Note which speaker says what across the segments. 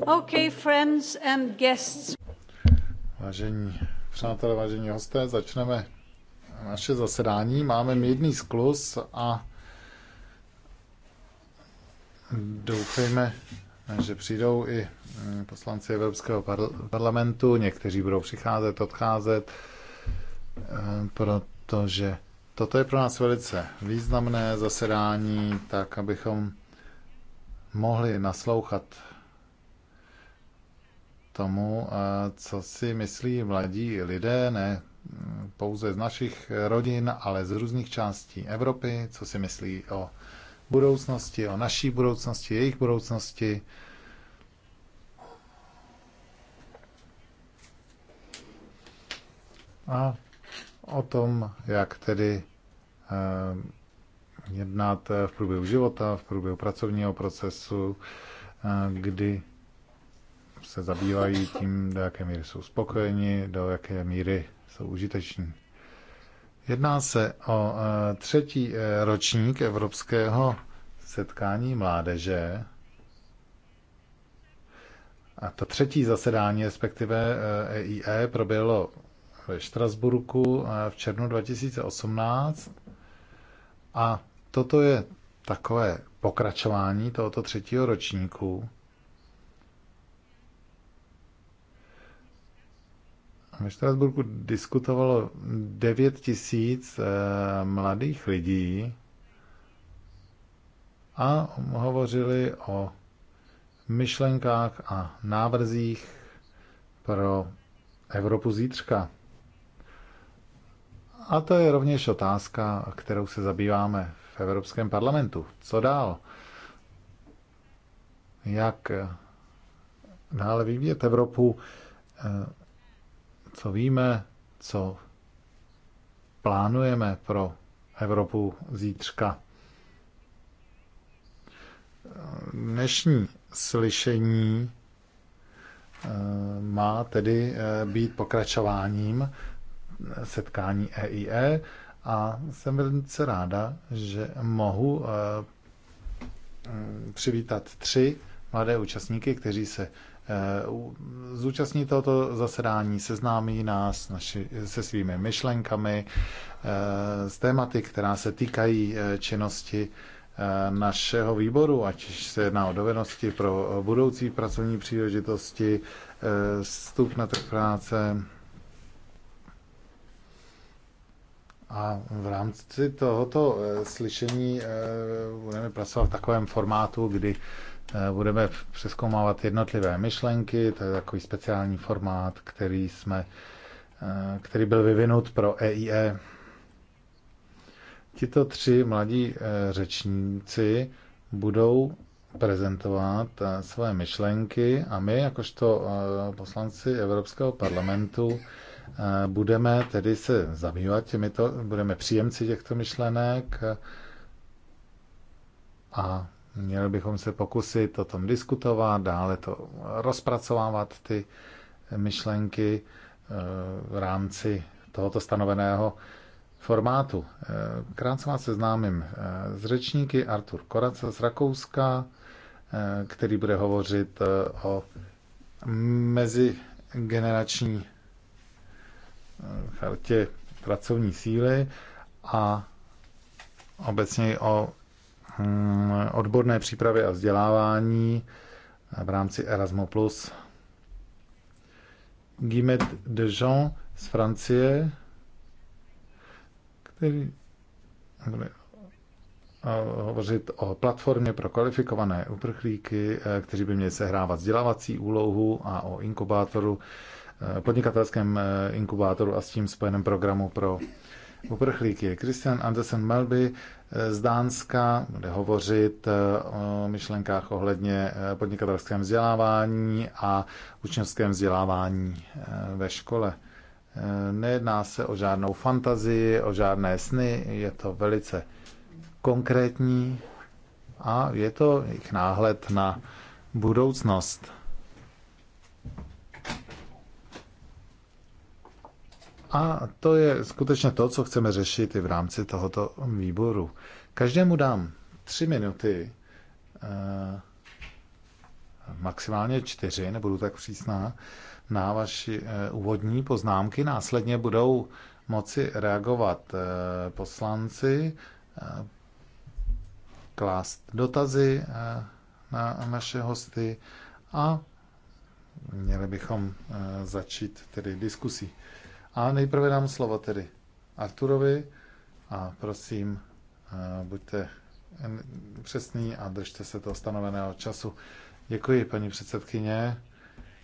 Speaker 1: Okay, friends and guests.
Speaker 2: Vážení přátelé, vážení hosté, začneme naše zasedání. Máme mírný sklus a doufejme, že přijdou i mm, poslanci Evropského parlamentu. Někteří budou přicházet, odcházet, eh, protože toto je pro nás velice významné zasedání, tak abychom mohli naslouchat tomu, co si myslí mladí lidé, ne pouze z našich rodin, ale z různých částí Evropy, co si myslí o budoucnosti, o naší budoucnosti, jejich budoucnosti. A o tom, jak tedy eh, jednat v průběhu života, v průběhu pracovního procesu, eh, kdy se zabývají tím, do jaké míry jsou spokojeni, do jaké míry jsou užiteční. Jedná se o e, třetí e, ročník Evropského setkání mládeže. A to třetí zasedání, respektive EIE, e proběhlo ve Štrasburku v červnu 2018. A toto je takové pokračování tohoto třetího ročníku. ve Štrasburku diskutovalo 9 tisíc eh, mladých lidí a hovořili o myšlenkách a návrzích pro Evropu zítřka. A to je rovněž otázka, kterou se zabýváme v Evropském parlamentu. Co dál? Jak dále vyvíjet Evropu eh, co víme, co plánujeme pro Evropu zítřka. Dnešní slyšení eh, má tedy eh, být pokračováním setkání EIE e a jsem velice ráda, že mohu eh, přivítat tři mladé účastníky, kteří se Eh, zúčastní tohoto zasedání, seznámí nás naši, se svými myšlenkami, s eh, tématy, která se týkají eh, činnosti našeho výboru, ať se jedná o dovednosti pro budoucí pracovní příležitosti, vstup na trh práce. A v rámci tohoto slyšení budeme pracovat v takovém formátu, kdy Eh, budeme přeskoumávat jednotlivé myšlenky, to je takový speciální formát, který jsme, eh, který byl vyvinut pro EIE. E. Tito tři mladí eh, řečníci budou prezentovat své myšlenky a my, jakožto poslanci Evropského parlamentu, budeme tedy se zabývat těmito, budeme příjemci těchto myšlenek a Měli bychom se pokusit o tom diskutovat, dále to rozpracovávat ty myšlenky eh, v rámci tohoto stanoveného formátu. Eh, krátce vás seznámím z eh, řečníky Artur Korace z Rakouska, který bude hovořit o mezigenerační chartě pracovní síly a obecně o Mm, odborné přípravy a vzdělávání v rámci Erasmus+. Guimet Jean z Francie, který bude eh, hovořit o platformě pro kvalifikované uprchlíky, eh, kteří by měli sehrávat vzdělávací úlohu a o inkubátoru, eh, podnikatelském inkubátoru a s tím spojeném programu pro uprchlíky. Christian Andersen Melby eh, z Dánska bude hovořit eh, o myšlenkách ohledně eh, podnikatelském vzdělávání a učňovském vzdělávání ve škole. Nejedná se o žádnou fantazii, o žádné sny, je to velice konkrétní a je to jejich náhled na budoucnost. A to je skutečně to, co chceme řešit i v rámci tohoto výboru. Každému dám tři minuty, eh, maximálně čtyři, nebudu tak přísná, na vaši eh, úvodní poznámky. Následně budou moci reagovat eh, poslanci, klást dotazy na naše hosty a měli bychom začít tedy diskusí. A nejprve dám slovo tedy Arturovi a prosím, eh, buďte přesný a držte se toho stanoveného času. Děkuji, paní předsedkyně,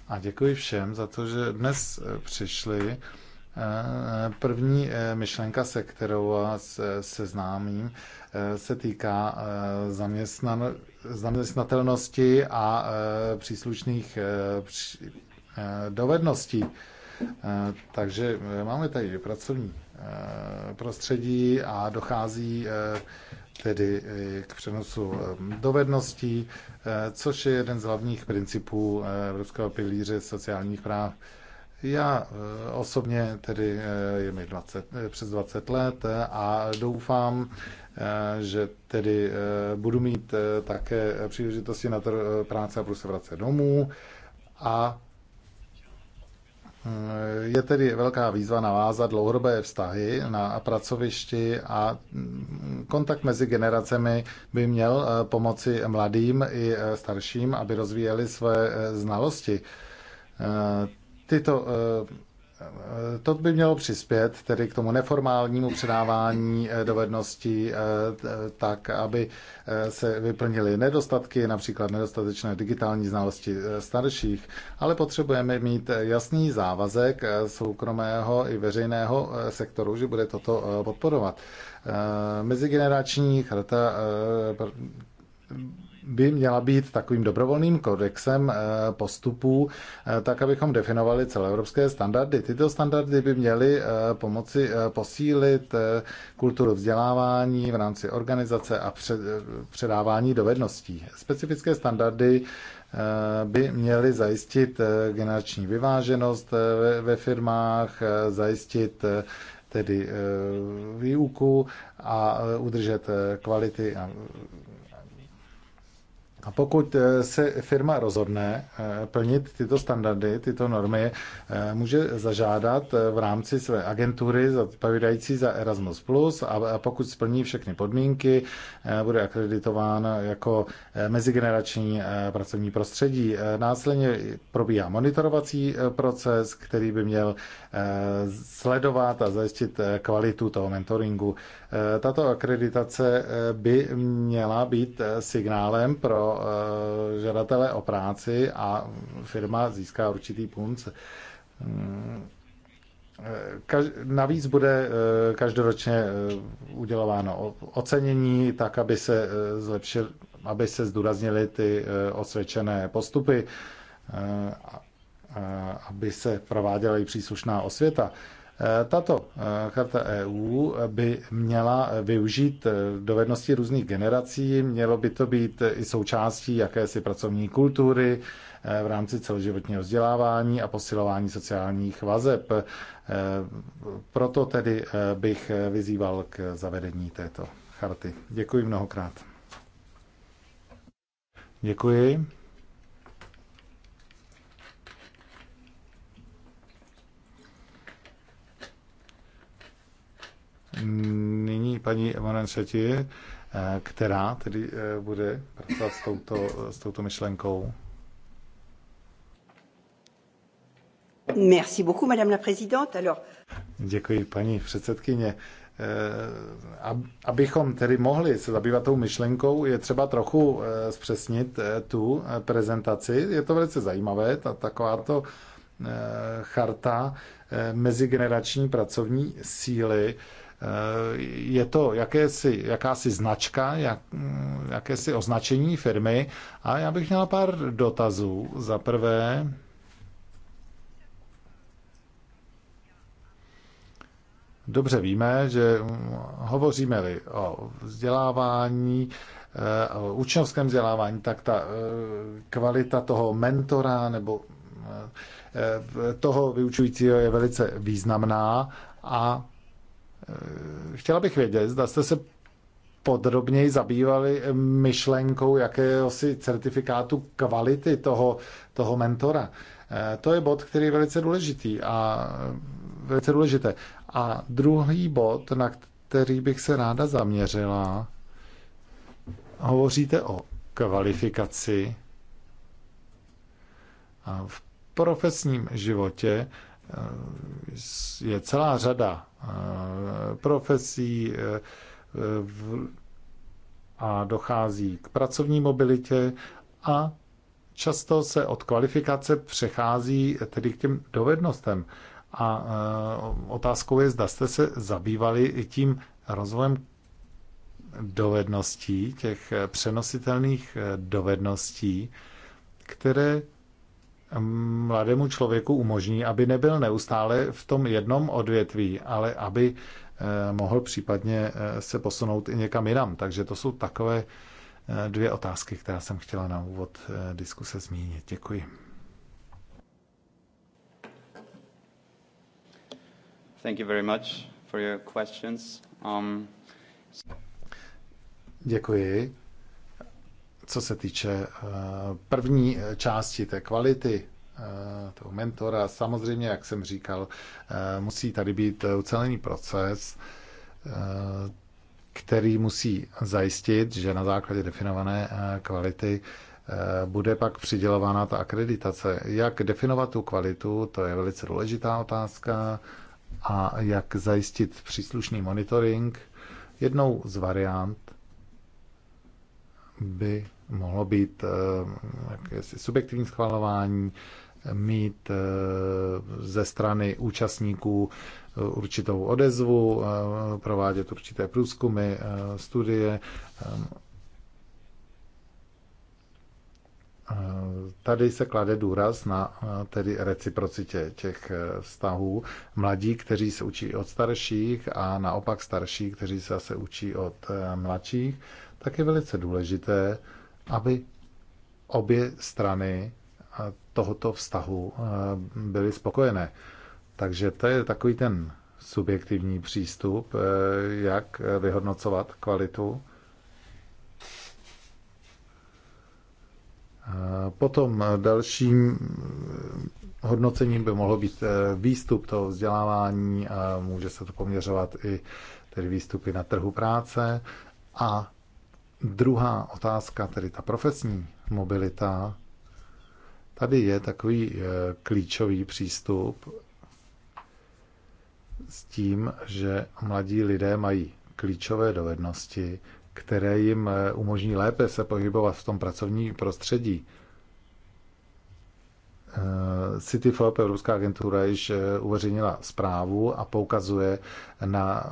Speaker 2: a děkuji všem za to, že dnes eh, přišli. Eh, první myšlenka, se kterou vás seznámím, se týká zaměstnan- zaměstnatelnosti a příslušných dovedností. Eh, takže eh, máme tady pracovní eh, prostředí a dochází tedy k přenosu dovedností, což je jeden z hlavních principů Evropského pilíře sociálních práv. Já osobně tedy je mi 20, přes 20 let a doufám, že tedy budu mít také příležitosti na trh práce a budu se vracet domů a Eh, je tedy velká výzva navázat dlouhodobé vztahy na pracovišti a mm, kontakt mezi generacemi by měl eh, pomoci mladým i eh, starším, aby rozvíjeli své znalosti. Tyto Eh, to by mělo přispět tedy k tomu neformálnímu předávání eh, dovedností eh, tak, aby se vyplnily nedostatky, například nedostatečné digitální znalosti starších, ale potřebujeme mít jasný závazek soukromého i veřejného sektoru, že bude toto podporovat. Mezigenerační charta by měla být takovým dobrovolným kodexem eh, postupů, eh, tak abychom definovali celoevropské standardy. Tyto standardy by měly eh, pomoci posílit kulturu vzdělávání v rámci organizace a předávání dovedností. Specifické standardy by měly zajistit generační vyváženost ve firmách, zajistit tedy výuku a udržet kvality a a pokud eh, se firma rozhodne eh, plnit tyto standardy, tyto normy, eh, může zažádat v rámci své agentury odpovídající za Erasmus+, a pokud splní všechny podmínky, bude akreditován jako mezigenerační pracovní prostředí. Následně probíhá monitorovací proces, který by měl sledovat a zajistit kvalitu toho mentoringu Eh, tato akreditace eh, by měla být eh, signálem pro žadatele o práci a firma získá určitý punc. Hmm. Navíc bude každoročně udělováno ocenění, tak aby se, zlepšil, aby se zdůraznily ty osvědčené postupy, aby se prováděla i příslušná osvěta. Tato eh, charta EU by měla využít eh, dovednosti různých generací, mělo by to být eh, i součástí jakési pracovní kultury v rámci celoživotního vzdělávání a posilování sociálních vazeb. Proto tedy bych vyzýval k zavedení této charty. Děkuji mnohokrát. Děkuji. nyní paní Emanuel Šati, eh, která tedy eh, bude pracovat s touto, s touto myšlenkou.
Speaker 1: Merci beaucoup, madame la présidente. Alors...
Speaker 2: Děkuji, paní předsedkyně. Eh, abychom tedy mohli se zabývat tou myšlenkou, je třeba trochu zpřesnit tu prezentaci. Je to velice zajímavé, ta, takováto charta mezigenerační pracovní síly je to jakési, jakási značka, jak, jakési označení firmy. A já bych měla pár dotazů. Za prvé, dobře víme, že hovoříme-li o vzdělávání, eh, o učňovském vzdělávání, tak ta eh, kvalita toho mentora nebo eh, toho vyučujícího je velice významná a Chtěla bych vědět, zda jste se podrobněji zabývali myšlenkou jakéhosi certifikátu kvality toho, toho mentora. Eh, to je bod, který je velice důležitý a velice důležité. A druhý bod, na který bych se ráda zaměřila, hovoříte o kvalifikaci a v profesním životě eh, je celá řada profesí e, e, a dochází k pracovní mobilitě a často se od kvalifikace přechází tedy k těm dovednostem. A e, otázkou je, zda jste se zabývali i tím rozvojem dovedností, těch přenositelných dovedností, které mladému člověku umožní, aby nebyl neustále v tom jednom odvětví, ale aby eh, mohl případně eh, se posunout i někam jinam. Takže to jsou takové eh, dvě otázky, které jsem chtěla na úvod diskuse zmínit. Děkuji. Thank you very much for your questions. Um... Děkuji co se týče eh, první části té kvality eh, toho mentora, samozřejmě, jak jsem říkal, eh, musí tady být ucelený proces, který musí zajistit, že na základě definované kvality bude pak přidělována ta akreditace. Jak definovat tu kvalitu, to je velice důležitá otázka a jak zajistit příslušný monitoring. Jednou z variant by mohlo být eh, subjektivní schvalování, eh, mít eh, ze strany účastníků určitou odezvu, provádět určité průzkumy, studie. Tady se klade důraz na tedy reciprocitě těch vztahů. Mladí, kteří se učí od starších a naopak starší, kteří se zase učí od mladších, tak je velice důležité, aby obě strany tohoto vztahu eh, byly spokojené. Takže to je takový ten subjektivní přístup, eh, jak vyhodnocovat kvalitu. Potom dalším hodnocením by mohlo být eh, výstup toho vzdělávání, může se to poměřovat i tedy výstupy na trhu práce a Druhá otázka, tedy ta profesní mobilita, tady je takový eh, klíčový přístup s tím, že mladí lidé mají klíčové dovednosti, které jim eh, umožní lépe se pohybovat v tom pracovním prostředí. Eh, CityFop, Evropská agentura, již eh, uveřejnila zprávu a poukazuje na,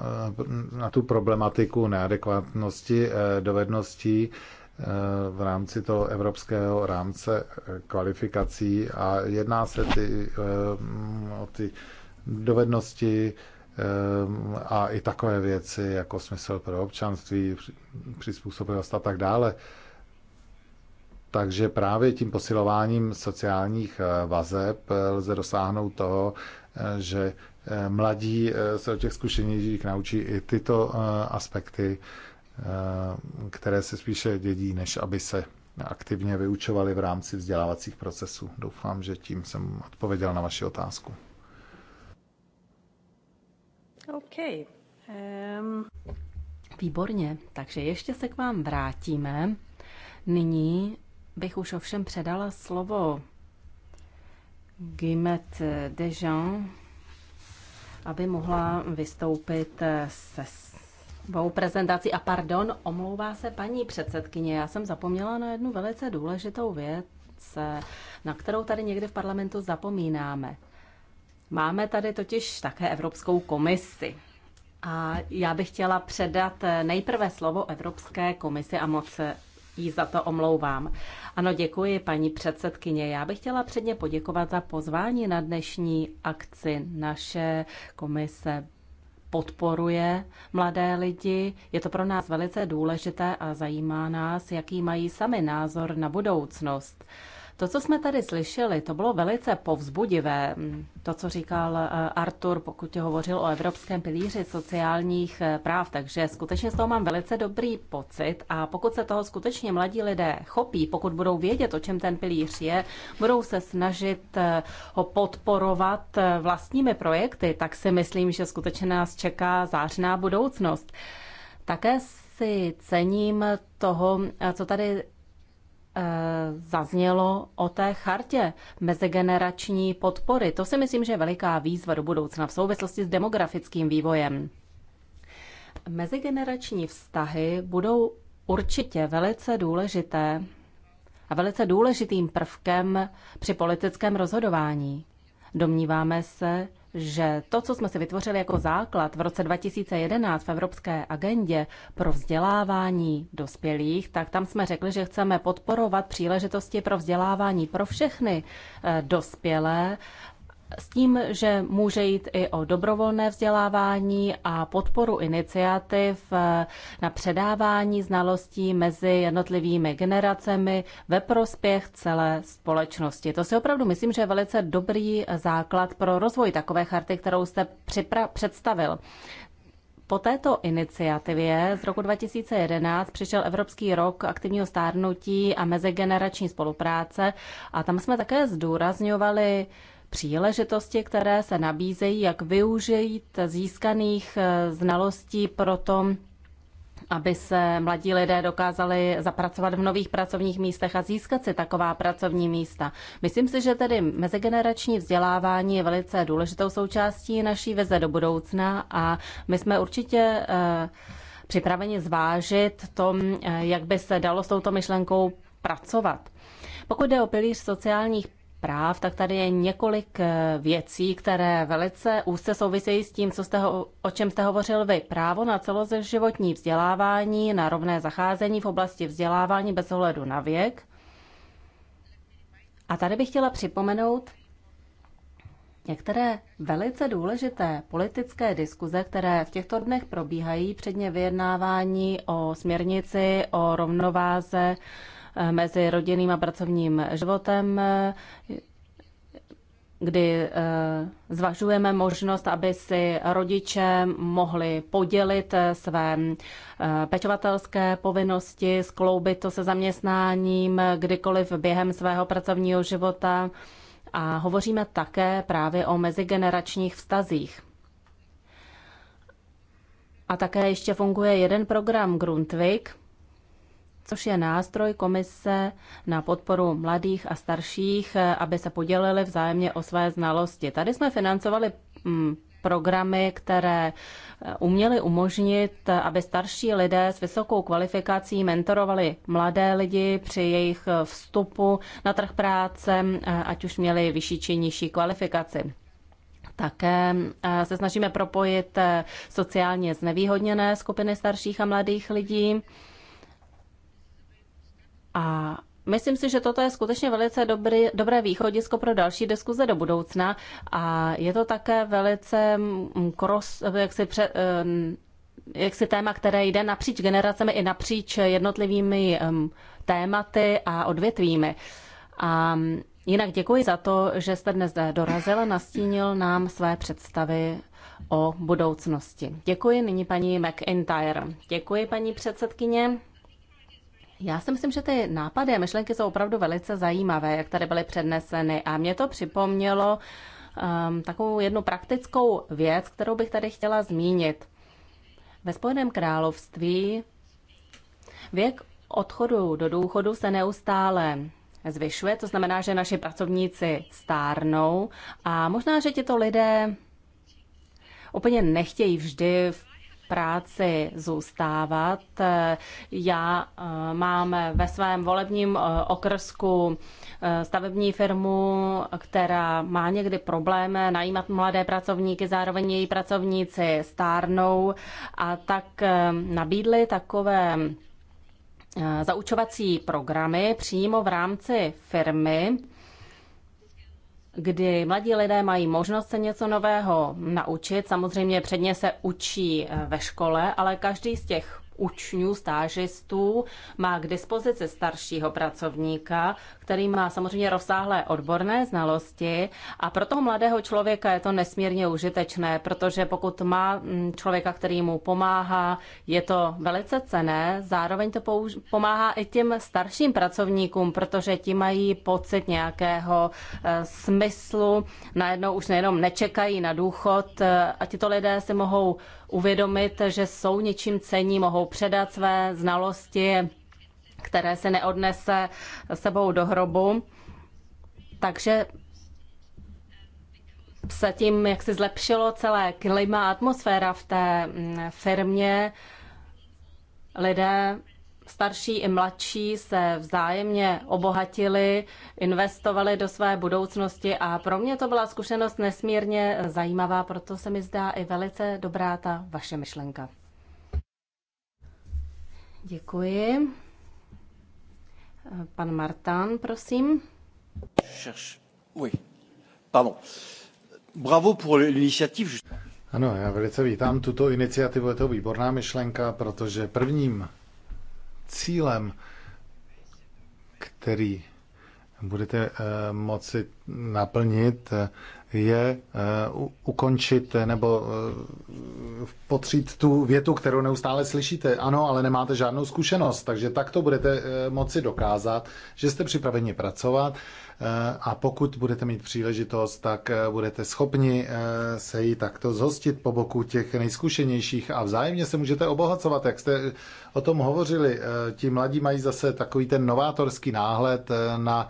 Speaker 2: eh, na tu problematiku neadekvátnosti dovedností v rámci toho evropského rámce kvalifikací a jedná se ty, mm, o ty dovednosti a i takové věci jako smysl pro občanství, přizpůsobivost a tak dále. Takže právě tím posilováním sociálních eh, vazeb eh, lze dosáhnout toho, eh, že mladí se o těch zkušenějších naučí i tyto aspekty, které se spíše dědí, než aby se aktivně vyučovali v rámci vzdělávacích procesů. Doufám, že tím jsem odpověděl na vaši otázku.
Speaker 1: OK. Um... Výborně, takže ještě se k vám vrátíme. Nyní bych už ovšem předala slovo Gimet Dejean, aby mohla vystoupit se svou prezentací. A pardon, omlouvá se paní předsedkyně. Já jsem zapomněla na jednu velice důležitou věc, na kterou tady někde v parlamentu zapomínáme. Máme tady totiž také Evropskou komisi. A já bych chtěla předat nejprve slovo Evropské komisi a moc jí za to omlouvám. Ano, děkuji, paní předsedkyně. Já bych chtěla předně poděkovat za pozvání na dnešní akci. Naše komise podporuje mladé lidi. Je to pro nás velice důležité a zajímá nás, jaký mají sami názor na budoucnost. To, co jsme tady slyšeli, to bylo velice povzbudivé. To, co říkal eh, Artur, pokud hovořil o Evropském pilíři sociálních eh, práv, takže skutečně z toho mám velice dobrý pocit a pokud se toho skutečně mladí lidé chopí, pokud budou vědět, o čem ten pilíř je, budou se snažit eh, ho podporovat vlastními projekty, tak si myslím, že skutečně nás čeká zářná budoucnost. Také si cením toho, co tady Eh, zaznělo o té chartě mezigenerační podpory. To si myslím, že je veliká výzva do budoucna v souvislosti s demografickým vývojem. Mezigenerační vztahy budou určitě velice důležité a velice důležitým prvkem při politickém rozhodování. Domníváme se, že to, co jsme si vytvořili jako základ v roce 2011 v Evropské agendě pro vzdělávání dospělých, tak tam jsme řekli, že chceme podporovat příležitosti pro vzdělávání pro všechny eh, dospělé s tím, že může jít i o dobrovolné vzdělávání a podporu iniciativ eh, na předávání znalostí mezi jednotlivými generacemi ve prospěch celé společnosti. To si opravdu myslím, že je velice dobrý základ pro rozvoj takové charty, kterou jste představil. Po této iniciativě z roku 2011 přišel Evropský rok aktivního stárnutí a mezigenerační spolupráce a tam jsme také zdůrazňovali příležitosti, které se nabízejí, jak využít získaných eh, znalostí pro to, aby se mladí lidé dokázali zapracovat v nových pracovních místech a získat si taková pracovní místa. Myslím si, že tedy mezigenerační vzdělávání je velice důležitou součástí naší veze do budoucna a my jsme určitě eh, připraveni zvážit to, eh, jak by se dalo s touto myšlenkou pracovat. Pokud jde o pilíř sociálních zpráv, tak tady je několik eh, věcí, které velice úzce souvisejí s tím, co jste ho, o čem jste hovořil vy. Právo na celoživotní vzdělávání, na rovné zacházení v oblasti vzdělávání bez ohledu na věk. A tady bych chtěla připomenout některé velice důležité politické diskuze, které v těchto dnech probíhají, předně vyjednávání o směrnici, o rovnováze Eh, mezi rodinným a pracovním životem, kdy eh, zvažujeme možnost, aby si rodiče mohli podělit eh, své pečovatelské povinnosti, skloubit to se zaměstnáním kdykoliv během svého pracovního života. A hovoříme také právě o mezigeneračních vztazích. A také ještě funguje jeden program Grundtvig, což je nástroj komise na podporu mladých a starších, eh, aby se podělili vzájemně o své znalosti. Tady jsme financovali mm, programy, které eh, uměly umožnit, eh, aby starší lidé s vysokou kvalifikací mentorovali mladé lidi při jejich vstupu na trh práce, ať už měli vyšší či nižší kvalifikaci. Také se snažíme propojit sociálně znevýhodněné skupiny starších a mladých lidí a Myslím si, že toto je skutečně velice dobrý, dobré východisko pro další diskuze do budoucna a je to také velice cross, mm, jak si pře, jak si téma, které jde napříč generacemi i napříč jednotlivými tématy a odvětvími. A mm, jinak děkuji za to, že jste dnes dorazil a nastínil nám své představy o budoucnosti. Děkuji nyní paní McIntyre. Děkuji paní předsedkyně. Já si myslím, že ty nápady a myšlenky jsou opravdu velice zajímavé, jak tady byly předneseny. A mě to připomnělo um, takovou jednu praktickou věc, kterou bych tady chtěla zmínit. Ve Spojeném království věk odchodu do důchodu se neustále zvyšuje, to znamená, že naši pracovníci stárnou a možná, že tito lidé úplně nechtějí vždy v práci zůstávat. Já eh, mám ve svém volebním eh, okrsku eh, stavební firmu, která má někdy problém najímat mladé pracovníky, zároveň její pracovníci stárnou a tak nabídli takové zaučovací programy přímo v rámci firmy, kdy mladí lidé mají možnost se něco nového naučit. Samozřejmě předně se učí eh, ve škole, ale každý z těch učňů, stážistů má k dispozici staršího pracovníka, který má samozřejmě rozsáhlé odborné znalosti a pro toho mladého člověka je to nesmírně užitečné, protože pokud má mm, člověka, který mu pomáhá, je to velice cené, zároveň to použ- pomáhá i těm starším pracovníkům, protože ti mají pocit nějakého eh, smyslu, najednou už nejenom nečekají na důchod eh, a tito lidé si mohou uvědomit, že jsou něčím cení, mohou předat své znalosti, které se neodnese sebou do hrobu. Takže se tím, jak se zlepšilo celé klima, atmosféra v té mm, firmě, lidé starší i mladší se vzájemně obohatili, investovali do své budoucnosti a pro mě to byla zkušenost nesmírně zajímavá, proto se mi zdá i velice dobrá ta vaše myšlenka. Děkuji. Pan Martán, prosím. Cherche. Oui.
Speaker 3: Pardon.
Speaker 2: Bravo pour l'initiative. Ano, já velice vítám tuto iniciativu, je to výborná myšlenka, protože prvním cílem, který budete eh, moci naplnit, eh, je eh, ukončit nebo potřít tu větu, kterou neustále slyšíte. Ano, ale nemáte žádnou zkušenost, takže tak to budete moci dokázat, že jste připraveni pracovat a pokud budete mít příležitost, tak eh, budete schopni eh, se jí takto zhostit po boku těch nejzkušenějších a vzájemně se můžete obohacovat, jak jste eh, o tom hovořili. Ti mladí mají zase takový ten novátorský náhled na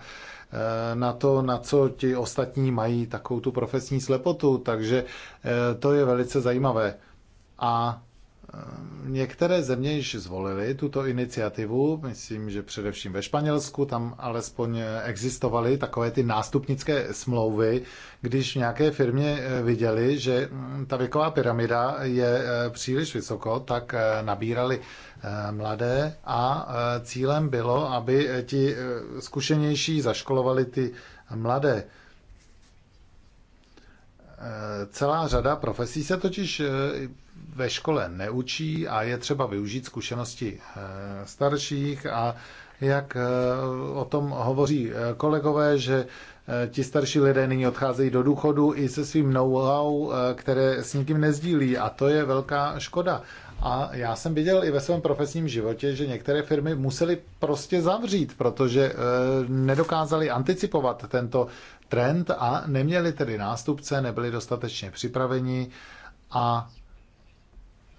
Speaker 2: na to, na co ti ostatní mají takovou tu profesní slepotu, takže to je velice zajímavé. A Ehm, některé země již zvolily tuto iniciativu, myslím, že především ve Španělsku, tam alespoň existovaly takové ty nástupnické smlouvy, když v nějaké firmě eh, viděli, že hm, ta věková pyramida je eh, příliš vysoko, tak eh, nabírali mladé a cílem bylo, aby ti zkušenější zaškolovali ty mladé. Celá řada profesí se totiž ve škole neučí a je třeba využít zkušenosti eh, starších a jak eh, o tom hovoří eh, kolegové, že ti starší lidé nyní odcházejí do důchodu i se svým know-how, které s nikým nezdílí a to je velká škoda. A já jsem viděl i ve svém profesním životě, že některé firmy musely prostě zavřít, protože nedokázali anticipovat tento trend a neměli tedy nástupce, nebyli dostatečně připraveni a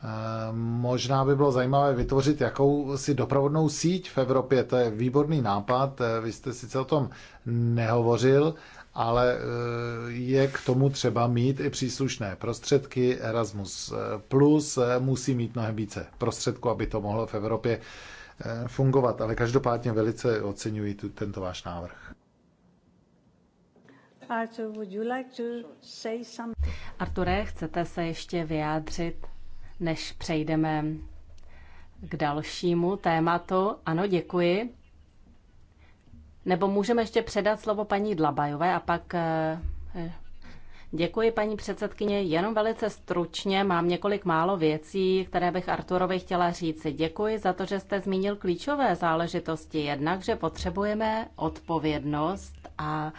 Speaker 2: Eh, možná by bylo zajímavé vytvořit jakousi doprovodnou síť v Evropě. To je výborný nápad. Eh, vy jste sice o tom nehovořil, ale eh, je k tomu třeba mít i příslušné prostředky. Erasmus Plus musí mít mnohem více prostředků, aby to mohlo v Evropě fungovat. Ale každopádně velice oceňuji tu, tento váš návrh.
Speaker 1: Artur, would you like to say Arture, chcete se ještě vyjádřit? než přejdeme k dalšímu tématu. Ano, děkuji. Nebo můžeme ještě předat slovo paní Dlabajové a pak eh, eh, Děkuji, paní předsedkyně. Jenom velice stručně mám několik málo věcí, které bych Arturovi chtěla říci. Děkuji za to, že jste zmínil klíčové záležitosti. Jednak, že potřebujeme odpovědnost a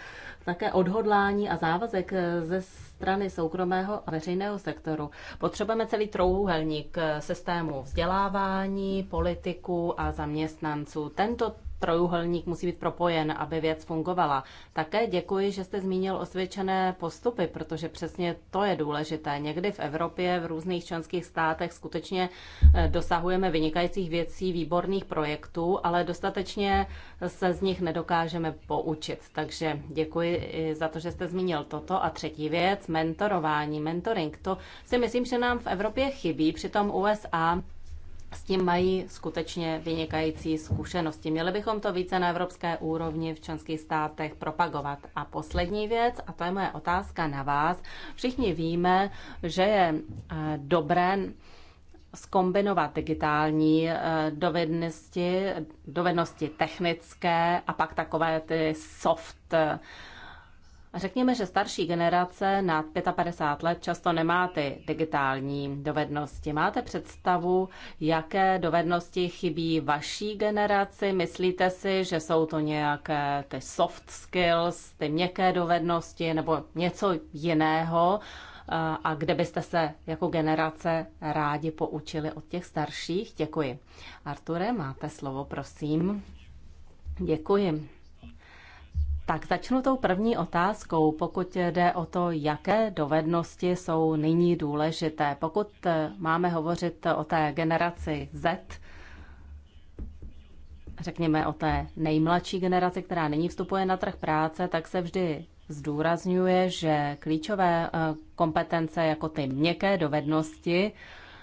Speaker 1: také odhodlání a závazek eh, ze strany soukromého a veřejného sektoru. Potřebujeme celý trouhelník eh, systému vzdělávání, politiku a zaměstnanců. Tento trojuhelník musí být propojen, aby věc fungovala. Také děkuji, že jste zmínil osvědčené postupy, protože přesně to je důležité. Někdy v Evropě, v různých členských státech skutečně eh, dosahujeme vynikajících věcí, výborných projektů, ale dostatečně se z nich nedokážeme poučit. Takže děkuji eh, za to, že jste zmínil toto. A třetí věc, mentorování, mentoring. To si myslím, že nám v Evropě chybí, přitom USA s tím mají skutečně vynikající zkušenosti. Měli bychom to více na evropské úrovni v členských státech propagovat. A poslední věc, a to je moje otázka na vás. Všichni víme, že je eh, dobré skombinovat digitální eh, dovednosti, dovednosti technické a pak takové ty soft eh, a řekněme, že starší generace nad 55 let často nemá ty digitální dovednosti. Máte představu, jaké dovednosti chybí vaší generaci? Myslíte si, že jsou to nějaké ty soft skills, ty měkké dovednosti nebo něco jiného? A kde byste se jako generace rádi poučili od těch starších? Děkuji. Arture, máte slovo, prosím. Děkuji. Tak začnu tou první otázkou, pokud jde o to, jaké dovednosti jsou nyní důležité. Pokud eh, máme hovořit o té generaci Z, řekněme o té nejmladší generaci, která nyní vstupuje na trh práce, tak se vždy zdůrazňuje, že klíčové eh, kompetence jako ty měkké dovednosti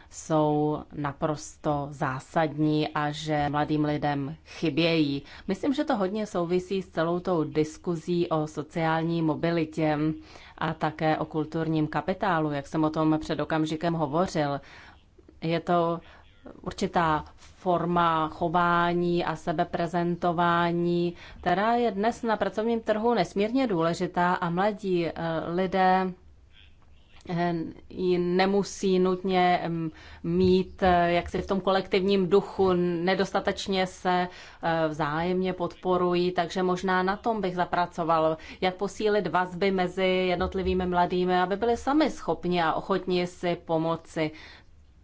Speaker 1: jsou naprosto zásadní a že mladým lidem chybějí. Myslím, že to hodně souvisí s celou tou diskuzí o sociální mobilitě a také o kulturním kapitálu, jak jsem o tom před okamžikem hovořil. Je to určitá forma chování a sebeprezentování, která je dnes na pracovním trhu nesmírně důležitá a mladí eh, lidé Ehm, ji nemusí nutně ehm, mít, eh, jak si v tom kolektivním duchu nedostatečně se eh, vzájemně podporují, takže možná na tom bych zapracoval, jak posílit vazby mezi jednotlivými mladými, aby byli sami schopni a ochotni si pomoci.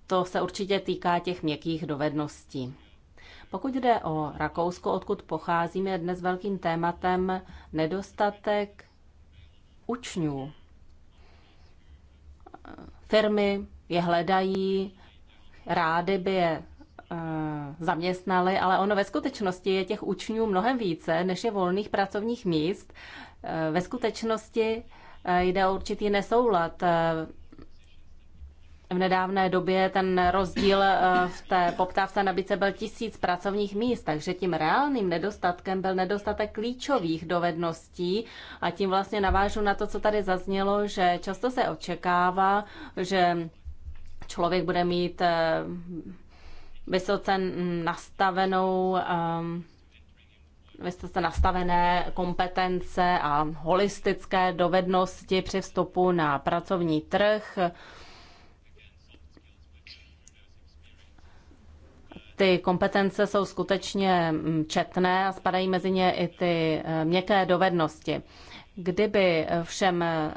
Speaker 1: To se určitě týká těch měkkých dovedností. Pokud jde o Rakousko, odkud pocházíme, je dnes velkým tématem nedostatek učňů firmy je hledají, rády by je eh, zaměstnali, ale ono ve skutečnosti je těch učňů mnohem více, než je volných pracovních míst. Eh, ve skutečnosti eh, jde o určitý nesoulad v nedávné době ten rozdíl eh, v té poptávce nabídce byl tisíc pracovních míst, takže tím reálným nedostatkem byl nedostatek klíčových dovedností a tím vlastně navážu na to, co tady zaznělo, že často se očekává, že člověk bude mít eh, vysoce nastavenou ehm, vysoce nastavené kompetence a holistické dovednosti při vstupu na pracovní trh. ty kompetence jsou skutečně mm, četné a spadají mezi ně i ty eh, měkké dovednosti. Kdyby všem eh,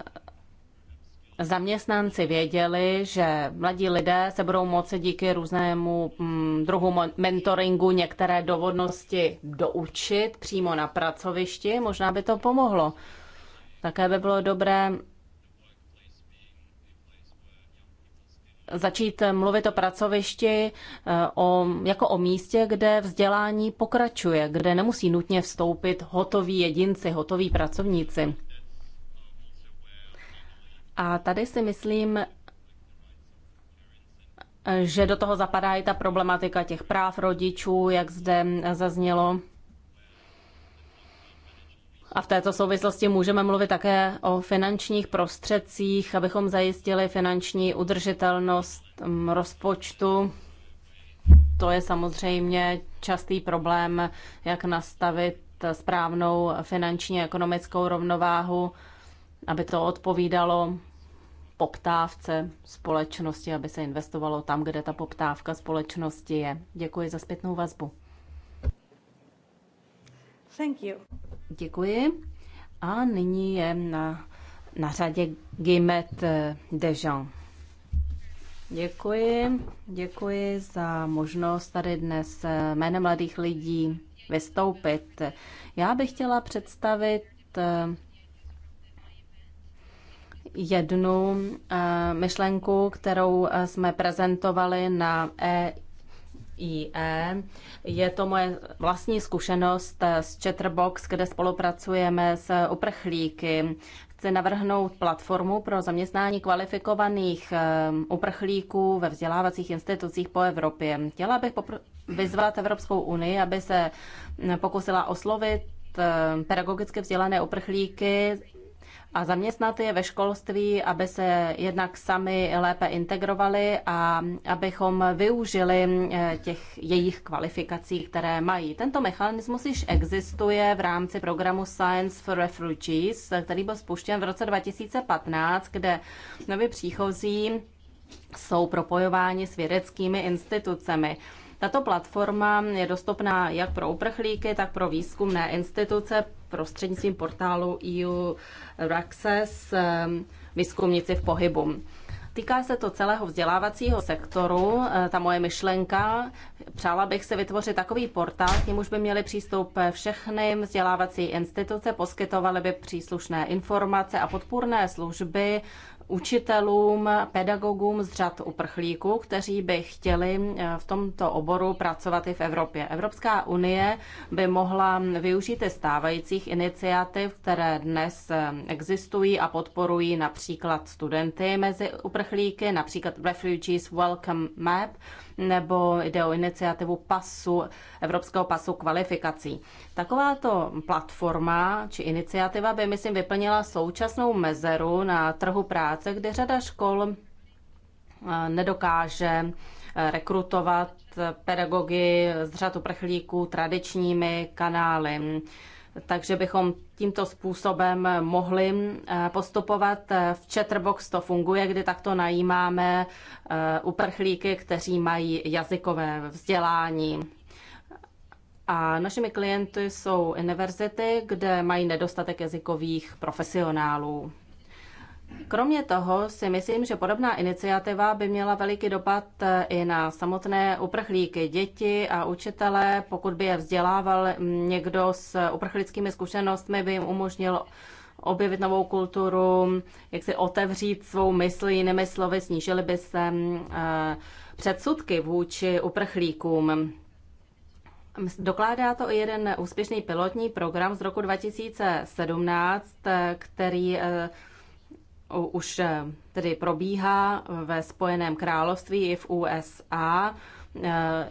Speaker 1: zaměstnanci věděli, že mladí lidé se budou moci díky různému mm, druhu mentoringu některé dovodnosti doučit přímo na pracovišti, možná by to pomohlo. Také by bylo dobré začít mluvit o pracovišti eh, o, jako o místě, kde vzdělání pokračuje, kde nemusí nutně vstoupit hotoví jedinci, hotoví pracovníci. A tady si myslím, že do toho zapadá i ta problematika těch práv rodičů, jak zde zaznělo. A v této souvislosti můžeme mluvit také o finančních prostředcích, abychom zajistili finanční udržitelnost mm, rozpočtu. To je samozřejmě častý problém, jak nastavit správnou finanční a ekonomickou rovnováhu, aby to odpovídalo poptávce společnosti, aby se investovalo tam, kde ta poptávka společnosti je. Děkuji za zpětnou vazbu. Thank you. Děkuji. A nyní je na, na řadě Gimet eh, Dejean. Děkuji. Děkuji za možnost tady dnes eh, jménem mladých lidí vystoupit. Já bych chtěla představit eh, jednu myšlenku, kterou jsme prezentovali na IE. Je to moje vlastní zkušenost s Chatterbox, kde spolupracujeme s uprchlíky. Chci navrhnout platformu pro zaměstnání kvalifikovaných ehm, uprchlíků ve vzdělávacích institucích po Evropě. Chtěla bych vyzvat Evropskou unii, aby se pokusila oslovit ehm, pedagogicky vzdělané uprchlíky a zaměstnat je ve školství, aby se jednak sami lépe integrovali a abychom využili eh, těch jejich kvalifikací, které mají. Tento mechanismus již existuje v rámci programu Science for Refugees, který byl spuštěn v roce 2015, kde nově příchozí jsou propojováni s vědeckými institucemi. Tato platforma je dostupná jak pro uprchlíky, tak pro výzkumné instituce, prostřednictvím portálu EU Access ehm, výzkumníci v pohybu. Týká se to celého vzdělávacího sektoru, eh, ta moje myšlenka. Přála bych se vytvořit takový portál, k němuž by měly přístup všechny vzdělávací instituce, poskytovaly by příslušné informace a podpůrné služby učitelům, pedagogům z řad uprchlíků, kteří by chtěli eh, v tomto oboru pracovat i v Evropě. Evropská unie by mohla využít i stávajících iniciativ, které dnes eh, existují a podporují například studenty mezi uprchlíky, například Refugees Welcome Map, nebo jde o iniciativu pasu, Evropského pasu kvalifikací. Takováto platforma či iniciativa by, myslím, vyplnila současnou mezeru na trhu práce, kde řada škol eh, nedokáže eh, rekrutovat pedagogy z řadu prchlíků tradičními kanály takže bychom tímto způsobem mohli eh, postupovat. V Chatterbox to funguje, kdy takto najímáme eh, uprchlíky, kteří mají jazykové vzdělání. A našimi klienty jsou univerzity, kde mají nedostatek jazykových profesionálů. Kromě toho si myslím, že podobná iniciativa by měla veliký dopad e, i na samotné uprchlíky, děti a učitele. Pokud by je vzdělával někdo s uprchlickými zkušenostmi, by jim umožnil objevit novou kulturu, jak si otevřít svou mysl jinými slovy, snížily by se e, předsudky vůči uprchlíkům. Dokládá to i jeden úspěšný pilotní program z roku 2017, e, který už eh, tedy probíhá ve Spojeném království i v USA. Eh,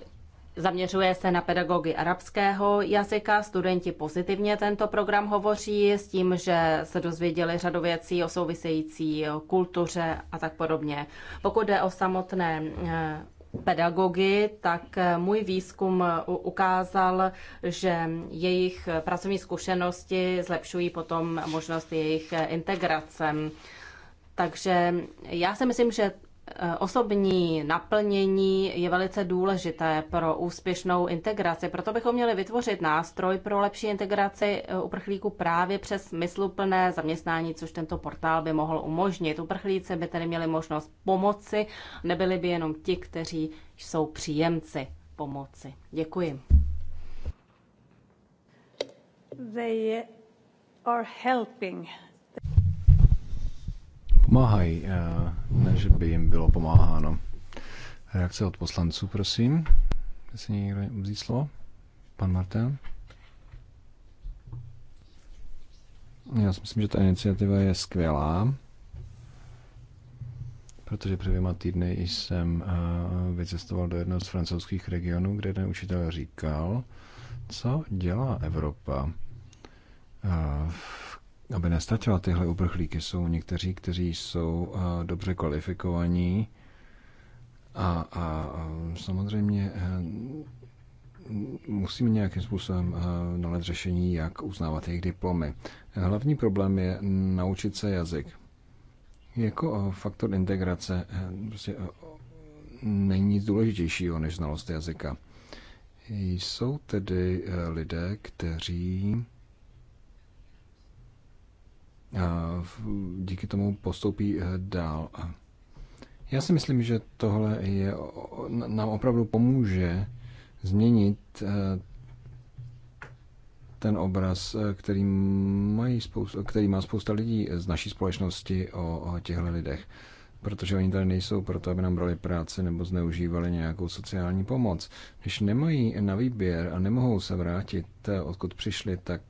Speaker 1: zaměřuje se na pedagogy arabského jazyka. Studenti pozitivně tento program hovoří s tím, že se dozvěděli řadu věcí o související kultuře a tak podobně. Pokud jde o samotné eh, pedagogy, tak můj výzkum ukázal, že jejich pracovní zkušenosti zlepšují potom možnost jejich integrace. Takže já si myslím, že eh, osobní naplnění je velice důležité pro úspěšnou integraci. Proto bychom měli vytvořit nástroj pro lepší integraci eh, uprchlíků právě přes smysluplné zaměstnání, což tento portál by mohl umožnit. Uprchlíci by tedy měli možnost pomoci, nebyli by jenom ti, kteří jsou příjemci pomoci. Děkuji. They are helping
Speaker 3: pomáhají, eh, než by jim bylo pomáháno. Reakce od poslanců, prosím. Jestli někdo vzít slovo. Pan Martin. Já si myslím, že ta iniciativa je skvělá, protože před dvěma týdny jsem eh, vycestoval do jednoho z francouzských regionů, kde jeden učitel říkal, co dělá Evropa eh, aby nestačila tyhle uprchlíky, jsou někteří, kteří jsou eh, dobře kvalifikovaní a, a samozřejmě eh, musíme nějakým způsobem eh, nalézt řešení, jak uznávat jejich diplomy. Hlavní problém je naučit se jazyk. Jako faktor integrace prostě není nic důležitějšího než znalost jazyka. Jsou tedy lidé, kteří díky tomu postoupí eh, dál. Já si myslím, že tohle je, nám opravdu pomůže změnit eh, ten obraz, eh, který, mají spousta, který má spousta lidí z naší společnosti o, o těchto lidech. Protože oni tady nejsou proto, aby nám brali práci nebo zneužívali nějakou sociální pomoc. Když nemají na výběr a nemohou se vrátit, odkud přišli, tak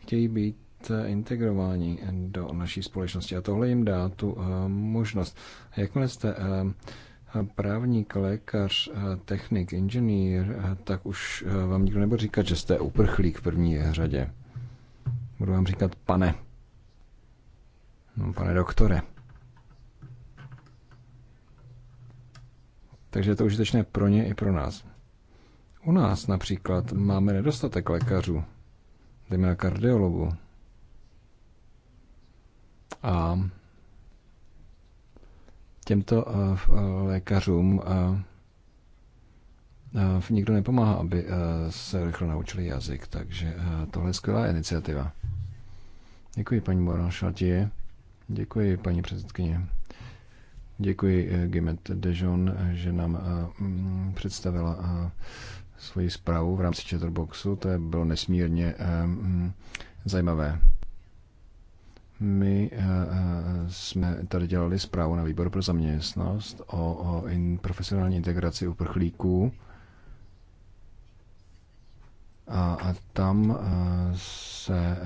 Speaker 3: chtějí být eh, integrováni do naší společnosti. A tohle jim dá tu eh, možnost. Jakmile jste eh, právník, lékař, technik, inženýr, tak už vám nikdo nebude říkat, že jste uprchlík v první řadě. Budu vám říkat pane. No, pane doktore. Takže je to užitečné pro ně i pro nás. U nás například máme nedostatek lékařů na kardiologu. A těmto eh, eh, lékařům eh, nikdo nepomáhá, aby se rychle naučili jazyk, takže tohle je skvělá iniciativa. Děkuji, paní Moran Děkuji, paní předsedkyně. Děkuji Gimet Dejon, že nám mm, představila svoji zprávu v rámci Chatterboxu. To je bylo nesmírně eh, mm, zajímavé. My eh, eh, jsme tady dělali zprávu na výboru pro zaměstnanost o, o in, profesionální integraci uprchlíků. A, a tam se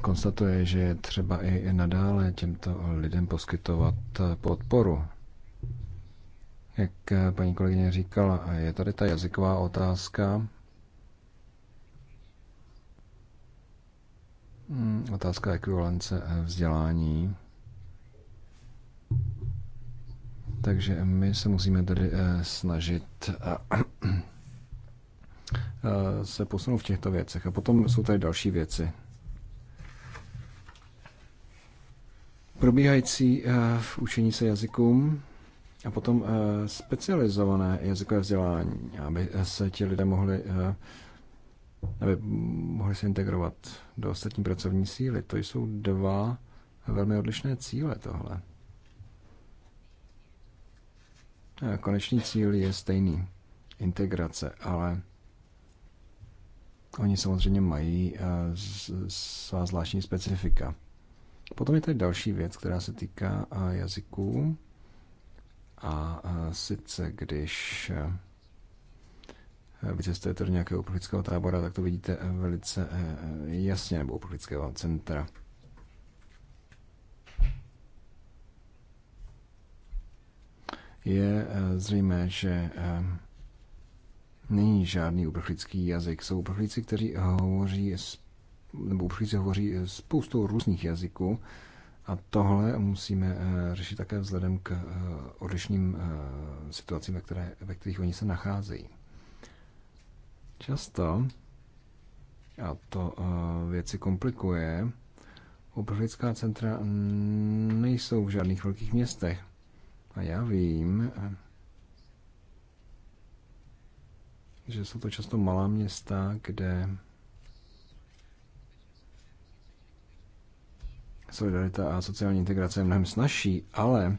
Speaker 3: konstatuje, že je třeba i nadále těmto lidem poskytovat podporu. Jak eh, paní kolegyně říkala, je tady ta jazyková otázka. Hmm, otázka ekvivalence eh, vzdělání. Takže my se musíme tedy eh, snažit se posunout v těchto věcech. A potom jsou tady další věci. Probíhající v učení se jazykům. A potom eh, specializované jazykové vzdělání, aby se ti lidé mohli, eh, aby mohli se integrovat do ostatní pracovní síly. To jsou dva velmi odlišné cíle tohle. Eh, konečný cíl je stejný. Integrace, ale oni samozřejmě mají svá zvláštní specifika. Potom je tady další věc, která se týká jazyků. A e, sice když e, vycestujete do nějakého uprchlického tábora, tak to vidíte e, velice jasně, nebo uprchlického centra. Je zřejmé, že není žádný uprchlický jazyk. Jsou uprchlíci, kteří hovoří, nebo uprchlíci hovoří spoustou různých jazyků, a tohle musíme eh, řešit také vzhledem k eh, odlišným eh, situacím, ve, které, ve kterých oni se nacházejí. Často, a to věci komplikuje, uprchlická centra nejsou v žádných velkých městech. A já vím, že jsou to často malá města, kde solidarita a sociální integrace je mnohem snažší, ale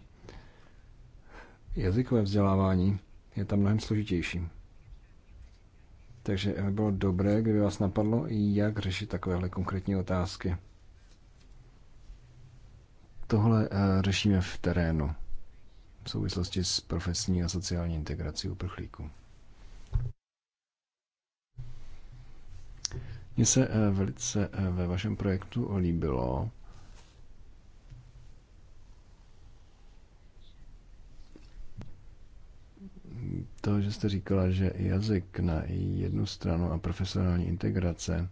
Speaker 3: jazykové vzdělávání je tam mnohem složitější. Takže by bylo dobré, kdyby vás napadlo, jak řešit takovéhle konkrétní otázky. Tohle eh, řešíme v terénu v souvislosti s profesní a sociální integrací uprchlíků. Mně se eh, velice eh, ve vašem projektu líbilo, že jste říkala, že jazyk na jednu stranu a profesionální integrace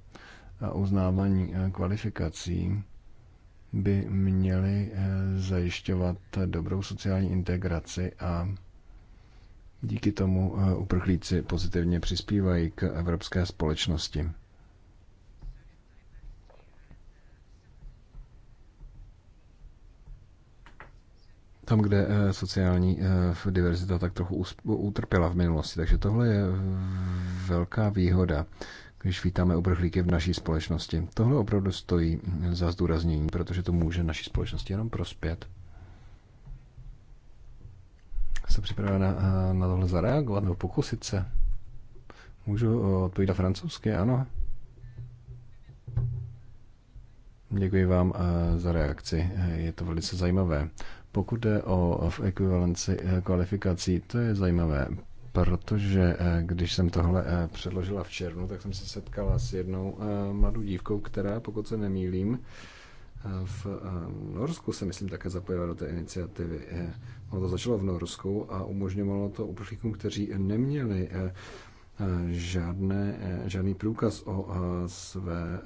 Speaker 3: a uznávání eh, kvalifikací by měly eh, zajišťovat dobrou sociální integraci a díky tomu eh, uprchlíci pozitivně přispívají k evropské společnosti. tam, kde eh, sociální eh, diverzita tak trochu utrpěla v minulosti. Takže tohle je velká výhoda, když vítáme uprchlíky v naší společnosti. Tohle opravdu stojí hm, za zdůraznění, protože to může naší společnosti jenom prospět. Jsem připravena na, eh, na tohle zareagovat nebo pokusit se? Můžu odpovídat francouzsky, ano? Děkuji vám za reakci, je to velice zajímavé. Pokud jde o v ekvivalenci eh, kvalifikací, to je zajímavé, protože eh, když jsem tohle eh, předložila v červnu, tak jsem se setkala s jednou mladou dívkou, která, pokud se nemýlím, v Norsku se, myslím, také zapojila do té iniciativy. Ono to začalo v Norsku a umožňovalo to uprchlíkům, kteří neměli žádné, žádný průkaz o své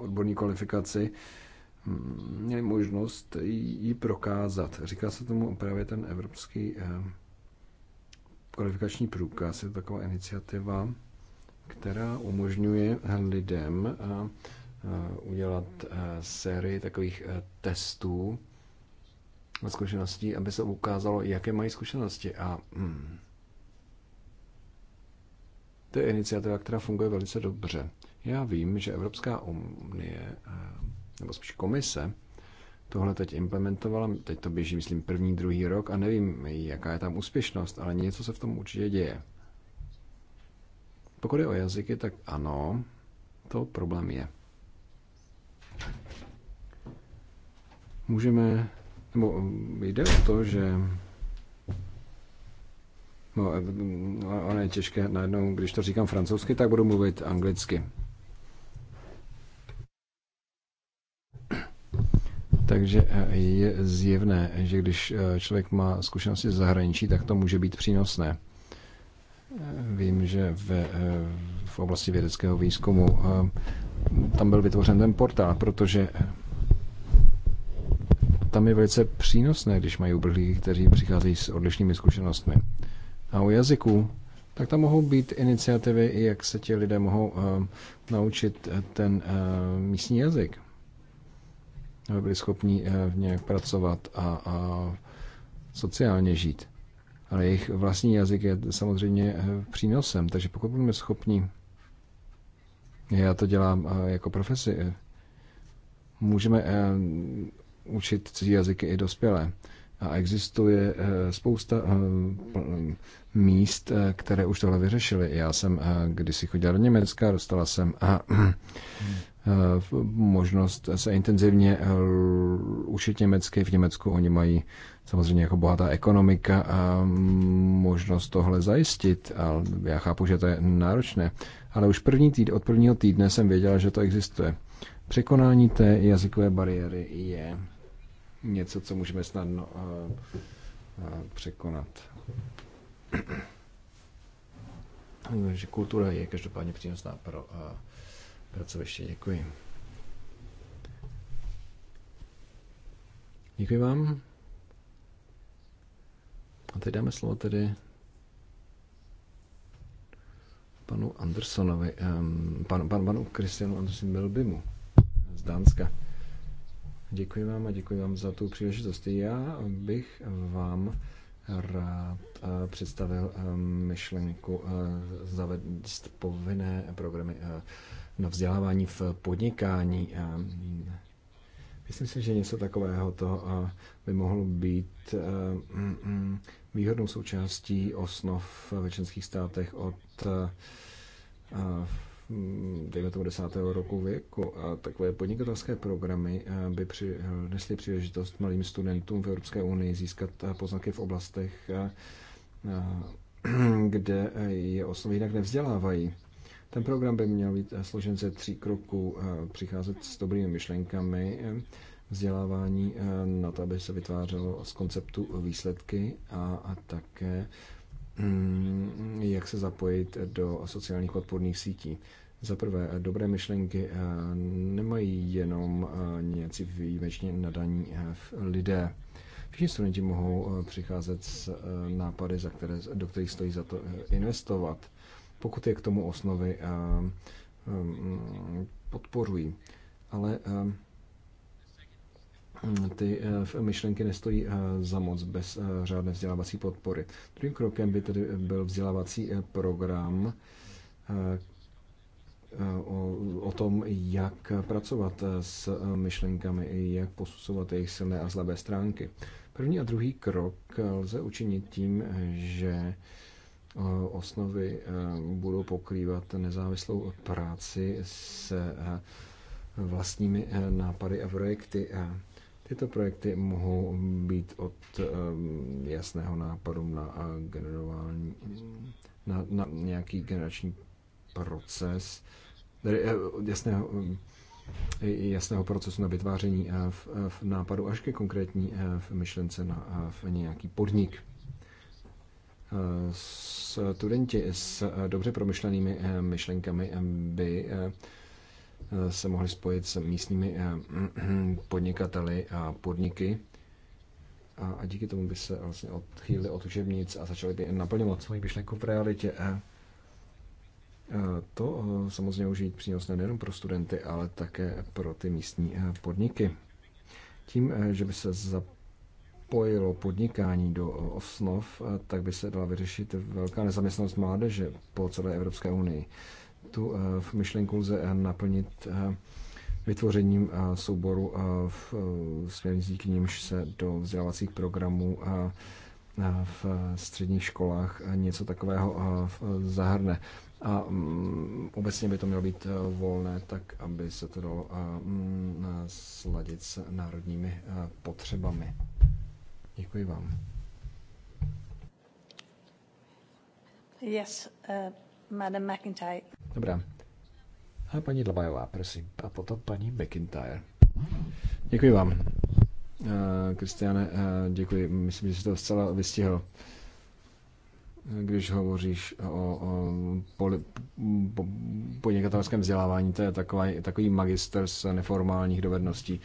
Speaker 3: odborní kvalifikaci, měli možnost ji prokázat. Říká se tomu právě ten evropský eh, kvalifikační průkaz. Je to taková iniciativa, která umožňuje lidem eh, eh, udělat sérii takových testů zkušeností, aby se ukázalo, jaké mají zkušenosti. A hmm, to je iniciativa, která funguje velice dobře. Já vím, že Evropská unie nebo spíš komise, tohle teď implementovala, teď to běží, myslím, první, druhý rok a nevím, jaká je tam úspěšnost, ale něco se v tom určitě děje. Pokud je o jazyky, tak ano, to problém je. Můžeme, nebo um, jde o to, že No, eh, ono je těžké najednou, když to říkám francouzsky, tak budu mluvit anglicky. Takže eh, je zjevné, že když eh, člověk má zkušenosti z zahraničí, tak to může být přínosné. Eh, vím, že v, v oblasti vědeckého výzkumu tam byl vytvořen ten portál, protože tam je velice přínosné, když mají uprchlíky, kteří přicházejí s odlišnými zkušenostmi. A u jazyků, tak tam mohou být iniciativy, jak se ti lidé mohou naučit ten místní jazyk aby byli schopni eh, nějak pracovat a, a sociálně žít. Ale jejich vlastní jazyk je samozřejmě eh, přínosem, takže pokud budeme schopni, já to dělám eh, jako profesi, můžeme učit cizí jazyky i dospělé. A existuje spousta míst, které už tohle vyřešily. Já jsem kdysi chodil do Německa, dostala jsem a Eh, možnost se intenzivně eh, učit německy. V Německu oni mají samozřejmě jako bohatá ekonomika a mm, možnost tohle zajistit. A já chápu, že to je náročné. Ale už první týd, od prvního týdne jsem věděla, že to existuje. Překonání té jazykové bariéry je něco, co můžeme snadno eh, překonat. že kultura je každopádně přínosná pro pracoviště. Děkuji. Děkuji vám. A teď dáme slovo tedy panu Andersonovi, um, panu, panu Kristianu Andersonu Melbimu z Dánska. Děkuji vám a děkuji vám za tu příležitost. Já bych vám rád eh, představil eh, myšlenku eh, zavést povinné programy na vzdělávání v podnikání. Myslím si, že něco takového to by mohlo být mm, mm, výhodnou součástí osnov ve členských státech od Mm, dejme tomu desátého roku věku a takové podnikatelské programy eh, by přinesly příležitost malým studentům v Evropské unii získat eh, poznatky v oblastech, eh, kde je osnovy jinak nevzdělávají. Ten program by měl být složen ze tří kroků, přicházet s dobrými myšlenkami, vzdělávání na to, aby se vytvářelo z konceptu výsledky a, a také Mm, jak se zapojit do sociálních podporných sítí. Za prvé, dobré myšlenky eh, nemají jenom eh, nějací výjimečně nadaní eh, lidé. Všichni studenti mohou přicházet s nápady, za které, do kterých stojí za to investovat, pokud je k tomu osnovy mm, podporují. Ale ty eh, myšlenky nestojí eh, za moc bez eh, řádné vzdělávací podpory. Druhým krokem by tedy byl vzdělávací program o, o tom, jak pracovat s myšlenkami, jak posuzovat jejich silné a slabé stránky. První a druhý krok lze učinit tím, že osnovy budou pokrývat nezávislou práci s vlastními nápady a projekty. Tyto projekty mohou být od ehm, jasného nápadu na eh, generování, na, na nějaký generační proces, tedy eh, jasného, eh, jasného procesu na vytváření v, v nápadu až ke konkrétní v myšlence na v nějaký podnik. Studenti s dobře promyšlenými myšlenkami by se mohli spojit s místními eh, podnikateli a podniky. A díky tomu by se vlastně odchýlili od učebnic a začali by naplňovat svoji myšlenku v realitě. Eh, eh, to samozřejmě může přínosné nejen pro studenty, ale také pro ty místní podniky. Tím, že by se zapojilo podnikání do osnov, tak by se dala vyřešit velká nezaměstnanost mládeže po celé Evropské unii tu eh, myšlenku lze eh, naplnit eh, vytvořením souboru v směrnicí, k nímž se do vzdělávacích programů v středních školách něco takového zahrne. A mm, obecně by to mělo být volné, tak aby se to dalo mm, sladit s národními potřebami. Děkuji vám.
Speaker 1: Yes, uh... Madam McIntyre.
Speaker 3: Dobrá. A paní Dlabajová, prosím. A potom paní McIntyre. Děkuji vám. Eh, Kristiane, eh, děkuji. Myslím, že jsi to zcela vystihl. Eh, když hovoříš o, o poli, po, podnikatelském vzdělávání, to je takový, takový magister z neformálních dovedností.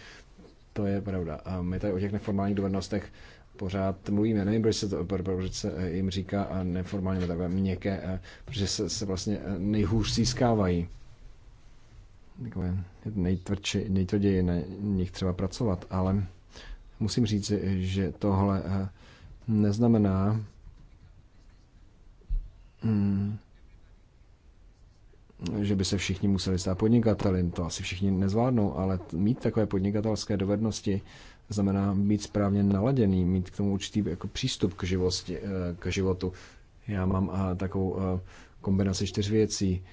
Speaker 3: To je pravda. A my tady o těch neformálních dovednostech pořád mluvíme. Nevím, proč se, to, proč se eh, jim říká a neformálně takové měkké, eh, protože se, se vlastně eh, nejhůř získávají. Takové nejtvrdší, nejtvrději na nich třeba pracovat, ale musím říct, že tohle neznamená, mm, že by se všichni museli stát podnikateli. To asi všichni nezvládnou, ale mít takové podnikatelské dovednosti znamená být správně naladěný, mít k tomu určitý jako přístup k, živosti, eh, k životu. Já mám eh, takovou eh, kombinaci čtyř věcí.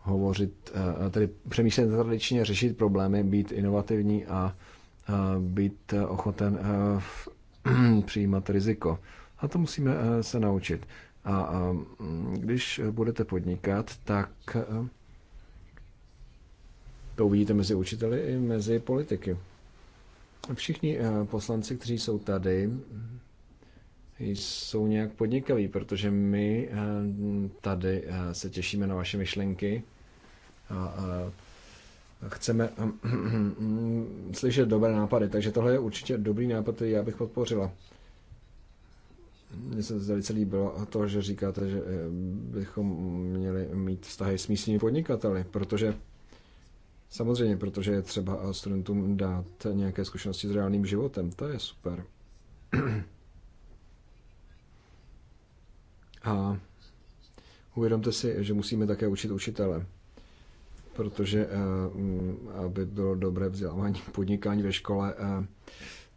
Speaker 3: Hovořit, tedy přemýšlet tradičně, řešit problémy, být inovativní a být ochoten přijímat riziko. A to musíme se naučit. A když budete podnikat, tak to uvidíte mezi učiteli i mezi politiky. Všichni eh, poslanci, kteří jsou tady, jsou nějak podnikaví, protože my eh, tady eh, se těšíme na vaše myšlenky a chceme slyšet dobré nápady, takže tohle je určitě dobrý nápad, který já bych podpořila. Mně se velice líbilo to, že říkáte, že bychom měli mít vztahy s místními podnikateli, protože Samozřejmě, protože je třeba studentům dát nějaké zkušenosti s reálným životem. To je super. A uvědomte si, že musíme také učit učitele, protože eh, mm, aby bylo dobré vzdělávání podnikání ve škole, eh,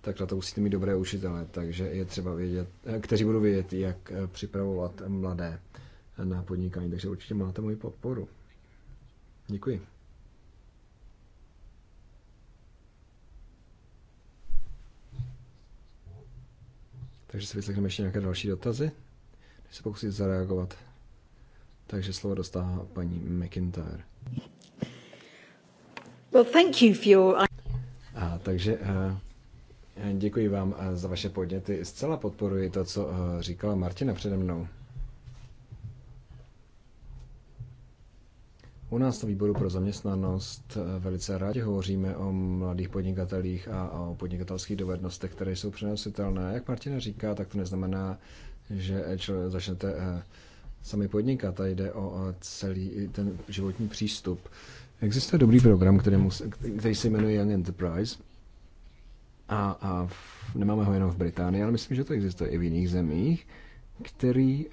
Speaker 3: tak na to musíte mít dobré učitele, takže je třeba vědět, eh, kteří budou vědět, jak připravovat mladé na podnikání. Takže určitě máte moji podporu. Děkuji. Takže si vyslechneme ještě nějaké další dotazy, než se pokusit zareagovat. Takže slovo dostává paní McIntyre.
Speaker 1: Well, thank you for your...
Speaker 3: A, takže eh, děkuji vám eh, za vaše podněty. Zcela podporuji to, co eh, říkala Martina přede mnou. U nás na výboru pro zaměstnanost eh, velice rádi hovoříme o mladých podnikatelích a o podnikatelských dovednostech, které jsou přenositelné. Jak Martina říká, tak to neznamená, že eh, začnete eh, sami podnikat a jde o celý ten životní přístup. Existuje dobrý program, který, mu, který se jmenuje Young Enterprise a, a v, nemáme ho jenom v Británii, ale myslím, že to existuje i v jiných zemích, který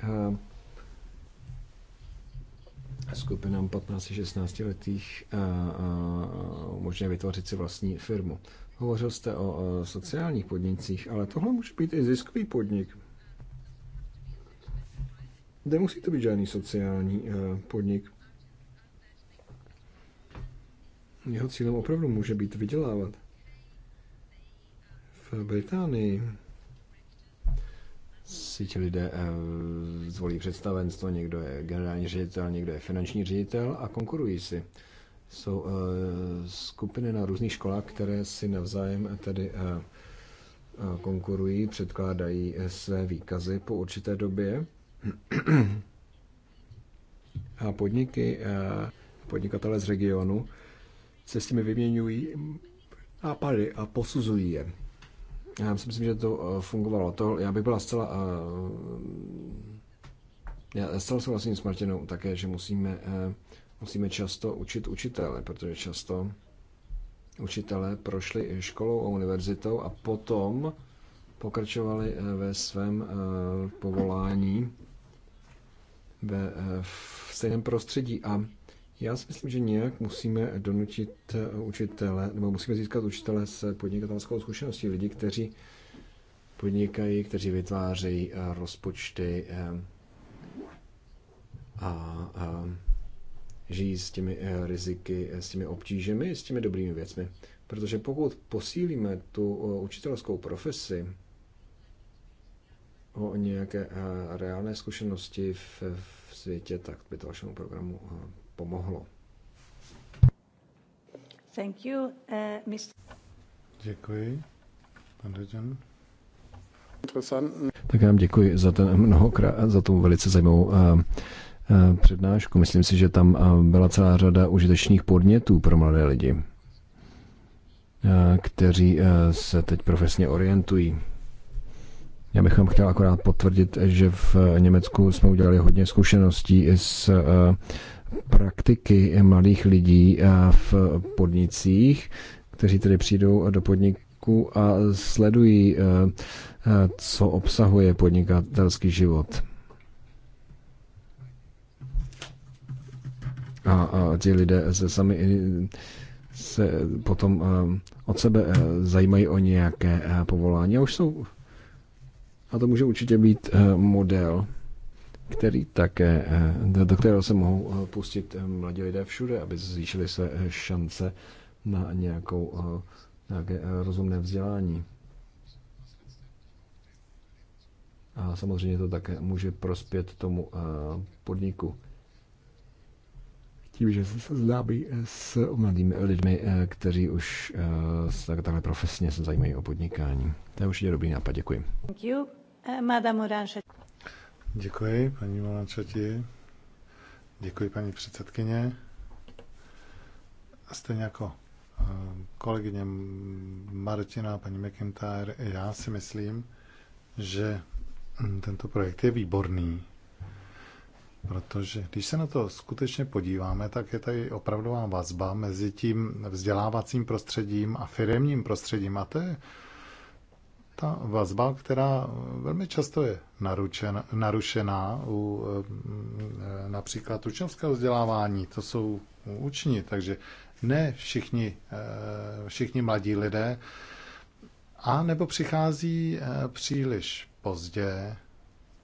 Speaker 3: skupinám 15-16 letých možné vytvořit si vlastní firmu. Hovořil jste o sociálních podnicích, ale tohle může být i ziskový podnik. Nemusí to být žádný sociální e, podnik. Jeho cílem opravdu může být vydělávat. V Británii si ti lidé eh, zvolí představenstvo, někdo je generální ředitel, někdo je finanční ředitel a konkurují si. Jsou eh, skupiny na různých školách, které si navzájem eh, tedy konkurují, předkládají své výkazy po určité době. A podniky, podnikatele z regionu se s nimi vyměňují nápady a posuzují je. Já si myslím, že to eh, fungovalo. To, já bych byla zcela... Eh, já zcela souhlasím s Martinou také, že musíme, eh, musíme často učit učitele, protože často učitele prošli školou a univerzitou a potom pokračovali ve svém povolání ve, v stejném prostředí a já si myslím, že nějak musíme donutit eh, učitele, nebo musíme získat učitele s podnikatelskou zkušeností, lidi, kteří podnikají, kteří vytvářejí eh, rozpočty eh, a, a žijí s těmi riziky, s těmi obtížemi, s těmi dobrými věcmi. Protože pokud posílíme tu učitelskou profesi o nějaké reálné zkušenosti v, v světě, tak by to vašemu programu pomohlo.
Speaker 1: Thank you, uh, Mr.
Speaker 2: Děkuji. Pan Dejan.
Speaker 3: Tak já vám děkuji za ten mnohokrát, za tu velice zajímavou uh, uh, přednášku. Myslím si, že tam uh, byla celá řada užitečných podnětů pro mladé lidi, uh, kteří uh, se teď profesně orientují. Já bych vám chtěl akorát potvrdit, že v Německu jsme udělali hodně zkušeností s uh, praktiky mladých lidí eh, v podnicích, kteří tedy přijdou do podniku a sledují, eh, eh, co obsahuje podnikatelský život. A, a ti lidé se sami se potom od sebe zajímají o nějaké povolání a už jsou. A to může určitě být model který také, eh, do kterého se mohou eh, pustit eh, mladí lidé všude, aby zvýšily se šance na nějakou, nějaké rozumné vzdělání. A samozřejmě to také může prospět tomu podniku. Tím, že se seznámí s mladými lidmi, kteří už se takhle profesně se zajímají
Speaker 2: o podnikání. To je určitě dobrý nápad, děkuji.
Speaker 1: Thank you, Madame Orange.
Speaker 2: Děkuji, paní Malančati. Děkuji, paní předsedkyně. Stejně jako eh, kolegyně Martina, paní McIntyre, já si myslím, že tento projekt je výborný, protože když se na to skutečně podíváme, tak je tady opravdová vazba mezi tím vzdělávacím prostředím a firemním prostředím a to je ta vazba, která velmi často je naručena, narušená u eh, například učňovského vzdělávání, to jsou učni, takže ne všichni, eh, všichni mladí lidé, a nebo přichází eh, příliš pozdě.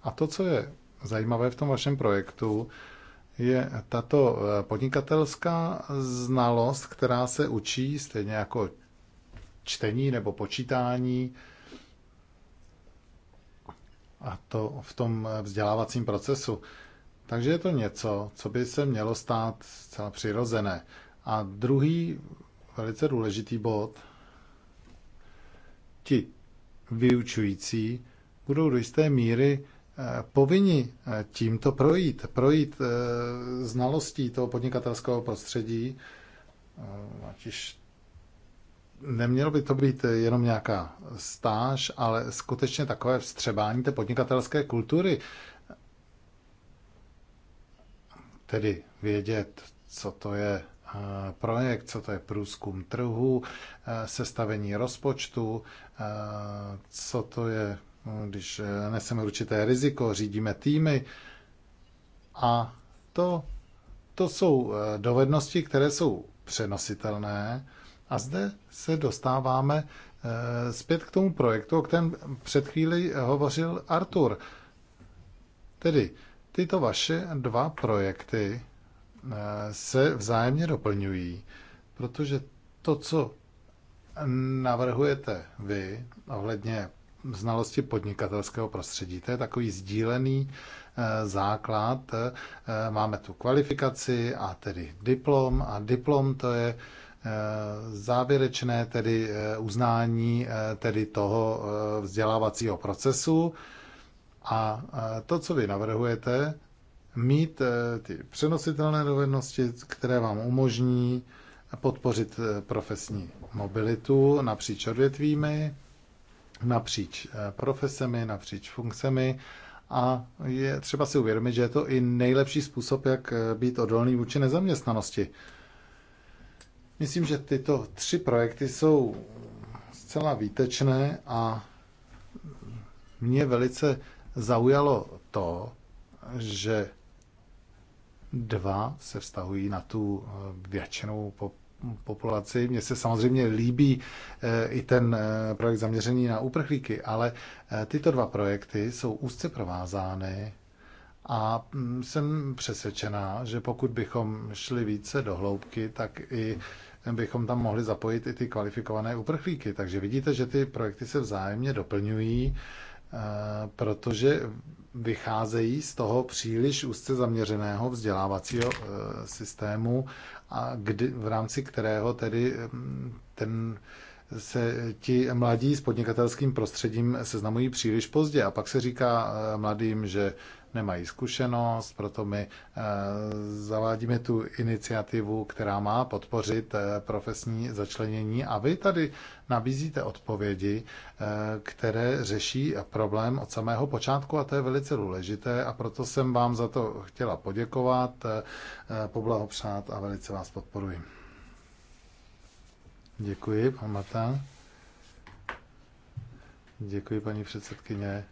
Speaker 2: A to, co je zajímavé v tom vašem projektu, je tato podnikatelská znalost, která se učí stejně jako čtení nebo počítání, a to v tom vzdělávacím procesu. Takže je to něco, co by se mělo stát zcela přirozené. A druhý velice důležitý bod, ti vyučující budou do jisté míry eh, povinni eh, tímto projít, projít eh, znalostí toho podnikatelského prostředí, ať nemělo by to být jenom nějaká stáž, ale skutečně takové vstřebání té podnikatelské kultury. Tedy vědět, co to je eh, projekt, co to je průzkum trhu, eh, sestavení rozpočtu, eh, co to je, když neseme určité riziko, řídíme týmy. A to, to jsou dovednosti, které jsou přenositelné a zde se dostáváme eh, zpět k tomu projektu, o kterém před chvíli hovořil Artur. Tedy tyto vaše dva projekty eh, se vzájemně doplňují, protože to, co navrhujete vy ohledně znalosti podnikatelského prostředí. To je takový sdílený eh, základ. Máme tu kvalifikaci a tedy diplom a diplom to je závěrečné tedy eh, uznání eh, tedy toho eh, vzdělávacího procesu a to, co vy navrhujete, mít ty přenositelné dovednosti, které vám umožní podpořit profesní mobilitu napříč odvětvími, napříč profesemi, napříč funkcemi a je třeba si uvědomit, že je to i nejlepší způsob, jak být odolný vůči nezaměstnanosti. Myslím, že tyto tři projekty jsou zcela výtečné a mě velice zaujalo to, že dva se vztahují na tu eh, většinou populaci. Mně se samozřejmě líbí eh, i ten eh, projekt zaměřený na uprchlíky, ale tyto dva projekty jsou úzce provázány a mm, jsem přesvědčená, že pokud bychom šli více do hloubky, tak i bychom tam mohli zapojit i ty kvalifikované uprchlíky. Takže vidíte, že ty projekty se vzájemně doplňují, eh, protože vycházejí z toho příliš úzce zaměřeného vzdělávacího eh, systému, a kdy, v rámci kterého tedy mm, ten se ti mladí s podnikatelským prostředím seznamují příliš pozdě a pak se říká eh, mladým, že nemají zkušenost, proto my eh, zavádíme tu iniciativu, která má podpořit eh, profesní začlenění. A vy tady nabízíte odpovědi, eh, které řeší problém od samého počátku a to je velice důležité a proto jsem vám za to chtěla poděkovat, poblahopřát a velice vás podporuji. Děkuji, pan Mata. Děkuji, paní předsedkyně.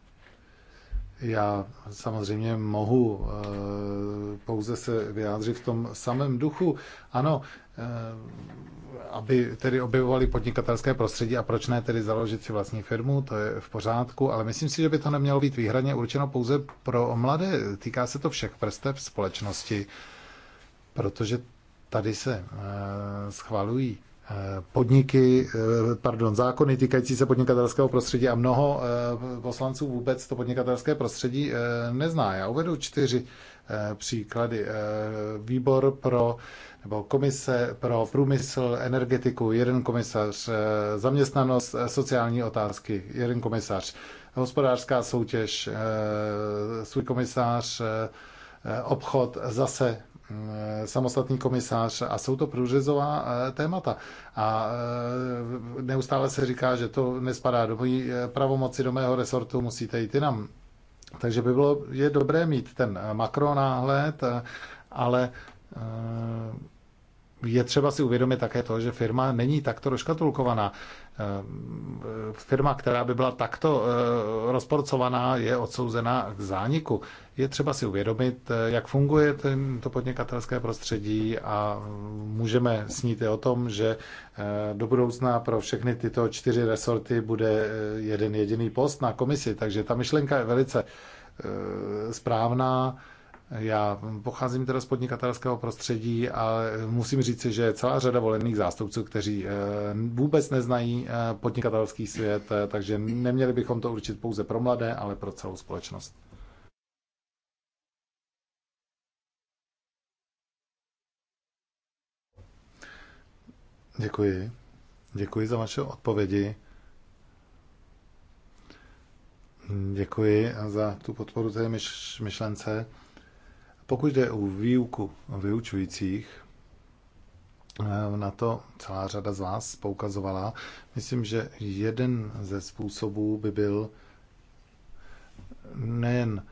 Speaker 2: Já samozřejmě mohu eh, pouze se vyjádřit v tom samém duchu. Ano, eh, aby tedy objevovali podnikatelské prostředí a proč ne tedy založit si vlastní firmu, to je v pořádku, ale myslím si, že by to nemělo být výhradně určeno pouze pro mladé. Týká se to všech prstev společnosti, protože tady se eh, schvalují Eh, podniky, eh, pardon, zákony týkající se podnikatelského prostředí a mnoho eh, poslanců vůbec to podnikatelské prostředí nezná. Já uvedu čtyři příklady. Výbor pro nebo komise pro průmysl, energetiku, jeden komisař, zaměstnanost, sociální otázky, jeden komisař, hospodářská soutěž, svůj komisář, obchod, zase Eh, samostatný komisář a jsou to průřezová eh, témata. A eh, neustále se říká, že to nespadá do mojí pravomoci, do mého resortu, musíte jít jinam. Takže by bylo, je dobré mít ten makronáhled, ale je třeba si uvědomit také to, že firma není takto rozkatulkovaná. Eh, firma, která by byla takto eh, rozporcovaná, je odsouzená k zániku. Je třeba si uvědomit, eh, jak funguje to podnikatelské prostředí a můžeme snít i o tom, že do budoucna pro všechny tyto čtyři resorty bude jeden jediný post na komisi. Takže ta myšlenka je velice správná já pocházím teda z podnikatelského prostředí a musím říct, že je celá řada volených zástupců, kteří eh, vůbec neznají eh, podnikatelský svět, eh, takže neměli bychom to určit pouze pro mladé, ale pro celou společnost. Děkuji. Děkuji za vaše odpovědi. Děkuji za tu podporu té myšlence. Pokud jde o výuku vyučujících, eh, na to celá řada z vás poukazovala. Myslím, že jeden ze způsobů by byl nejen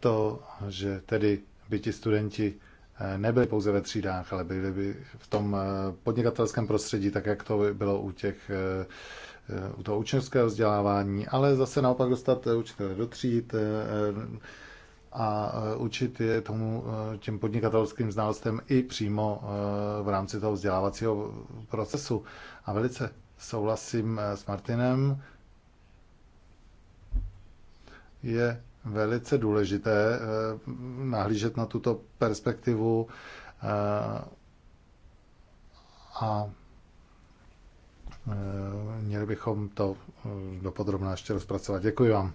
Speaker 2: to, že tedy by ti studenti eh, nebyli pouze ve třídách, ale byli by v tom eh, podnikatelském prostředí, tak jak to bylo u těch u toho učňovského vzdělávání, ale zase naopak dostat učitele do tříd eh, a eh, učit je tomu eh, těm podnikatelským znalostem i přímo v rámci toho vzdělávacího procesu. A velice souhlasím s Martinem, je velice důležité nahlížet na tuto perspektivu a Eh, měli bychom to eh, dopodrobně ještě rozpracovat. Děkuji vám.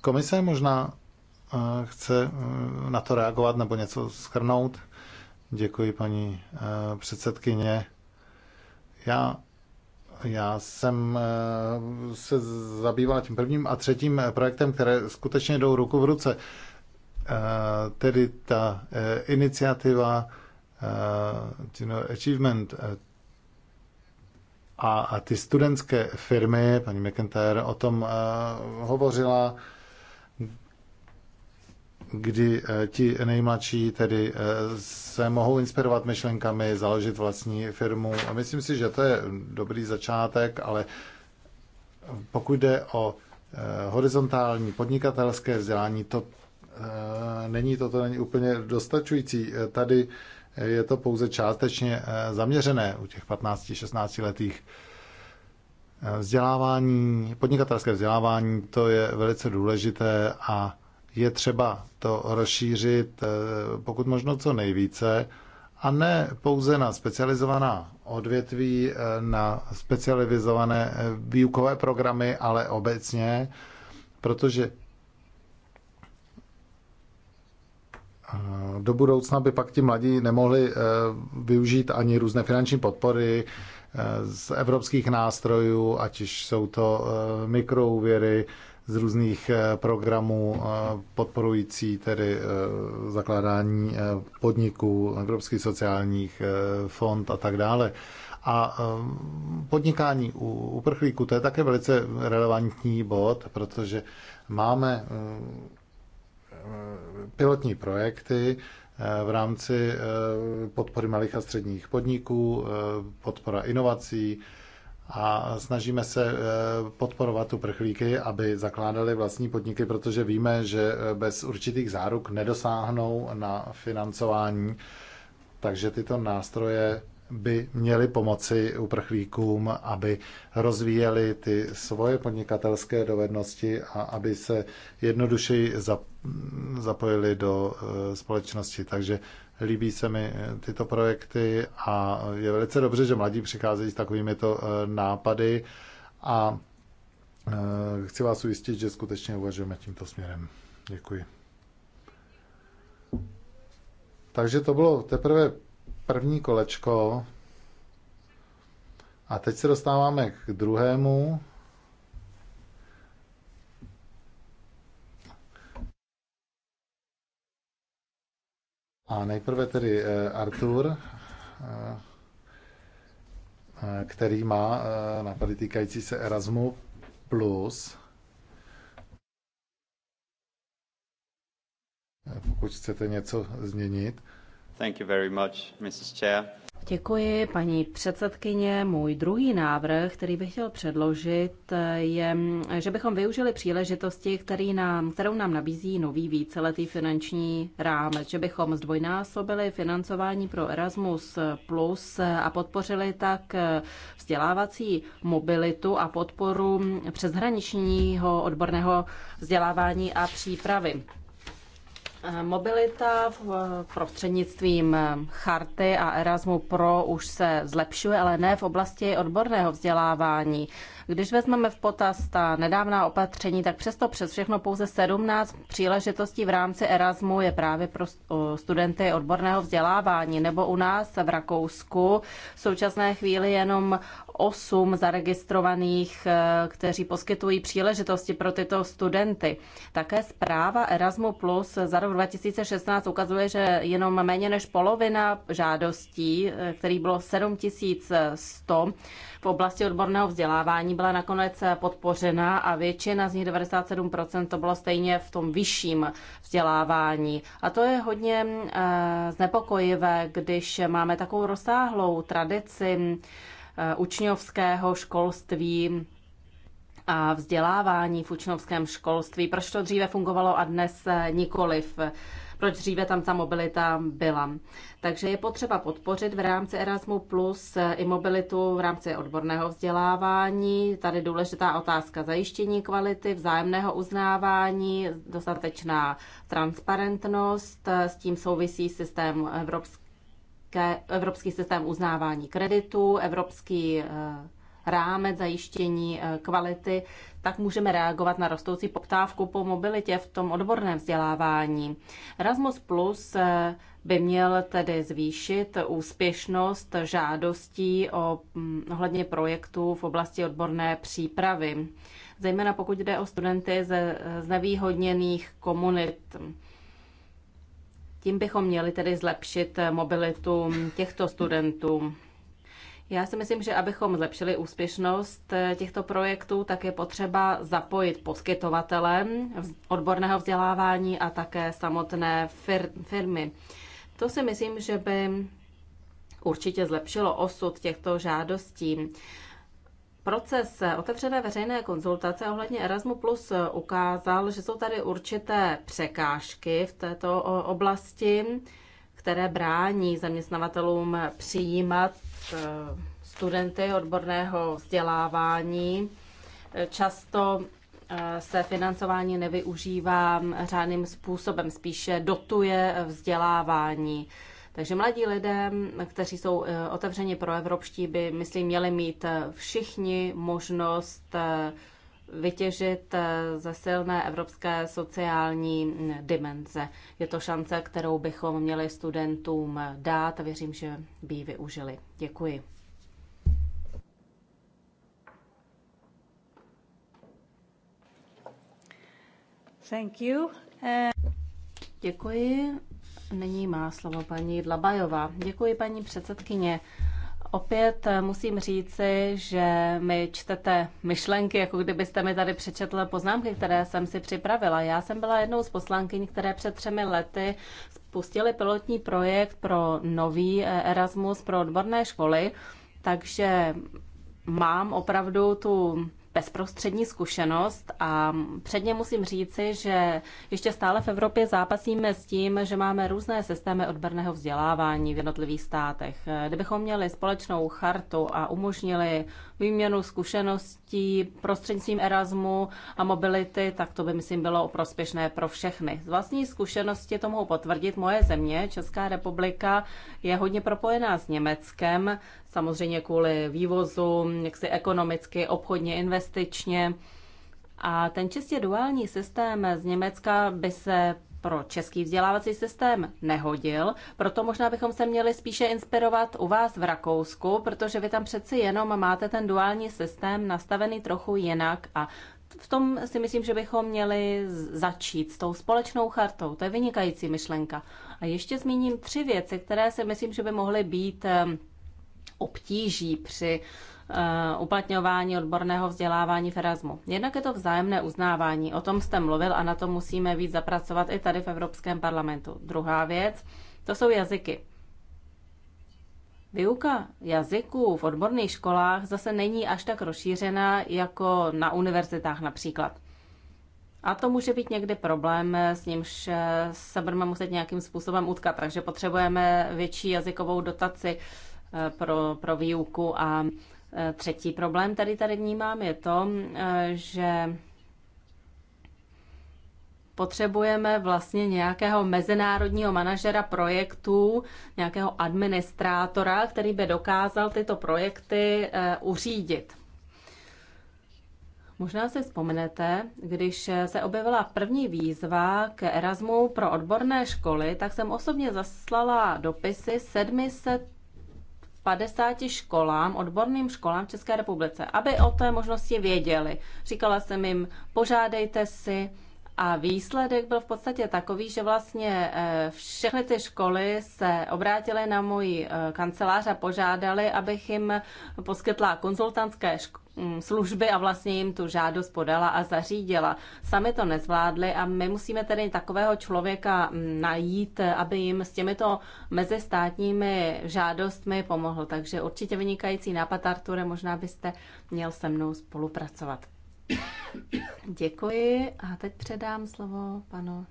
Speaker 2: Komise možná eh, chce na to reagovat nebo něco schrnout. Děkuji, paní předsedkyně. Já, já jsem se zabýval tím prvním a třetím projektem, které skutečně jdou ruku v ruce. Tedy ta iniciativa Achievement, a, a ty studentské firmy, paní McIntyre o tom uh, hovořila, kdy eh, ti nejmladší tedy eh, se mohou inspirovat myšlenkami, založit vlastní firmu. A myslím si, že to je dobrý začátek, ale pokud jde o horizontální podnikatelské vzdělání, to není toto není úplně dostačující. Tady je to pouze částečně eh, zaměřené u těch 15-16 letých. Eh, vzdělávání, podnikatelské vzdělávání, to je velice důležité a je třeba to rozšířit eh, pokud možno co nejvíce a ne pouze na specializovaná odvětví, na specializované výukové programy, ale obecně, protože Eh, do budoucna by pak ti mladí nemohli eh, využít ani různé finanční podpory eh, z evropských nástrojů, ať už jsou to mikrouvěry z různých programů podporující tedy zakládání podniků, Evropský sociálních fond a tak dále. A podnikání u uprchlíků, to je také velice relevantní bod, protože máme pilotní projekty eh, v rámci eh, podpory malých a středních podniků, eh, podpora inovací a snažíme se podporovat prchlíky, aby zakládali vlastní podniky, protože víme, že bez určitých záruk nedosáhnou na financování. Takže tyto nástroje by měli pomoci uprchlíkům, aby rozvíjeli ty svoje podnikatelské dovednosti a aby se jednodušeji zapojili do eh, společnosti. Takže líbí se mi eh, tyto projekty a je velice dobře, že mladí přicházejí s takovými to eh, nápady a chci vás ujistit, že skutečně uvažujeme tímto směrem. Děkuji. Takže to bylo teprve první kolečko. A teď se dostáváme k druhému. A nejprve tedy eh, Artur, eh, eh, který má napady týkající se Erasmu plus. Pokud chcete něco změnit. Thank you very much, Mrs. Chair.
Speaker 1: Děkuji, paní předsedkyně. Můj druhý návrh, který bych chtěl předložit, je, že bychom využili příležitosti, který nám, kterou nám nabízí nový víceletý finanční rámec, že bychom zdvojnásobili financování pro Erasmus Plus a podpořili tak vzdělávací mobilitu a podporu přeshraničního odborného vzdělávání a přípravy. Eh, mobilita v eh, prostřednictvím eh, charty a Erasmu Pro už se zlepšuje, ale ne v oblasti odborného vzdělávání. Když vezmeme v potaz ta nedávná opatření, tak přesto přes všechno pouze 17 příležitostí v rámci Erasmu je právě pro studenty odborného vzdělávání. Nebo u nás v Rakousku v současné chvíli jenom 8 zaregistrovaných, eh, kteří poskytují příležitosti pro tyto studenty. Také zpráva Erasmu Plus za rok 2016 ukazuje, že jenom méně než polovina žádostí, eh, kterých bylo 7100, v oblasti odborného vzdělávání byla nakonec podpořena a většina z nich, 97%, to bylo stejně v tom vyšším vzdělávání. A to je hodně eh, znepokojivé, když máme takovou rozsáhlou tradici eh, učňovského školství a vzdělávání v učňovském školství. Proč to dříve fungovalo a dnes eh, nikoliv? proč dříve tam ta mobilita byla. Takže je potřeba podpořit v rámci Erasmu Plus i mobilitu v rámci odborného vzdělávání. Tady důležitá otázka zajištění kvality, vzájemného uznávání, dostatečná transparentnost, s tím souvisí systém evropské Evropský systém uznávání kreditů, evropský eh, rámec zajištění eh, kvality, tak můžeme reagovat na rostoucí poptávku po mobilitě v tom odborném vzdělávání. Erasmus Plus eh, by měl tedy zvýšit úspěšnost žádostí o, mm, ohledně projektů v oblasti odborné přípravy, zejména pokud jde o studenty ze eh, znevýhodněných komunit. Tím bychom měli tedy zlepšit mobilitu těchto studentů. Já si myslím, že abychom zlepšili úspěšnost eh, těchto projektů, tak je potřeba zapojit poskytovatele odborného vzdělávání a také samotné fir- firmy. To si myslím, že by určitě zlepšilo osud těchto žádostí. Proces eh, otevřené veřejné konzultace ohledně Erasmu Plus eh, ukázal, že jsou tady určité překážky v této oblasti, které brání zaměstnavatelům přijímat Eh, studenty odborného vzdělávání. Často eh, se financování nevyužívá mm, řádným způsobem, spíše dotuje vzdělávání. Takže mladí lidé, mm, kteří jsou eh, otevřeni pro evropští, by, myslím, měli mít všichni možnost vytěžit eh, ze silné evropské sociální mm, dimenze. Je to šance, kterou bychom měli studentům dát a věřím, že by ji využili. Děkuji. Thank you. Děkuji. Nyní má slovo paní Dlabajová. Děkuji, paní předsedkyně opět eh, musím říci, že mi čtete myšlenky, jako kdybyste mi tady přečetla poznámky, které jsem si připravila. Já jsem byla jednou z poslankyň, které před třemi lety spustili pilotní projekt pro nový eh, Erasmus pro odborné školy, takže mám opravdu tu bezprostřední zkušenost a předně musím říci, že ještě stále v Evropě zápasíme s tím, že máme různé systémy odborného vzdělávání v jednotlivých státech. Kdybychom měli společnou chartu a umožnili výměnu zkušeností prostřednictvím Erasmu a mobility, tak to by, myslím, bylo prospěšné pro všechny. Z vlastní zkušenosti to mohu potvrdit. Moje země, Česká republika, je hodně propojená s Německem, samozřejmě kvůli vývozu, jaksi ekonomicky, obchodně, investičně. A ten čistě duální systém z Německa by se pro český vzdělávací systém nehodil, proto možná bychom se měli spíše inspirovat u vás v Rakousku, protože vy tam přeci jenom máte ten duální systém nastavený trochu jinak a v tom si myslím, že bychom měli začít s tou společnou chartou. To je vynikající myšlenka. A ještě zmíním tři věci, které si myslím, že by mohly být eh, obtíží při uh, Eh, uplatňování odborného vzdělávání v Erasmu. Jednak je to vzájemné uznávání, o tom jste mluvil a na to musíme víc zapracovat i tady v Evropském parlamentu. Druhá věc, to jsou jazyky. Výuka jazyků v odborných školách zase není až tak rozšířená jako na univerzitách například. A to může být někdy problém, s nímž eh, se budeme muset nějakým způsobem utkat, takže potřebujeme větší jazykovou dotaci eh, pro, pro výuku a Eh, třetí problém, který tady vnímám, je to, eh, že potřebujeme vlastně nějakého mezinárodního manažera projektů, nějakého administrátora, který by dokázal tyto projekty eh, uřídit. Možná si vzpomenete, když se objevila první výzva k Erasmu pro odborné školy, tak jsem osobně zaslala dopisy 700 50 školám, odborným školám v České republice, aby o té možnosti věděli. Říkala jsem jim, požádejte si a výsledek byl v podstatě takový, že vlastně eh, všechny ty školy se obrátily na můj eh, kancelář a požádali, abych jim eh, poskytla konzultantské Mm, služby a vlastně jim tu žádost podala a zařídila. Sami to nezvládli a my musíme tedy takového člověka mm, najít, aby jim s těmito mezistátními žádostmi pomohl. Takže určitě vynikající nápad, Arture, možná byste měl se mnou spolupracovat. Děkuji a teď předám slovo panu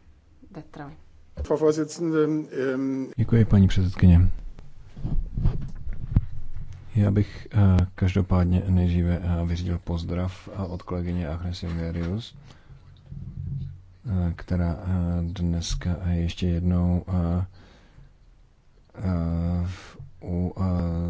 Speaker 1: Detrovi.
Speaker 2: Ähm,
Speaker 3: Děkuji, paní předsedkyně. Já bych eh, každopádně nejdříve eh, vyřídil pozdrav eh, od kolegyně Agnes Jungerius, která dneska ještě jednou u, eh,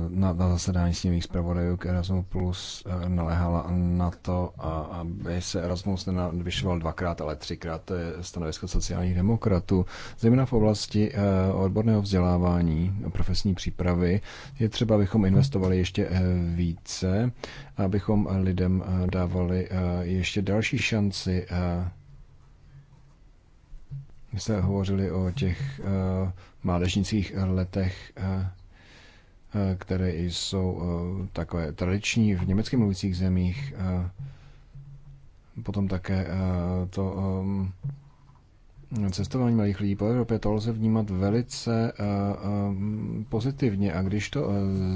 Speaker 3: na, na zasedání sněmých zpravodajů k Erasmus Plus eh, naléhala na to, a, aby se Erasmus nevyšoval dvakrát, ale třikrát, to je stanovisko sociálních demokratů. Zejména v oblasti eh, odborného vzdělávání, profesní přípravy, je třeba, abychom investovali ještě více, abychom lidem dávali ještě další šanci my jsme hovořili o těch uh, mládežnických letech uh, Eh, které jsou eh, takové tradiční v německy mluvících zemích. Eh, potom také to cestování malých lidí po Evropě, to lze vnímat velice pozitivně. A když to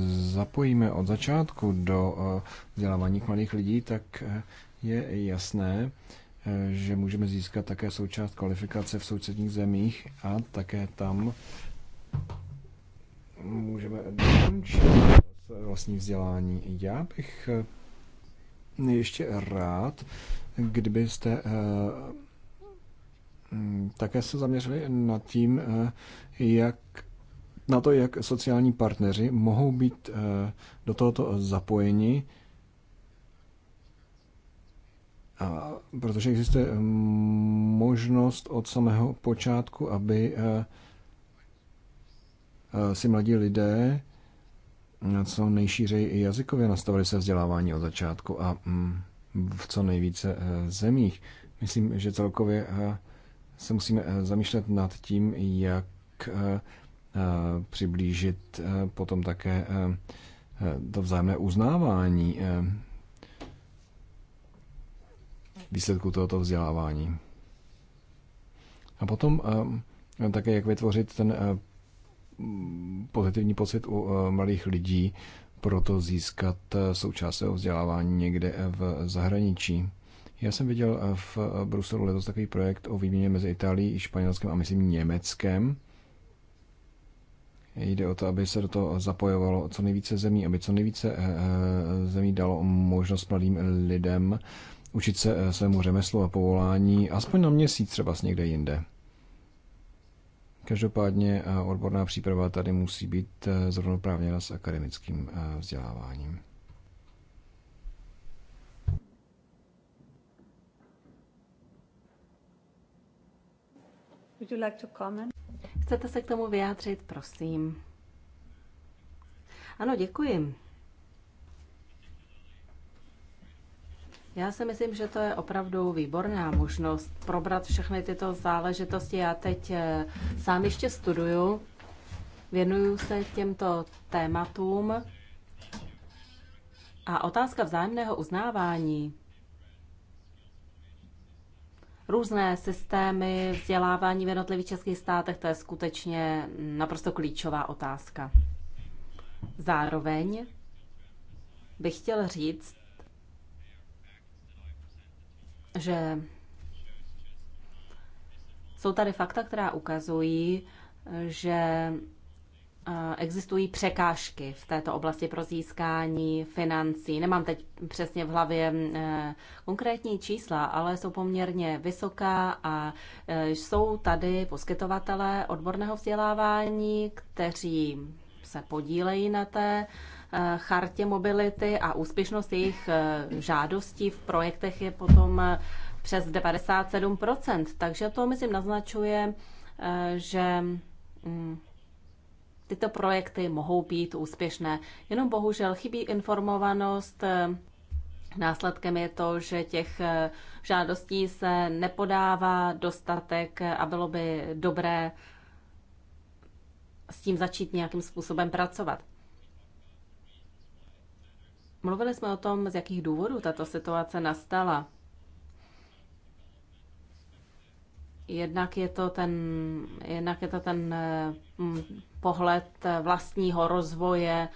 Speaker 3: zapojíme od začátku do vzdělávání malých lidí, tak je jasné, že můžeme získat také součást kvalifikace v sousedních zemích a také tam můžeme dokončit vlastní vzdělání. Já bych eh, ještě rád, kdybyste eh, hm, také se zaměřili na tím, eh, jak na to, jak sociální partneři mohou být do tohoto zapojeni, a protože existuje hm, možnost od samého počátku, aby Eh, si mladí lidé na eh, co nejšířeji jazykově nastavili se vzdělávání od začátku a mm, v co nejvíce eh, zemích. Myslím, že celkově se musíme zamýšlet nad tím, jak přiblížit potom také to vzájemné uznávání výsledku tohoto vzdělávání. A potom také, jak vytvořit ten Mm, pozitivní pocit u eh, mladých lidí proto získat eh, součást svého vzdělávání někde eh, v zahraničí. Já jsem viděl v Bruselu letos takový projekt o výměně mezi Itálií, Španělskem a myslím Německem. Jde o to, aby se do toho zapojovalo co nejvíce zemí, aby co nejvíce zemí dalo možnost mladým lidem učit se svému řemeslu a povolání, aspoň na měsíc třeba někde jinde. Každopádně eh, odborná příprava tady musí být eh, zrovnoprávněna s akademickým eh, vzděláváním.
Speaker 1: Would you like to comment? Chcete se k tomu vyjádřit, prosím. Ano, děkuji. Já si myslím, že to je opravdu výborná možnost probrat všechny tyto záležitosti. Já teď eh, sám ještě studuju, věnuju se těmto tématům a otázka vzájemného uznávání různé systémy vzdělávání v jednotlivých českých státech, to je skutečně naprosto klíčová otázka. Zároveň bych chtěl říct, že jsou tady fakta, která ukazují, že existují překážky v této oblasti pro získání financí. Nemám teď přesně v hlavě e, konkrétní čísla, ale jsou poměrně vysoká a e, jsou tady poskytovatelé odborného vzdělávání, kteří se podílejí na té Eh, chartě mobility a úspěšnost jejich eh, žádostí v projektech je potom eh, přes 97%. Takže to, myslím, naznačuje, že mm, tyto projekty mohou být úspěšné. Jenom bohužel chybí informovanost. Následkem je to, že těch žádostí se nepodává dostatek a bylo by dobré s tím začít nějakým způsobem pracovat. Mluvili jsme o tom, z jakých důvodů tato situace nastala. Jednak je to ten, jednak je to ten mm, pohled vlastního rozvoje, e,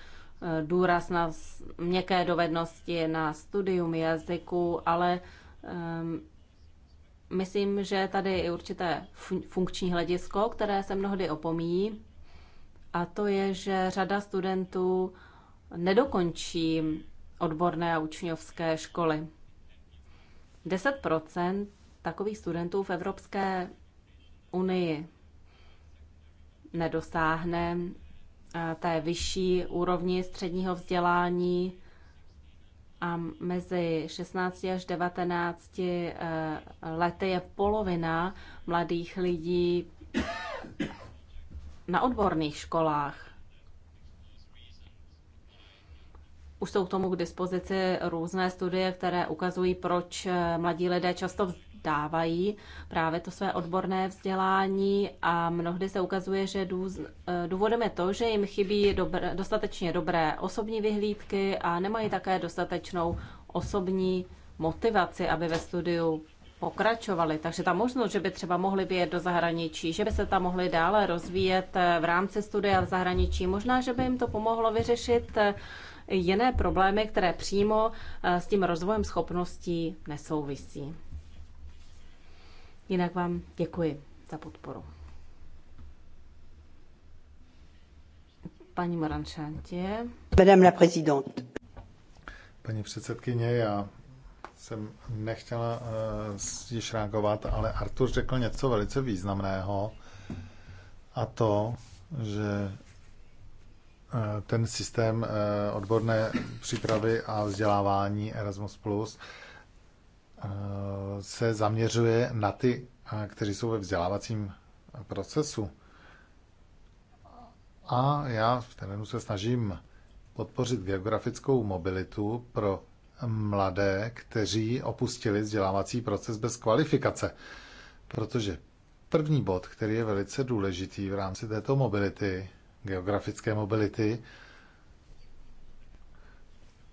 Speaker 1: důraz na měkké dovednosti, na studium jazyku, ale myslím, že tady je určité funkční hledisko, které se mnohdy opomíjí, a to je, že řada studentů nedokončí odborné a učňovské školy. 10 takových studentů v Evropské unii nedosáhne eh, té vyšší úrovni středního vzdělání a mezi 16 až 19 eh, lety je polovina mladých lidí na odborných školách. Už jsou k tomu k dispozici různé studie, které ukazují, proč eh, mladí lidé často dávají právě to své odborné vzdělání a mnohdy se ukazuje, že eh, důvodem je to, že jim chybí dobré, dostatečně dobré osobní vyhlídky a nemají také dostatečnou osobní motivaci, aby ve studiu pokračovali. Takže ta možnost, že by třeba mohli vyjet do zahraničí, že by se tam mohli dále rozvíjet eh, v rámci studia v zahraničí, možná, že by jim to pomohlo vyřešit jiné problémy, které přímo eh, s tím rozvojem schopností nesouvisí. Jinak vám děkuji za podporu. Paní Moranšantě.
Speaker 2: Madame la présidente. Paní předsedkyně, já jsem nechtěla uh, již reagovat, ale Artur řekl něco velice významného a to, že Eh, ten systém eh, odborné přípravy a vzdělávání Erasmus+, eh, se zaměřuje na ty, kteří jsou ve vzdělávacím procesu. A já v terénu se snažím podpořit geografickou mobilitu pro mladé, kteří opustili vzdělávací proces bez kvalifikace. Protože první bod, který je velice důležitý v rámci této mobility, geografické mobility.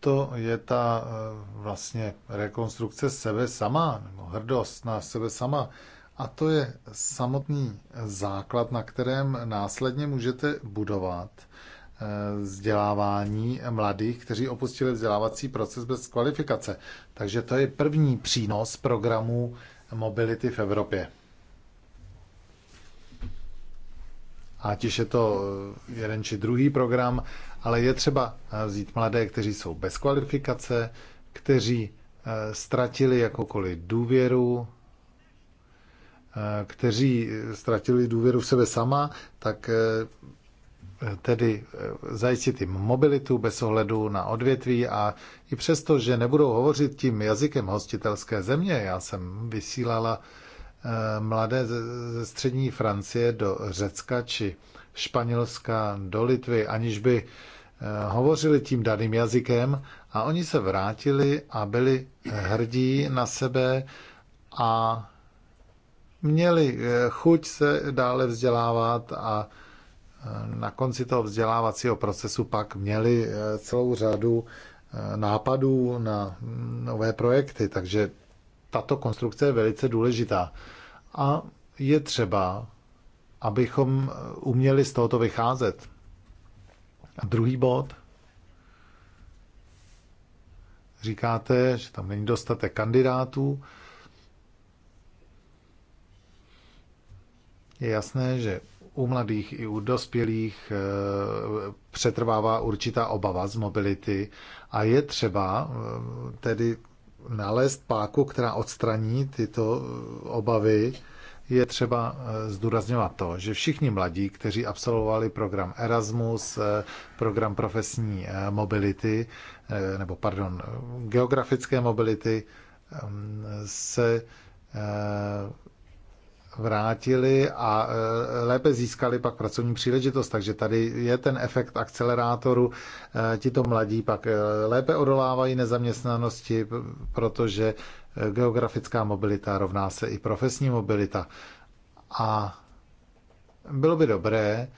Speaker 2: To je ta eh, vlastně rekonstrukce sebe sama, nebo hrdost na sebe sama. A to je samotný základ, na kterém následně můžete budovat eh, vzdělávání mladých, kteří opustili vzdělávací proces bez kvalifikace. Takže to je první přínos programu mobility v Evropě. ať už je to eh, jeden či druhý program, ale je třeba eh, vzít mladé, kteří jsou bez kvalifikace, kteří eh, ztratili jakoukoliv důvěru, kteří ztratili důvěru v sebe sama, tak tedy zajistit jim mobilitu bez ohledu na odvětví a i přesto, že nebudou hovořit tím jazykem hostitelské země, já jsem vysílala Eh, mladé ze střední Francie do Řecka či Španělska do Litvy, aniž by eh, hovořili tím daným jazykem a oni se vrátili a byli hrdí na sebe a měli eh, chuť se dále vzdělávat a na konci toho vzdělávacího procesu pak měli celou řadu nápadů na mm, nové projekty, takže tato konstrukce je velice důležitá. A je třeba, abychom uměli z tohoto vycházet. A druhý bod. Říkáte, že tam není dostatek kandidátů. Je jasné, že u mladých i u dospělých eh, přetrvává určitá obava z mobility a je třeba eh, tedy nalézt páku, která odstraní tyto eh, obavy, je třeba eh, zdůrazňovat to, že všichni mladí, kteří absolvovali program Erasmus, eh, program profesní mobility, nebo pardon, geografické mobility, ehm, se vrátili a e, lépe získali pak pracovní příležitost. Takže tady je ten efekt akcelerátoru. E, tito mladí pak e, lépe odolávají nezaměstnanosti, protože geografická mobilita rovná se i profesní mobilita. A bylo by dobré,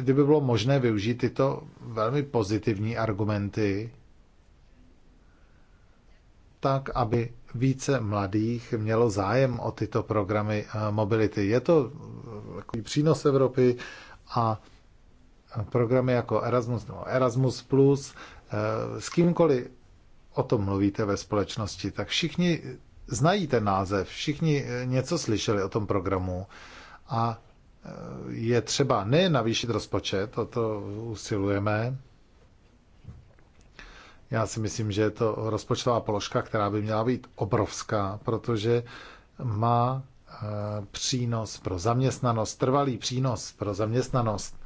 Speaker 2: kdyby bylo možné využít tyto velmi pozitivní argumenty tak, aby více mladých mělo zájem o tyto programy eh, mobility. Je to eh, takový přínos Evropy a programy jako Erasmus nebo Erasmus+, Plus, eh, s kýmkoliv o tom mluvíte ve společnosti, tak všichni znají ten název, všichni něco slyšeli o tom programu a je třeba nejen navýšit rozpočet, o to usilujeme, já si myslím, že je to rozpočtová položka, která by měla být obrovská, protože má eh, přínos pro zaměstnanost, trvalý přínos pro zaměstnanost.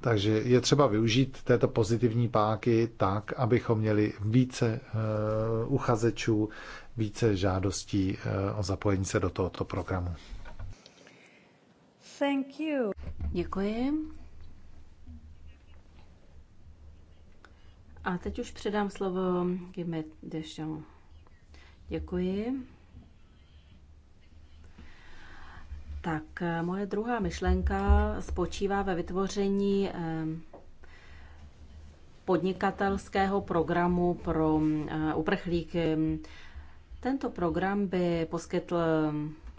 Speaker 2: Takže je třeba využít této pozitivní páky tak, abychom měli více eh, uchazečů, více žádostí eh, o zapojení se do tohoto programu.
Speaker 1: Thank you. Děkuji. A teď už předám slovo Gimme Dešel. Děkuji. Tak eh, moje druhá myšlenka spočívá ve vytvoření eh, podnikatelského programu pro eh, uprchlíky. Tento program by poskytl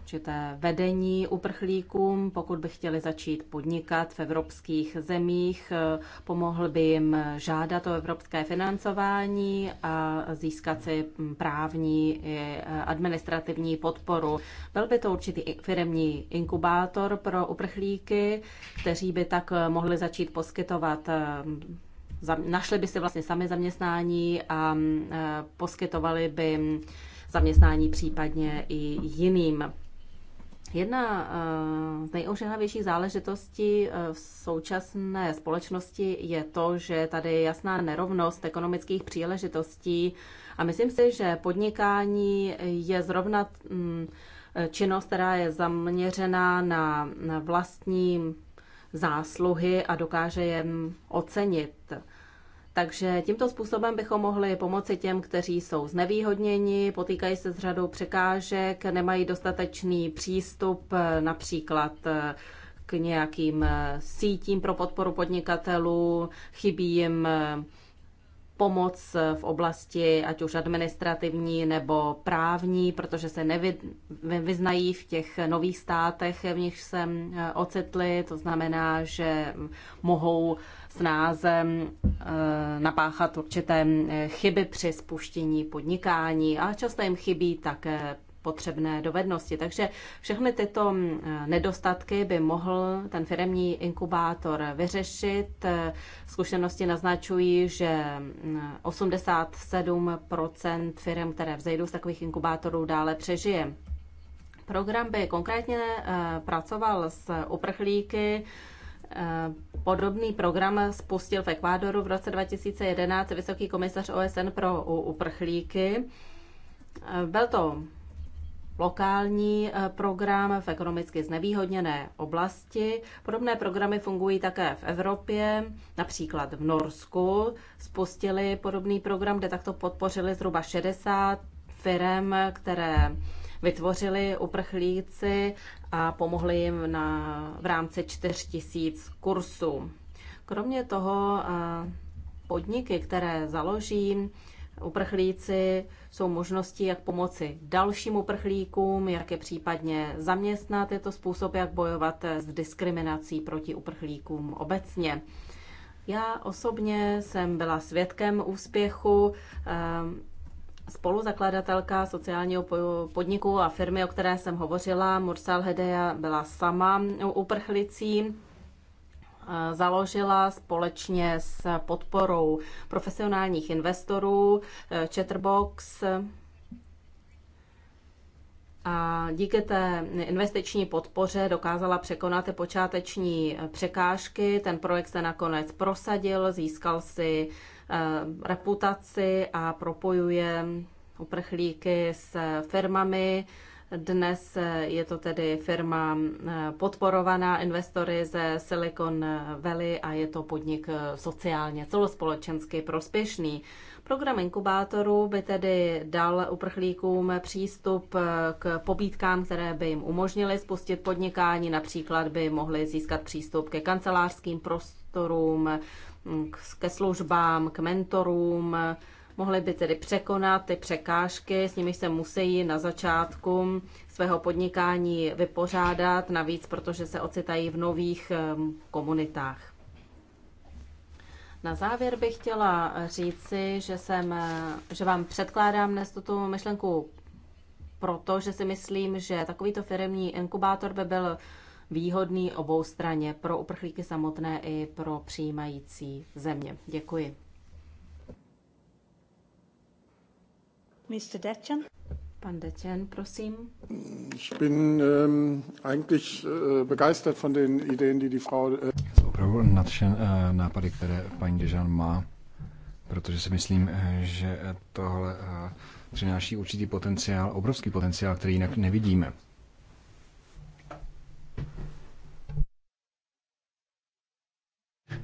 Speaker 1: určité vedení uprchlíkům, pokud by chtěli začít podnikat v evropských zemích, eh, pomohl by jim žádat o evropské financování a získat si hm, právní i eh, administrativní podporu. Byl by to určitý firmní inkubátor pro uprchlíky, kteří by tak eh, mohli začít poskytovat našli by si vlastně sami zaměstnání a poskytovali by hm, zaměstnání případně i jiným. Jedna eh, z nejožehavějších záležitostí eh, v současné společnosti je to, že tady je jasná nerovnost ekonomických příležitostí a myslím si, že podnikání je zrovna mm, eh, činnost, která je zaměřená na vlastní zásluhy a dokáže jen ocenit. Takže tímto způsobem bychom mohli pomoci těm, kteří jsou znevýhodněni, potýkají se s řadou překážek, nemají dostatečný přístup například eh, k nějakým eh, sítím pro podporu podnikatelů, chybí jim eh, pomoc v oblasti ať už administrativní nebo právní, protože se nevyznají v těch nových státech, v nich se ocitli. To znamená, že mohou snáze eh, napáchat určité eh, chyby při spuštění podnikání a často jim chybí také potřebné dovednosti. Takže všechny tyto eh, nedostatky by mohl ten firemní inkubátor vyřešit. Zkušenosti naznačují, že 87% mm, firm, které vzejdou z takových inkubátorů, dále přežije. Program by konkrétně pracoval s uprchlíky, Podobný program spustil v Ekvádoru v roce 2011 Vysoký komisař OSN pro uprchlíky. Byl to lokální eh, program v ekonomicky znevýhodněné oblasti. Podobné programy fungují také v Evropě, například v Norsku. Spustili podobný program, kde takto podpořili zhruba 60 firm, které vytvořili uprchlíci a pomohli jim na, v rámci 4000 kursů. Kromě toho podniky, které založí uprchlíci, jsou možnosti, jak pomoci dalším uprchlíkům, jak je případně zaměstnat. Je to způsob, jak bojovat s diskriminací proti uprchlíkům obecně. Já osobně jsem byla svědkem úspěchu Spoluzakladatelka sociálního podniku a firmy, o které jsem hovořila, Mursal Hedeja, byla sama uprchlicí. E, založila společně s podporou profesionálních investorů e, Chatterbox a díky té investiční podpoře dokázala překonat ty počáteční překážky. Ten projekt se nakonec prosadil, získal si Eh, reputaci a propojuje uprchlíky s firmami. Dnes je to tedy firma eh, podporovaná investory ze Silicon Valley a je to podnik eh, sociálně, celospolečensky prospěšný. Program inkubátoru by tedy dal uprchlíkům přístup k pobítkám, které by jim umožnily spustit podnikání, například by mohli získat přístup ke kancelářským prostorům, ke službám, k mentorům, mohli by tedy překonat ty překážky, s nimi se musí na začátku svého podnikání vypořádat, navíc protože se ocitají v nových ehm, komunitách. Na závěr bych chtěla říci, že, jsem, eh, že vám předkládám dnes tuto myšlenku proto, že si myslím, že takovýto firmní inkubátor by byl výhodný obou straně pro uprchlíky samotné i pro přijímající země. Děkuji. Mr. Detchen. Pan Detchen, prosím.
Speaker 3: Ich bin ähm,
Speaker 2: eigentlich äh, begeistert von den Ideen, die die Frau... Äh...
Speaker 3: Opravdu nadšen äh, nápady, které paní Dežan má, protože si myslím, äh, že tohle äh, přináší určitý potenciál, obrovský potenciál, který jinak nevidíme.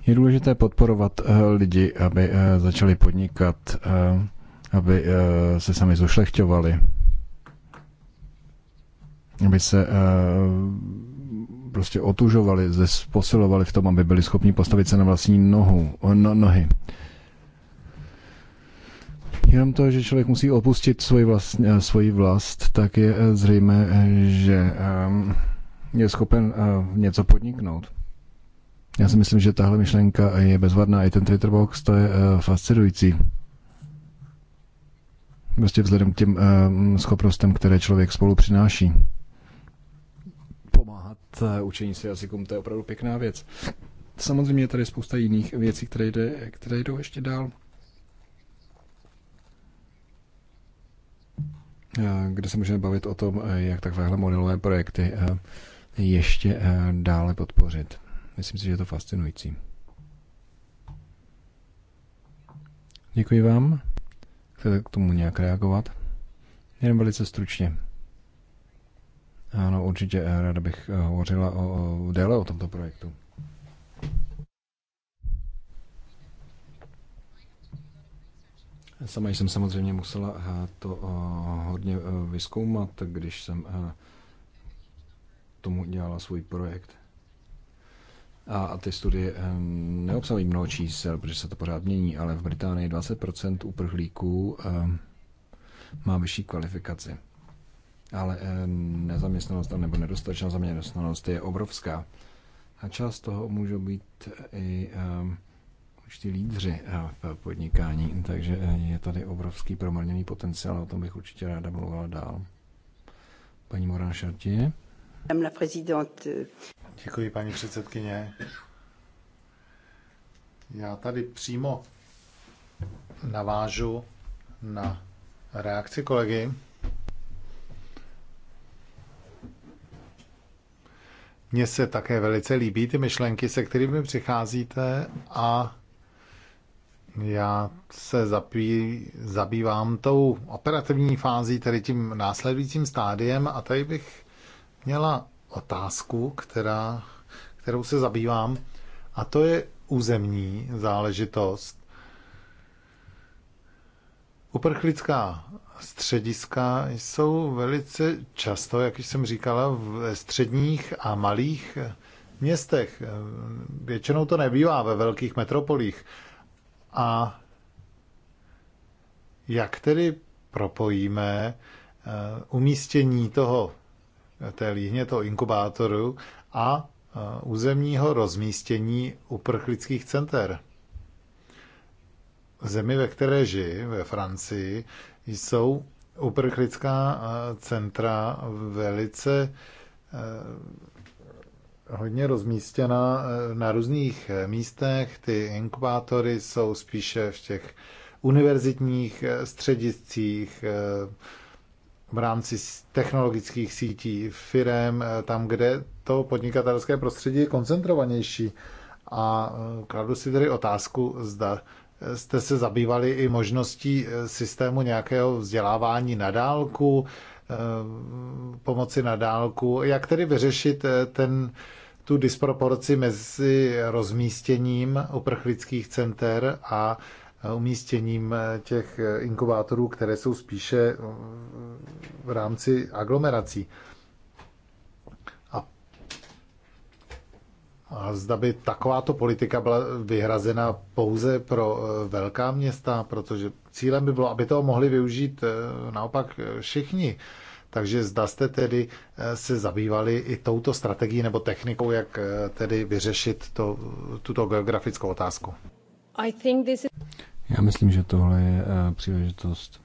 Speaker 3: Je důležité podporovat eh, lidi, aby eh, začali podnikat, eh, aby se sami zušlechťovali, aby se prostě otužovali, posilovali v tom, aby byli schopni postavit se na vlastní nohu, no, nohy. Jenom to, že člověk musí opustit svoji vlast, svoji vlast tak je zřejmé, že je schopen něco podniknout. Já si myslím, že tahle myšlenka je bezvadná. I ten box, to je eh, fascinující. Prostě vzhledem k těm eh, schopnostem, které člověk spolu přináší. Pomáhat eh, učení si jazykům, to je opravdu pěkná věc. Samozřejmě je tady spousta jiných věcí, které, jde, které jdou ještě dál. kde se můžeme bavit o tom, jak takovéhle modelové projekty ještě dále podpořit. Myslím si, že je to fascinující. Děkuji vám. Chcete k tomu nějak reagovat? Jenom velice stručně. Ano, určitě eh, ráda bych eh, hovořila o, o, déle o tomto projektu. Sama jsem samozřejmě musela eh, to hodně vyzkoumat, když jsem tomu dělala svůj projekt. A ty studie eh, neobsahují mnoho čísel, protože se to pořád mění, ale v Británii 20% uprchlíků eh, má vyšší kvalifikaci. Ale eh, nezaměstnanost nebo nedostatečná zaměstnanost je obrovská. A část toho můžou být i určití lídři v podnikání, takže je tady obrovský promarněný potenciál, o tom bych určitě ráda mluvila dál. Paní Morán Šartě.
Speaker 2: Děkuji, paní předsedkyně. Já tady přímo navážu na reakci kolegy. Mně se také velice líbí ty myšlenky, se kterými přicházíte a já se zapí, zabývám tou operativní fází, tedy tím následujícím stádiem a tady bych měla otázku, která, kterou se zabývám, a to je územní záležitost. Uprchlická střediska jsou velice často, jak jsem říkala, v středních a malých městech. Většinou to nebývá ve velkých metropolích. A jak tedy propojíme eh, umístění toho té líhně toho inkubátoru a územního rozmístění uprchlických center. zemi, ve které žijí, ve Francii, jsou uprchlická centra velice e, hodně rozmístěna e, na různých e, místech. Ty inkubátory jsou spíše v těch univerzitních střediscích, v rámci technologických sítí, firem, eh, tam, kde to podnikatelské prostředí je koncentrovanější. A eh, kladu si tedy otázku, zda eh, jste se zabývali i možností systému nějakého vzdělávání na dálku, pomoci na dálku, jak tedy vyřešit ten, tu disproporci mezi rozmístěním uprchlických center a umístěním eh, těch eh, inkubátorů, které jsou spíše eh, v rámci aglomerací. A, a zda by takováto politika byla vyhrazena pouze pro velká města, protože cílem by bylo, aby toho mohli využít naopak všichni. Takže zda jste tedy se zabývali i touto strategií nebo technikou, jak tedy vyřešit to, tuto geografickou otázku.
Speaker 1: I think this is...
Speaker 3: Já myslím, že tohle je eh, příležitost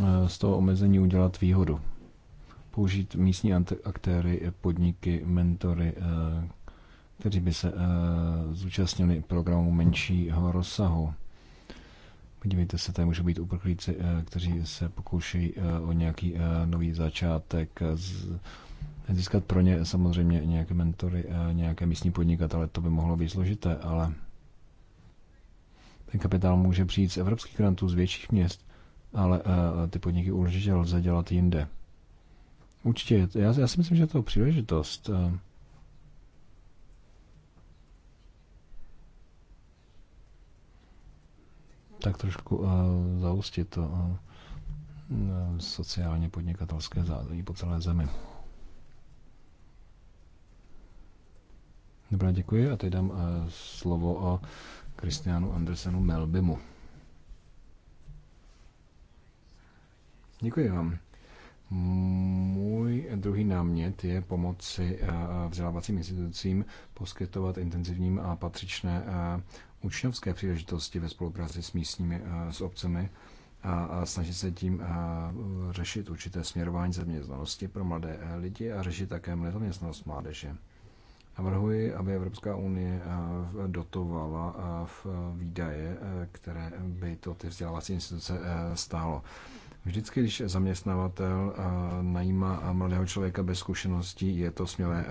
Speaker 3: eh, z toho omezení udělat výhodu. Použít místní aktéry, podniky, mentory, eh, kteří by se zúčastnili programu menšího rozsahu. Podívejte se, tady můžou být uprchlíci, kteří se pokouší o nějaký nový začátek, získat pro ně samozřejmě nějaké mentory, nějaké místní podnikatele, to by mohlo být složité, ale ten kapitál může přijít z evropských grantů, z větších měst, ale eh, ty podniky určitě lze dělat jinde. Určitě, já, já si myslím, že to je to příležitost. Eh. Tak trošku uh, eh, zaustit to uh, sociálně podnikatelské zázemí po celé zemi. Dobrá, děkuji a teď dám uh, slovo o uh, Kristianu Andersenu Melbimu. Děkuji vám. Můj druhý námět je pomoci eh, vzdělávacím institucím poskytovat intenzivním a patřičné eh, učňovské příležitosti ve spolupráci s místními, eh, s obcemi a, snažit se tím řešit určité směrování zaměstnanosti pro mladé lidi a řešit také nezaměstnanost mládeže. Navrhuji, aby Evropská unie eh, dotovala eh, v výdaje, eh, které by to ty vzdělávací instituce stálo. Vždycky, když zaměstnavatel najímá mladého člověka bez zkušeností, je to směle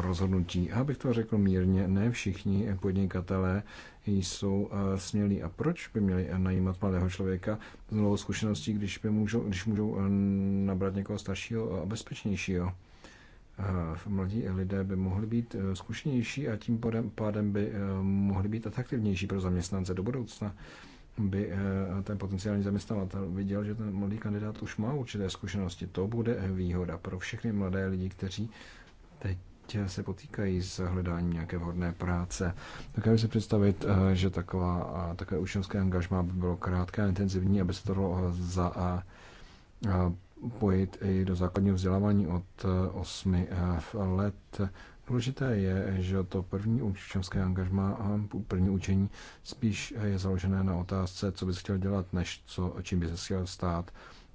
Speaker 3: rozhodnutí. A abych to řekl mírně, ne všichni podnikatelé jsou smělí. A proč by měli najímat mladého člověka s novou zkušeností, když, by můžou, když můžou nabrat někoho staršího a bezpečnějšího? Eh, mladí lidé by mohli být eh, zkušenější a tím pádem by eh, mohli být atraktivnější pro zaměstnance do budoucna by ten potenciální zaměstnavatel viděl, že ten mladý kandidát už má určité zkušenosti. To bude výhoda pro všechny mladé lidi, kteří teď se potýkají s hledáním nějaké vhodné práce. Dokážu si představit, že taková, takové učňovské angažmá by bylo krátké a intenzivní, aby se to za pojit i do základního vzdělávání od 8 eh, eh, let. Důležité je, že to první učičovské angažma a první učení spíš eh, je založené na otázce, co bys chtěl dělat, než co, čím bys chtěl stát.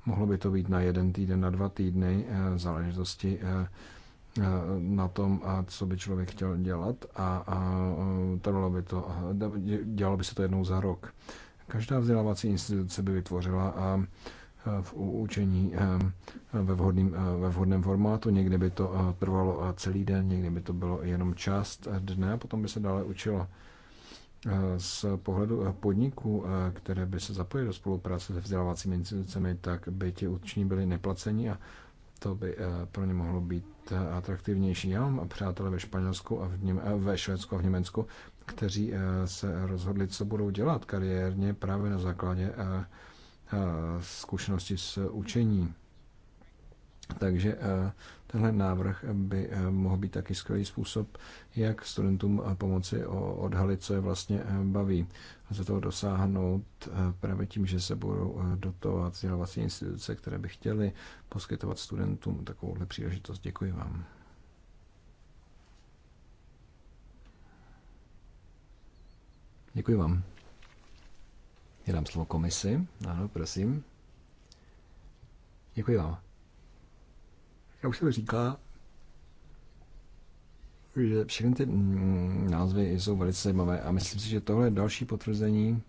Speaker 3: Mohlo by to být na jeden týden, na dva týdny, v záležitosti na tom, co by člověk chtěl dělat a, a trvalo by to, dělalo by se to jednou za rok. Každá vzdělávací instituce by vytvořila a, v učení eh, ve, vhodným, eh, ve vhodném formátu. Někdy by to eh, trvalo celý den, někdy by to bylo jenom část dne a potom by se dále učilo. Z pohledu podniků, které by se zapojily do spolupráce se vzdělávacími institucemi, tak by ti uční byli neplaceni a to by pro ně mohlo být atraktivnější. Já mám přátelé ve Španělsku a v Něm- ve Švédsku a v Německu, kteří se rozhodli, co budou dělat kariérně právě na základě zkušenosti s učení. Takže tenhle návrh by mohl být taky skvělý způsob, jak studentům pomoci odhalit, co je vlastně baví. A za toho dosáhnout právě tím, že se budou dotovat vzdělávací instituce, které by chtěly poskytovat studentům takovouhle příležitost. Děkuji vám. Děkuji vám. Já dám slovo komisi. Ano, prosím. Děkuji vám. Já už jsem říkal, že všechny ty mm, názvy jsou velice zajímavé a myslím si, že tohle je další potvrzení,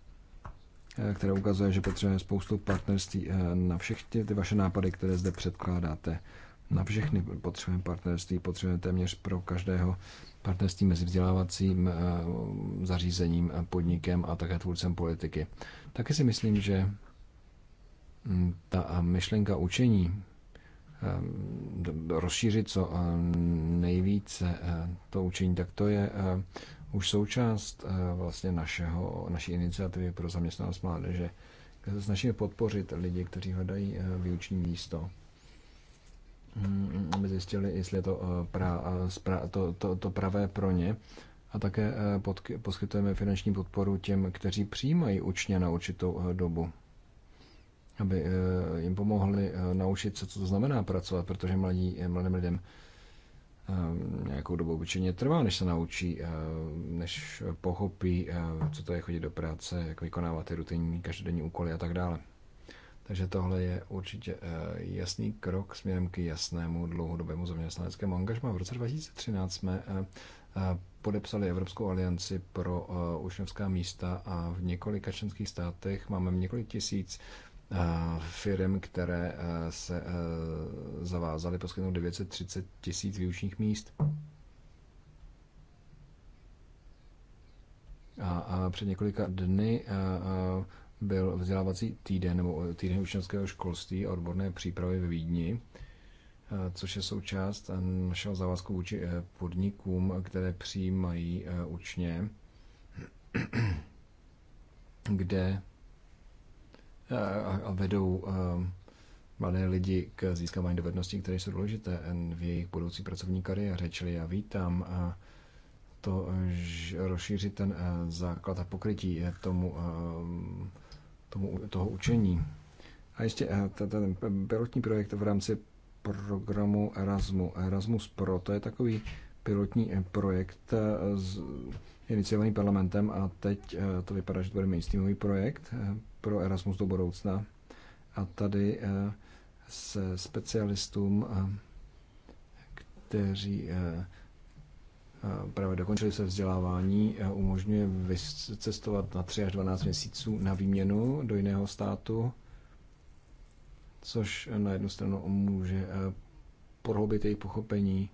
Speaker 3: eh, které ukazuje, že potřebujeme spoustu partnerství eh, na všechny ty vaše nápady, které zde předkládáte. Na všechny potřebujeme partnerství, potřebujeme téměř pro každého partnerství mezi vzdělávacím eh, zařízením, podnikem a také tvůrcem politiky. Taky si myslím, že mm, ta myšlenka učení ehm, rozšířit co e, nejvíce e, to učení, tak to je e, už součást vlastně našeho, naší iniciativy pro zaměstnanost mládeže, kde se snažíme podpořit lidi, kteří hledají výuční místo. Mm, aby zjistili, jestli je to, pra, to, to, to pravé pro ně a také eh, poskytujeme finanční podporu těm, kteří přijímají učně na určitou eh, dobu, aby eh, jim pomohli naučit se, co to znamená pracovat, protože mladí, mladým lidem nějakou dobu obyčejně trvá, než se naučí, než pochopí, co to je chodit do práce, jak vykonávat ty rutinní každodenní úkoly a tak dále. Takže tohle je určitě jasný krok směrem k jasnému dlouhodobému zaměstnaneckému angažmá. V roce 2013 jsme podepsali Evropskou alianci pro eh, učňovská místa a v několika členských státech máme několik tisíc eh, firm, které eh, se zavázaly poskytnout 930 tisíc výučních míst. A, a před několika dny a, a byl vzdělávací týden nebo týden učňovského školství a odborné přípravy ve Vídni Eh, což je součást eh, našeho závazku vůči eh, podnikům, které přijímají učně, kde a vedou mladé lidi k získávání dovedností, které jsou důležité v jejich budoucí pracovní kariéře. Čili já vítám to že rozšířit ten základ a pokrytí tomu, tomu toho učení. A ještě ten pilotní projekt v rámci programu Erasmus. Erasmus Pro to je takový pilotní eh, projekt eh, iniciovaný parlamentem a teď eh, to vypadá, že to bude mainstreamový projekt pro Erasmus do budoucna. A tady se specialistům, kteří právě dokončili se vzdělávání, umožňuje cestovat na 3 až 12 měsíců na výměnu do jiného státu což na jednu stranu může eh, prohloubit jejich pochopení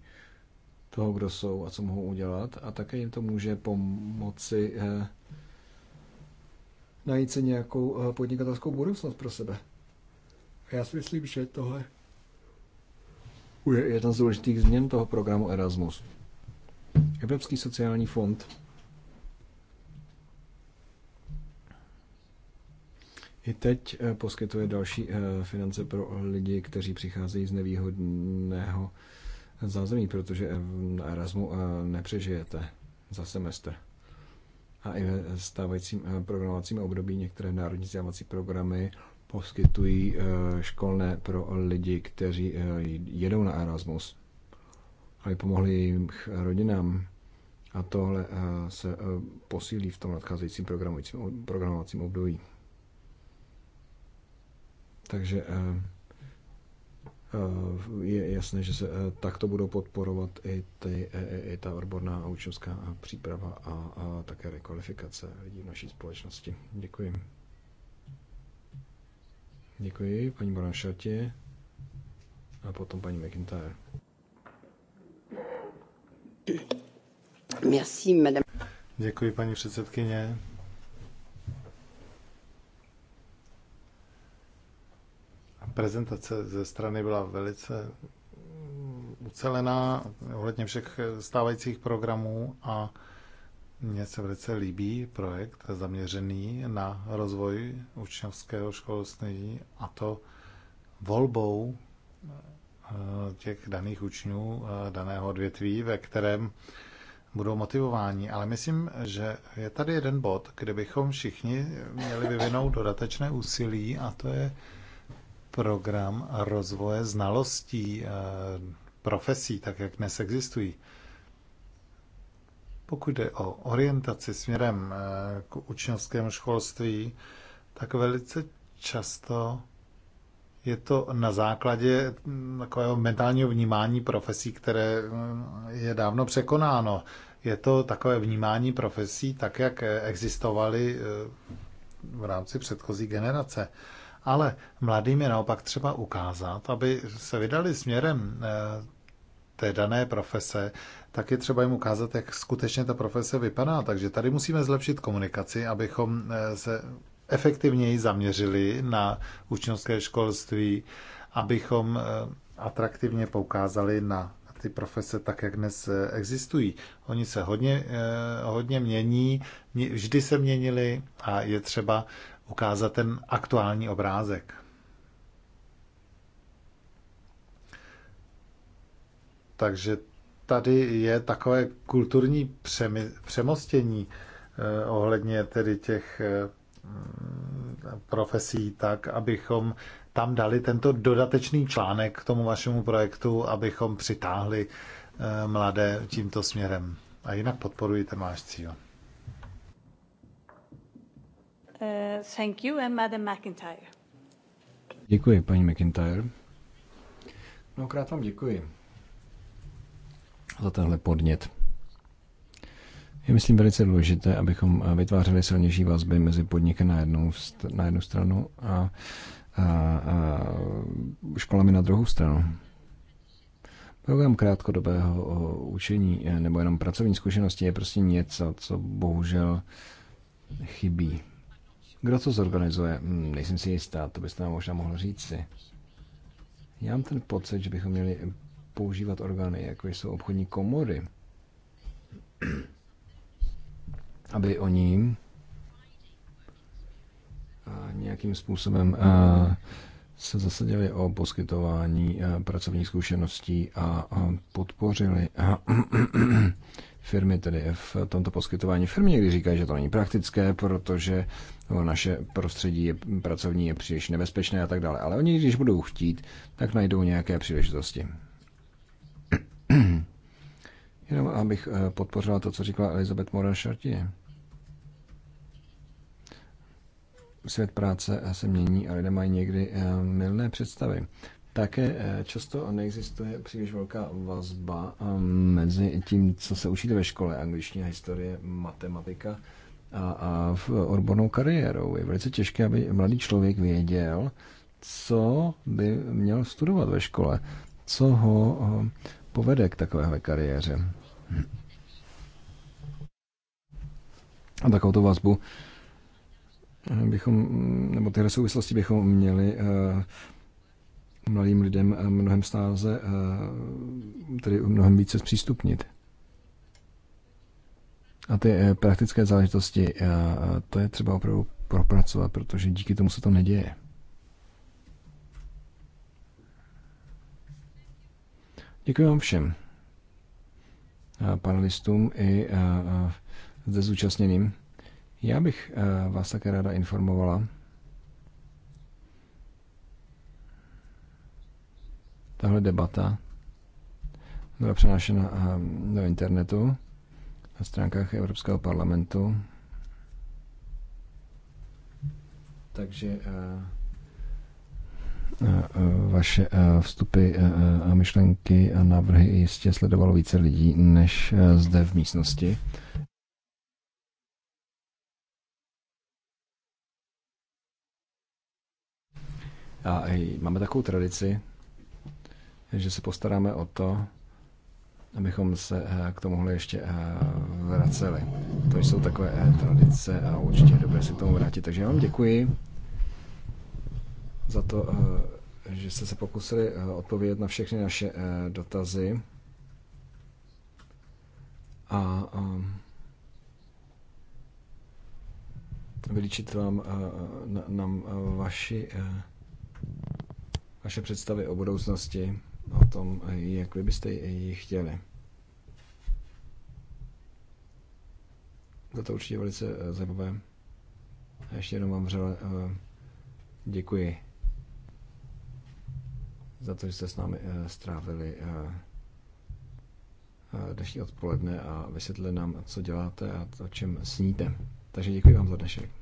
Speaker 3: toho, kdo jsou a co mohou udělat a také jim to může pomoci eh, najít si nějakou eh, podnikatelskou budoucnost pro sebe. Já si myslím, že tohle je jedna z důležitých změn toho programu Erasmus. Evropský sociální fond i teď eh, poskytuje další eh, finance pro lidi, kteří přicházejí z nevýhodného zázemí, protože eh, na Erasmu nepřežijete za semestr. A i ve stávajícím programovacím období některé národní vzdělávací programy poskytují školné pro lidi, kteří jedou na Erasmus, aby pomohli jim rodinám. A tohle se posílí v tom nadcházejícím programovacím období. Takže eh, eh, je jasné, že se eh, takto budou podporovat i, ty, i ta odborná učňovská příprava a, a také rekvalifikace lidí v naší společnosti. Děkuji. Děkuji, paní Boranšatě a potom paní McIntyre.
Speaker 2: Merci, Děkuji, paní předsedkyně. prezentace ze strany byla velice mm, ucelená ohledně všech stávajících programů a mně se velice líbí projekt zaměřený na rozvoj učňovského školství a to volbou eh, těch daných učňů eh, daného odvětví, ve kterém budou motivováni. Ale myslím, že je tady jeden bod, kde bychom všichni měli vyvinout dodatečné úsilí a to je program rozvoje znalostí eh, profesí, tak jak dnes existují. Pokud jde o orientaci směrem eh, k učňovskému školství, tak velice často je to na základě hm, takového mentálního vnímání profesí, které hm, je dávno překonáno. Je to takové vnímání profesí, tak jak eh, existovaly v rámci předchozí generace ale mladým je naopak třeba ukázat, aby se vydali směrem eh, té dané profese, tak je třeba jim ukázat, jak skutečně ta profese vypadá. Takže tady musíme zlepšit komunikaci, abychom eh, se efektivněji zaměřili na učňovské školství, abychom eh, atraktivně poukázali na ty profese tak, jak dnes existují. Oni se hodně, hodně mění, vždy se měnili a je třeba ukázat ten aktuální obrázek. Takže tady je takové kulturní přemostění eh, ohledně tedy těch eh, mm, profesí tak, abychom tam dali tento dodatečný článek k tomu vašemu projektu, abychom přitáhli eh, mladé tímto směrem. A jinak podporuji ten váš cíl.
Speaker 1: Eh, thank you and Madam McIntyre.
Speaker 2: Děkuji, paní McIntyre.
Speaker 3: Mnohokrát vám děkuji za tenhle podnět. Je myslím velice důležité, abychom eh, vytvářeli silnější vazby mezi podniky na jednu, na jednu stranu a, a, a školami na druhou stranu. Program krátkodobého eh, učení nebo jenom pracovní zkušenosti je prostě něco, co bohužel chybí. Kdo to zorganizuje? Hmm, nejsem si jistá, to byste nám možná mohl říct si. Já mám ten pocit, že bychom měli používat orgány, jako jsou obchodní komory, aby oni nějakým způsobem se zasadili o poskytování pracovních zkušeností a podpořili firmy, tedy v tomto poskytování firmy, někdy říkají, že to není praktické, protože naše prostředí je, pracovní je příliš nebezpečné a tak dále. Ale oni, když budou chtít, tak najdou nějaké příležitosti. Jenom abych eh, podpořila to, co říkala Elizabeth Moran Chartier. Svět práce se mění a lidé mají někdy eh, milné představy. Také eh, často neexistuje příliš velká vazba ehm, mezi tím, co se učíte ve škole, angličtina, historie, matematika a, a v odbornou kariérou. Je velice těžké, aby mladý člověk věděl, co by měl studovat ve škole, co ho ehm, povede k takovéhle kariéře. A takovou vazbu bychom, nebo tyhle souvislosti bychom měli eh, mladým lidem eh, mnohem snáze, eh, tedy mnohem více zpřístupnit. A ty eh, praktické záležitosti, to je třeba opravdu propracovat, protože díky tomu se to neděje. Děkuji vám všem panelistům i zde zúčastněným. Já bych vás také ráda informovala, Tahle debata byla přenášena eh, do internetu na stránkách Evropského parlamentu. Takže eh, eh, vaše vstupy a myšlenky a návrhy jistě sledovalo více lidí než zde v místnosti. A máme takovou tradici, že se postaráme o to, abychom se eh, k tomuhle ještě eh, vraceli. To jsou takové eh, tradice a určitě je dobré se k tomu vrátit. Takže já vám děkuji za to, že jste se pokusili odpovědět na všechny naše dotazy. A vylíčit vám nám vaši, vaše představy o budoucnosti o tom, jak vy byste ji chtěli. Za to určitě velice eh, zajímavé. A ještě jednou vám vřele eh, děkuji za to, že jste s námi eh, strávili dnešní odpoledne a vysvětlili nám, co děláte a o čem sníte. Takže děkuji vám za dnešek.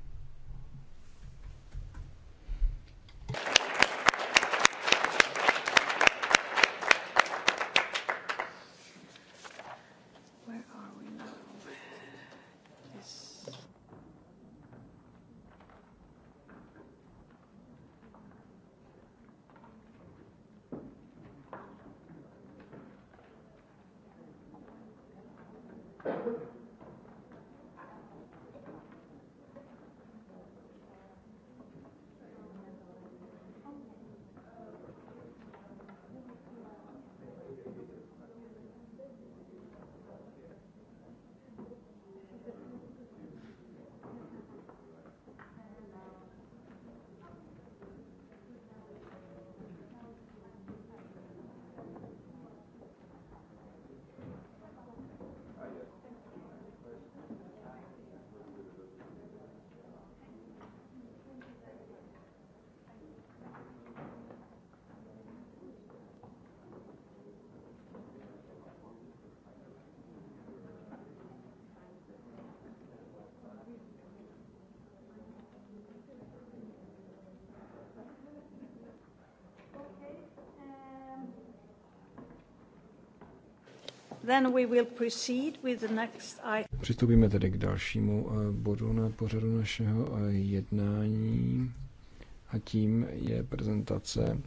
Speaker 3: Přistoupíme tedy k dalšímu eh, bodu na pořadu našeho eh, jednání a tím je prezentace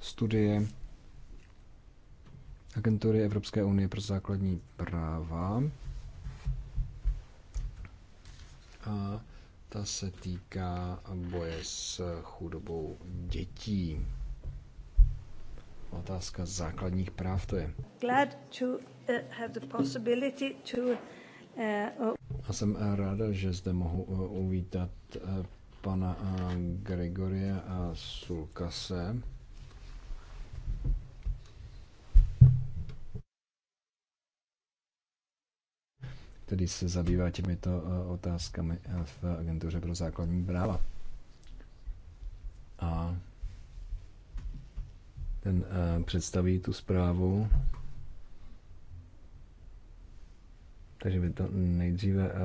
Speaker 3: studie Agentury Evropské unie pro základní práva. A ta se týká boje s chudobou dětí. Otázka základních práv to je.
Speaker 2: Glad to uh, have the possibility to uh,
Speaker 3: a jsem eh, ráda, že zde mohu eh, uvítat eh, pana Gregoria a Sulkase. který se zabývá těmito otázkami v Agentuře pro základní práva. A ten eh, představí tu zprávu. Takže vy to nejdříve eh,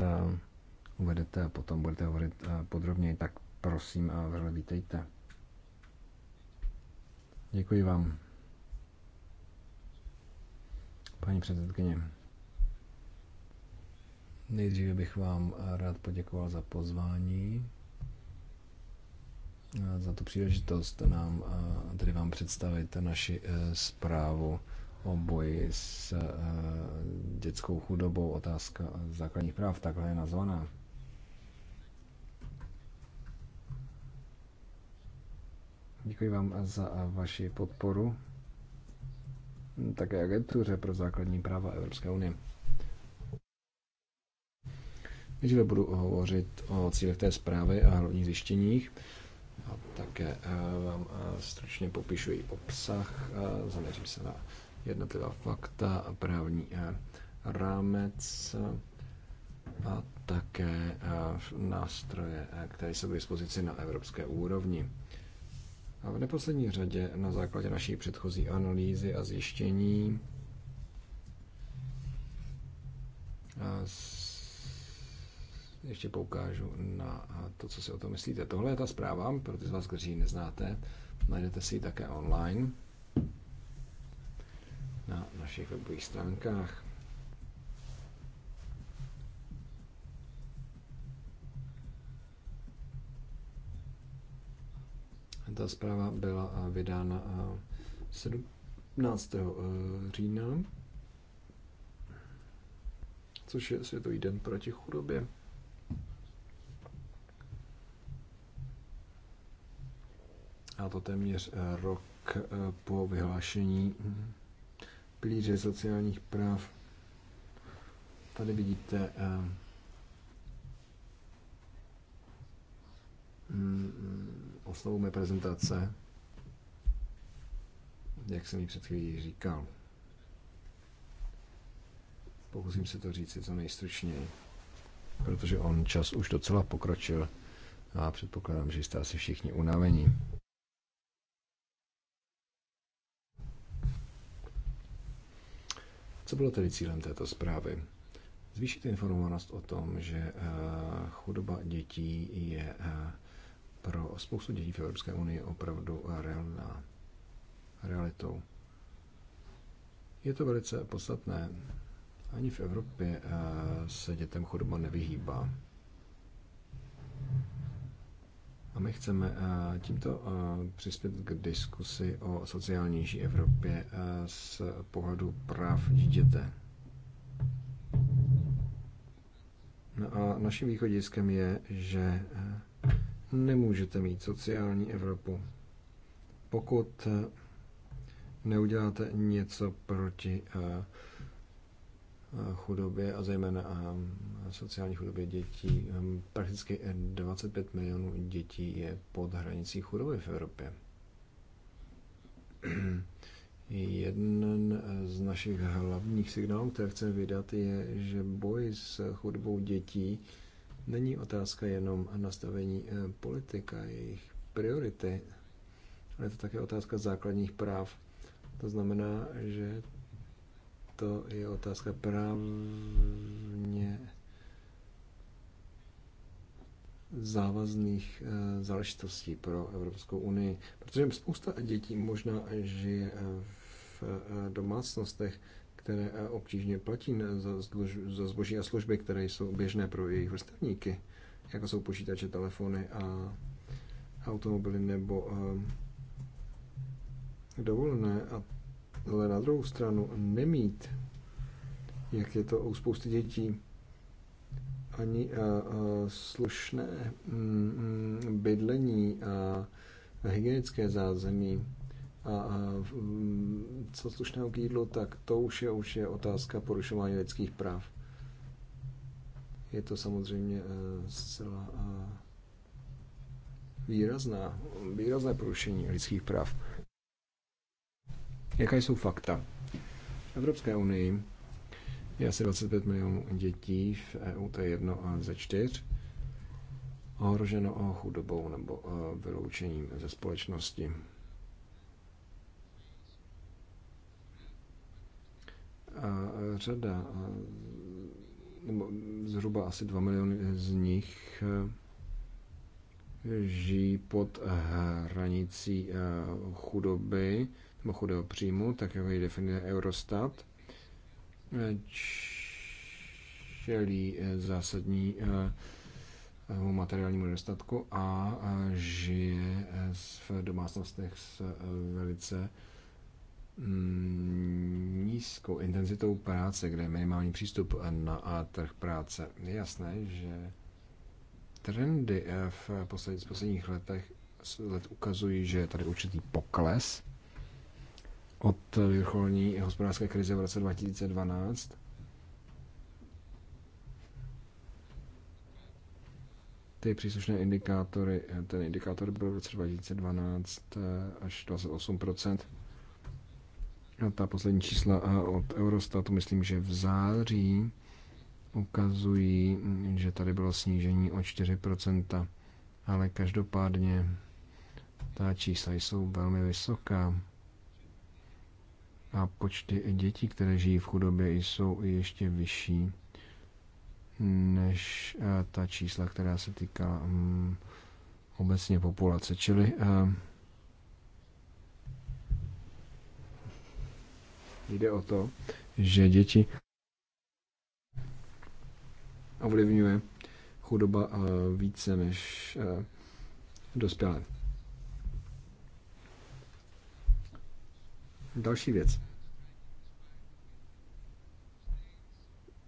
Speaker 3: uvedete a potom budete hovorit eh, podrobněji. Tak prosím a vrle vítejte. Děkuji vám. Paní předsedkyně, nejdříve bych vám rád poděkoval za pozvání. Eh, za tu příležitost nám eh, tedy vám představit naši eh, zprávu o boji s dětskou chudobou, otázka základních práv, takhle je nazvaná. Děkuji vám za vaši podporu hm, také agentuře pro základní práva Evropské unie. Nejdříve budu hovořit o cílech té zprávy a hlavních zjištěních a také eh, vám eh, stručně popíšu její obsah, eh, zaměřím se na jednotlivá fakta a právní rámec a také nástroje, které jsou k dispozici na evropské úrovni. A v neposlední řadě na základě naší předchozí analýzy a zjištění ještě poukážu na to, co si o tom myslíte. Tohle je ta zpráva, pro ty z vás, kteří ji neznáte, najdete si ji také online na našich webových stránkách. Ta zpráva byla vydána 17. Eh, eh, října, což je Světový den proti chudobě. a to téměř eh, rok eh, po vyhlášení pilíře sociálních práv. Tady vidíte eh, mm, osnovu mé prezentace, jak jsem ji před chvílí říkal. Pokusím se to říct co nejstručněji, protože on čas už docela pokročil a předpokládám, že jste asi všichni unavení. Co bylo tedy cílem této zprávy? Zvýšit informovanost o tom, že eh, chudoba dětí je eh, pro spoustu dětí v Evropské unii opravdu eh, reálná, realitou. Je to velice podstatné. Ani v Evropě se dětem chudoba nevyhýbá. A my chceme eh, tímto eh, přispět k diskusi o sociálnější Evropě eh, z pohledu práv dítěte. No a naším východiskem je, že nemůžete mít sociální Evropu, pokud neuděláte něco proti Eh, chudobě a zejména eh, sociální chudobě dětí. Ehm, prakticky 25 milionů dětí je pod hranicí chudoby v Evropě. Jeden eh, z našich hlavních signálů, které chceme vydat, je, že boj s chudobou dětí není otázka jenom nastavení politika, jejich priority, ale je to také otázka základních práv. To znamená, že to je otázka právně závazných eh, záležitostí pro Evropskou unii, protože spousta dětí možná žije eh, v eh, domácnostech, které obtížně platí za zboží a služby, které jsou běžné pro jejich vrstevníky, jako jsou počítače, telefony a automobily nebo dovolené a ale na druhou stranu nemít, jak je to u spousty dětí, ani eh, eh, slušné mm, mm, bydlení a hygienické zázemí a mm, co slušného k jídlu, tak to už je, už je otázka porušování lidských práv. Je to samozřejmě eh, zcela výrazná, výrazné porušení lidských práv. Jaká jsou fakta? V Evropské unii je asi 25 milionů dětí, v EU to je jedno ze čtyř, ohroženo o chudobou nebo eh, vyloučením ze společnosti. A eh, řada, eh, nebo zhruba asi 2 miliony z nich žijí pod hranicí chudoby nebo chudého příjmu, tak jak ji definuje Eurostat, čelí eh, zásadní eh, eh, materiálnímu nedostatku a žije v domácnostech s velice mm, nízkou intenzitou práce, kde je minimální přístup na trh práce. Je jasné, že trendy v posledních, posledních letech let ukazují, že je tady určitý pokles od eh, vrcholní hospodářské krize v roce 2012. Ty příslušné indikátory, eh, ten indikátor byl v roce 2012 eh, až 28%. A ta poslední čísla od Eurostatu, myslím, že v září ukazují, mm, že tady bylo snížení o 4%, ale každopádně ta čísla jsou velmi vysoká a počty dětí, které žijí v chudobě, jsou ještě vyšší než eh, ta čísla, která se týká mm, obecně populace. Čili eh, jde o to, že děti ovlivňuje chudoba eh, více než dospělé. Další věc,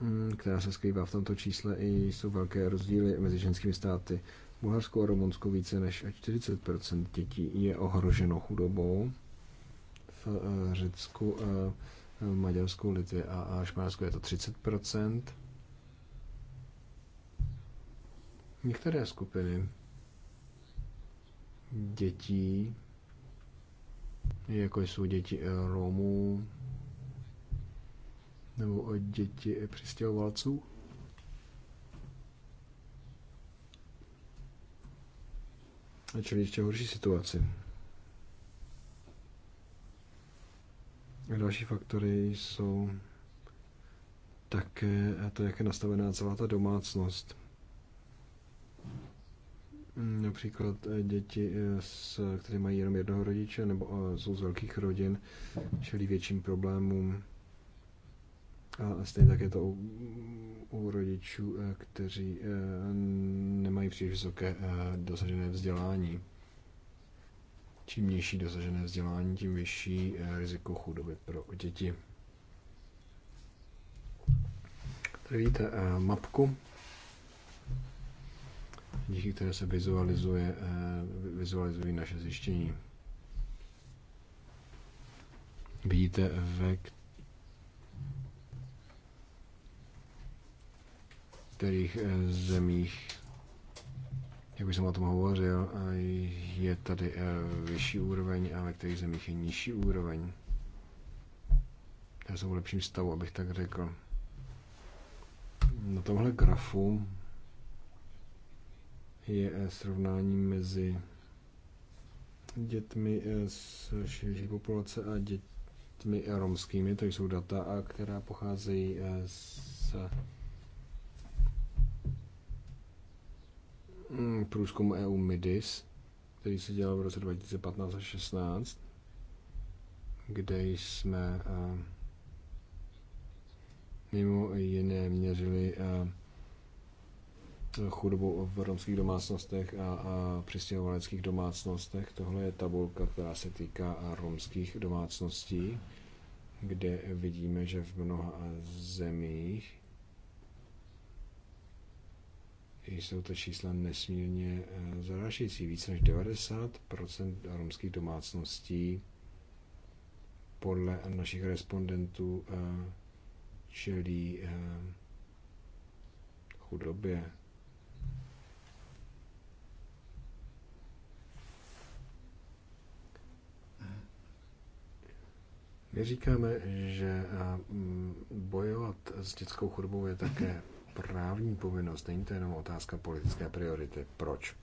Speaker 3: mm, která se skrývá v tomto čísle, jsou velké rozdíly mezi ženskými státy. Bulharsku a Rumunsku více než 40 dětí je ohroženo chudobou. V eh, Řecku, v eh, Maďarsku, Litvě a Španělsku je to 30 Některé skupiny dětí jako jsou děti eh, Romů nebo eh, děti eh, přistěhovalců. A čili ještě horší situaci. A další faktory jsou také to, jak je nastavená celá ta domácnost. Mm, například eh, děti, eh, s, které mají jenom jednoho rodiče nebo eh, jsou z velkých rodin, čelí větším problémům. A stejně tak je to u, u rodičů, kteří nemají příliš vysoké dosažené vzdělání. Čím nižší dosažené vzdělání, tím vyšší riziko chudoby pro děti. Tady vidíte mapku díky které se vizualizuje, eh, vizualizují naše zjištění. Vidíte, ve kterých eh, zemích, jak už jsem o tom hovořil, eh, je tady vyšší úroveň a ve kterých zemích je nižší úroveň. Já jsem v lepším stavu, abych tak řekl. Na tomhle grafu je eh, srovnání mezi dětmi z eh, širší populace a dětmi romskými. To jsou data, která pocházejí eh, z mm, průzkumu EU MIDIS, který se dělal v roce 2015 a 2016, kde jsme mimo jiné měřili chudobu v romských domácnostech a, a přistěhovaleckých domácnostech. Tohle je tabulka, která se týká romských domácností, kde vidíme, že v mnoha zemích jsou to čísla nesmírně eh, zarážející. Více než 90% romských domácností podle našich respondentů eh, čelí eh, chudobě. My říkáme, že mm, bojovat s dětskou chudobou je také právní povinnost, není to jenom otázka politické priority. Proč?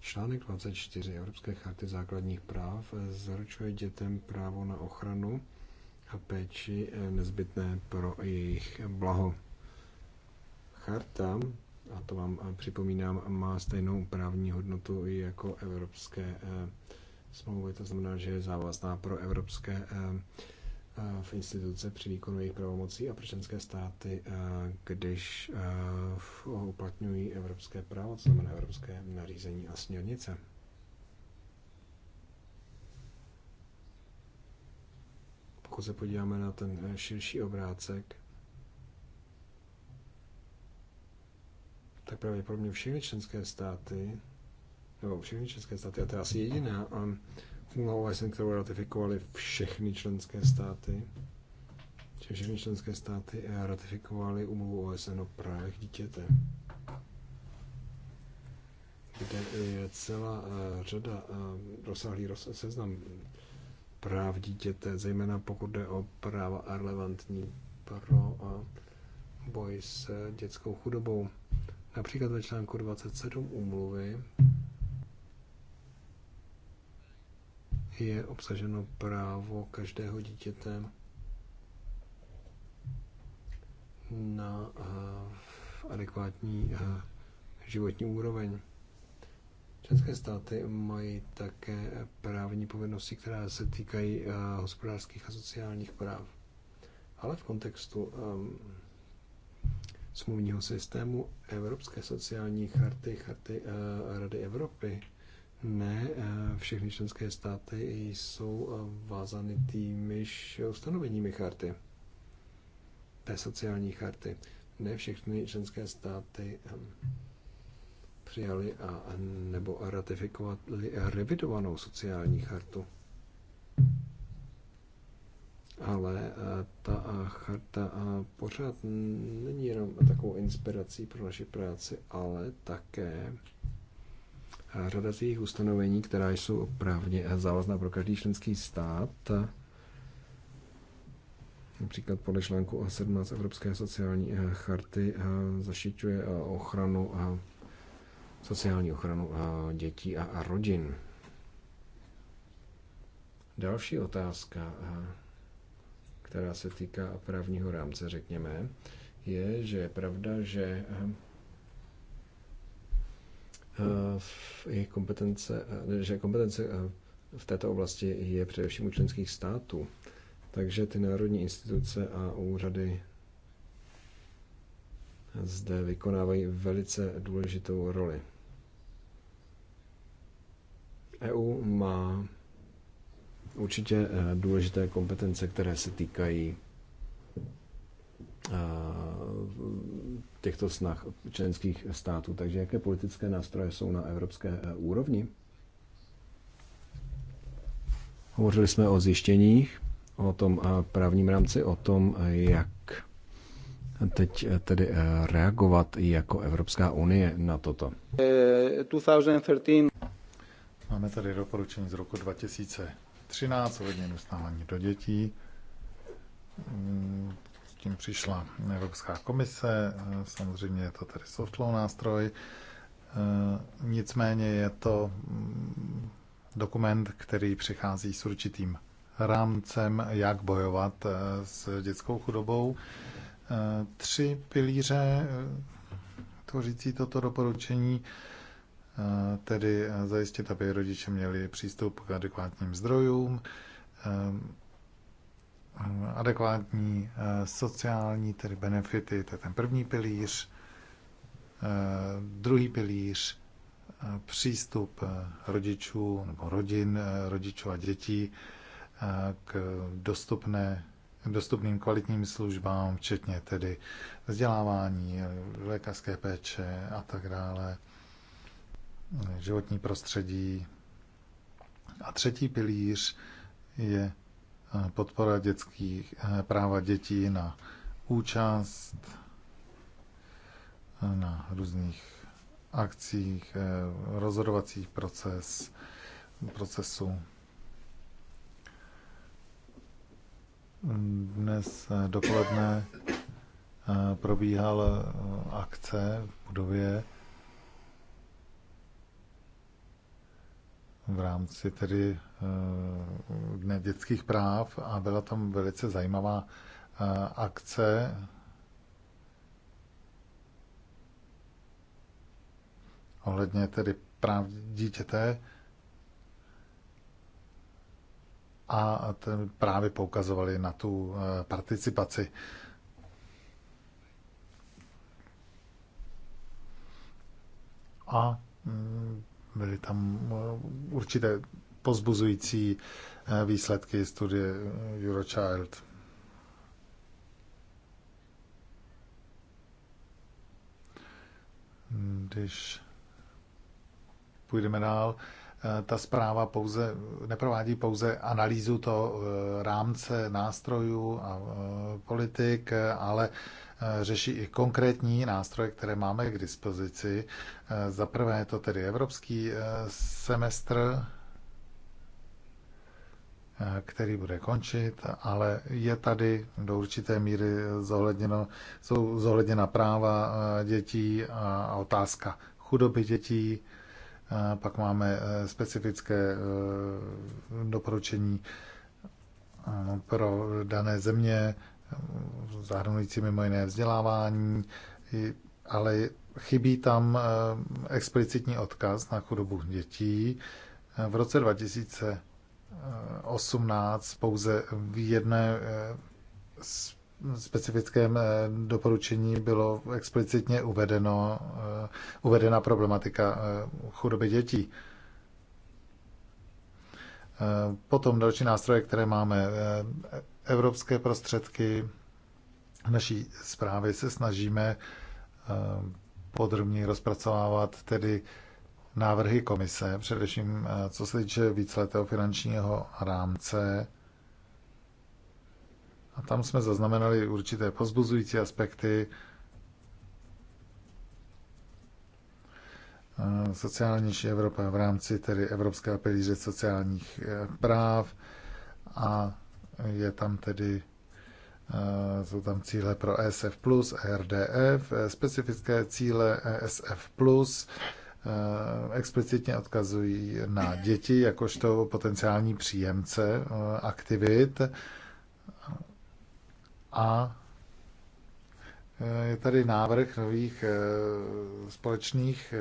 Speaker 3: Článek 24 Evropské charty základních práv zaručuje dětem právo na ochranu a péči e, nezbytné pro jejich blaho. Charta, a to vám e, připomínám, má stejnou právní hodnotu i jako evropské e, smlouvy, to znamená, že je závazná pro evropské v instituce při výkonu jejich pravomocí a pro členské státy, když uplatňují evropské právo, co znamená evropské nařízení a směrnice. Pokud se podíváme na ten širší obrácek, tak pravděpodobně všechny členské státy, nebo všechny členské státy, a to je asi jediná, úmluvu no, OSN, kterou ratifikovali všechny členské státy. Že všechny členské státy eh, ratifikovali úmluvu OSN o právech dítěte, kde je celá eh, řada eh, rozsáhlý roz, seznam práv dítěte, zejména pokud jde o práva relevantní pro boj s dětskou chudobou. Například ve článku 27 úmluvy je obsaženo právo každého dítěte na eh, adekvátní eh, životní úroveň. Členské státy mají také právní povinnosti, které se týkají eh, hospodářských a sociálních práv. Ale v kontextu ehm, smluvního systému Evropské sociální charty, charty Rady Evropy ne, eh, všechny členské státy jsou eh, vázány týmiž ustanoveními charty, té sociální charty. Ne všechny členské státy ehm, přijali a, nebo ratifikovali revidovanou sociální chartu. Ale eh, ta charta pořád není jenom takovou inspirací pro naši práci, ale také Řada z jejich ustanovení, která jsou opravně závazná pro každý členský stát, například podle článku 17 Evropské sociální eh, charty eh, zašiťuje eh, ochranu a sociální ochranu dětí a rodin. Další otázka, která se týká právního rámce, řekněme, je, že je pravda, že Eh, jejich kompetence, eh, že kompetence eh, v této oblasti je především u členských států. Takže ty národní instituce a úřady zde vykonávají velice důležitou roli. EU má určitě důležité kompetence, které se týkají Eh, těchto snah členských států. Takže jaké politické nástroje jsou na evropské eh, úrovni? Hovořili jsme o zjištěních, o tom eh, právním rámci, o tom, jak teď tedy reagovat jako Evropská unie na toto.
Speaker 2: 2013. Máme tady doporučení z roku 2013 hodně dostávání do dětí mm, tím přišla Evropská komise, eh, samozřejmě je to tady soft law nástroj, eh, nicméně je to mm, dokument, který přichází s určitým rámcem, jak bojovat eh, s dětskou chudobou. Tři pilíře tvořící toto doporučení, tedy zajistit, aby rodiče měli přístup k adekvátním zdrojům, adekvátní eh, sociální tedy benefity, to je ten první pilíř, eh, druhý pilíř, eh, přístup rodičů nebo rodin, rodičů a dětí k dostupné, dostupným kvalitním službám, včetně tedy vzdělávání, lékařské péče a tak dále, životní prostředí. A třetí pilíř je podpora dětských eh, práva dětí na účast eh, na různých akcích, eh, rozhodovacích proces, procesů. Dnes dopoledne probíhal akce v budově v rámci tedy eh, Dne dětských práv a byla tam velice zajímavá eh, akce. ohledně tedy práv dítěte a ten právě poukazovali na tu eh, participaci. A mm, byly tam eh, určité pozbuzující eh, výsledky studie eh, Eurochild. Když půjdeme dál, ta zpráva pouze, neprovádí pouze analýzu toho rámce nástrojů a politik, ale Eh, řeší i konkrétní nástroje, které máme k dispozici. Eh, za prvé je to tedy evropský eh, semestr, který bude končit, ale je tady do určité míry zohledněno, jsou zohledněna práva dětí a otázka chudoby dětí. Pak máme specifické doporučení pro dané země, zahrnující mimo jiné vzdělávání, ale chybí tam eh, explicitní odkaz na chudobu dětí. Eh, v roce 2018 pouze v jedné eh, specifickém doporučení bylo explicitně uvedeno, uvedena problematika chudoby dětí. Potom další nástroje, které máme, evropské prostředky. V naší zprávě se snažíme eh, podrobně rozpracovávat tedy návrhy komise, především eh, co se týče víceletého finančního rámce. A tam jsme zaznamenali určité pozbuzující aspekty, eh, sociálnější Evropa v rámci tedy Evropského pilíře sociálních práv a je tam tedy eh, jsou tam cíle pro ESF+, e RDF, eh, specifické cíle ESF+, eh, explicitně odkazují na děti jakožto potenciální příjemce aktivit a je tady návrh nových společných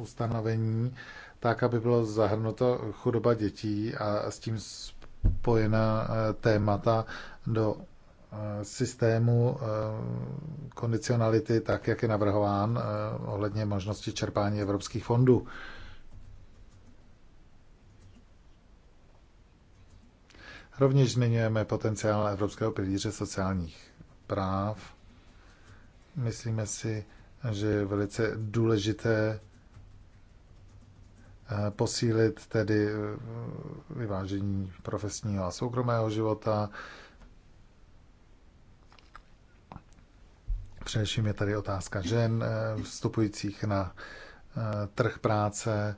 Speaker 2: ustanovení, tak, aby bylo zahrnuto chudoba dětí a s tím spojená eh, témata do eh, systému eh, kondicionality, tak jak je navrhován ohledně možnosti čerpání evropských fondů. Rovněž zmiňujeme potenciál Evropského pilíře sociálních práv. Myslíme si, že je velice důležité Eh, posílit tedy eh, vyvážení profesního a soukromého života. Především je tady otázka žen eh, vstupujících na trh práce.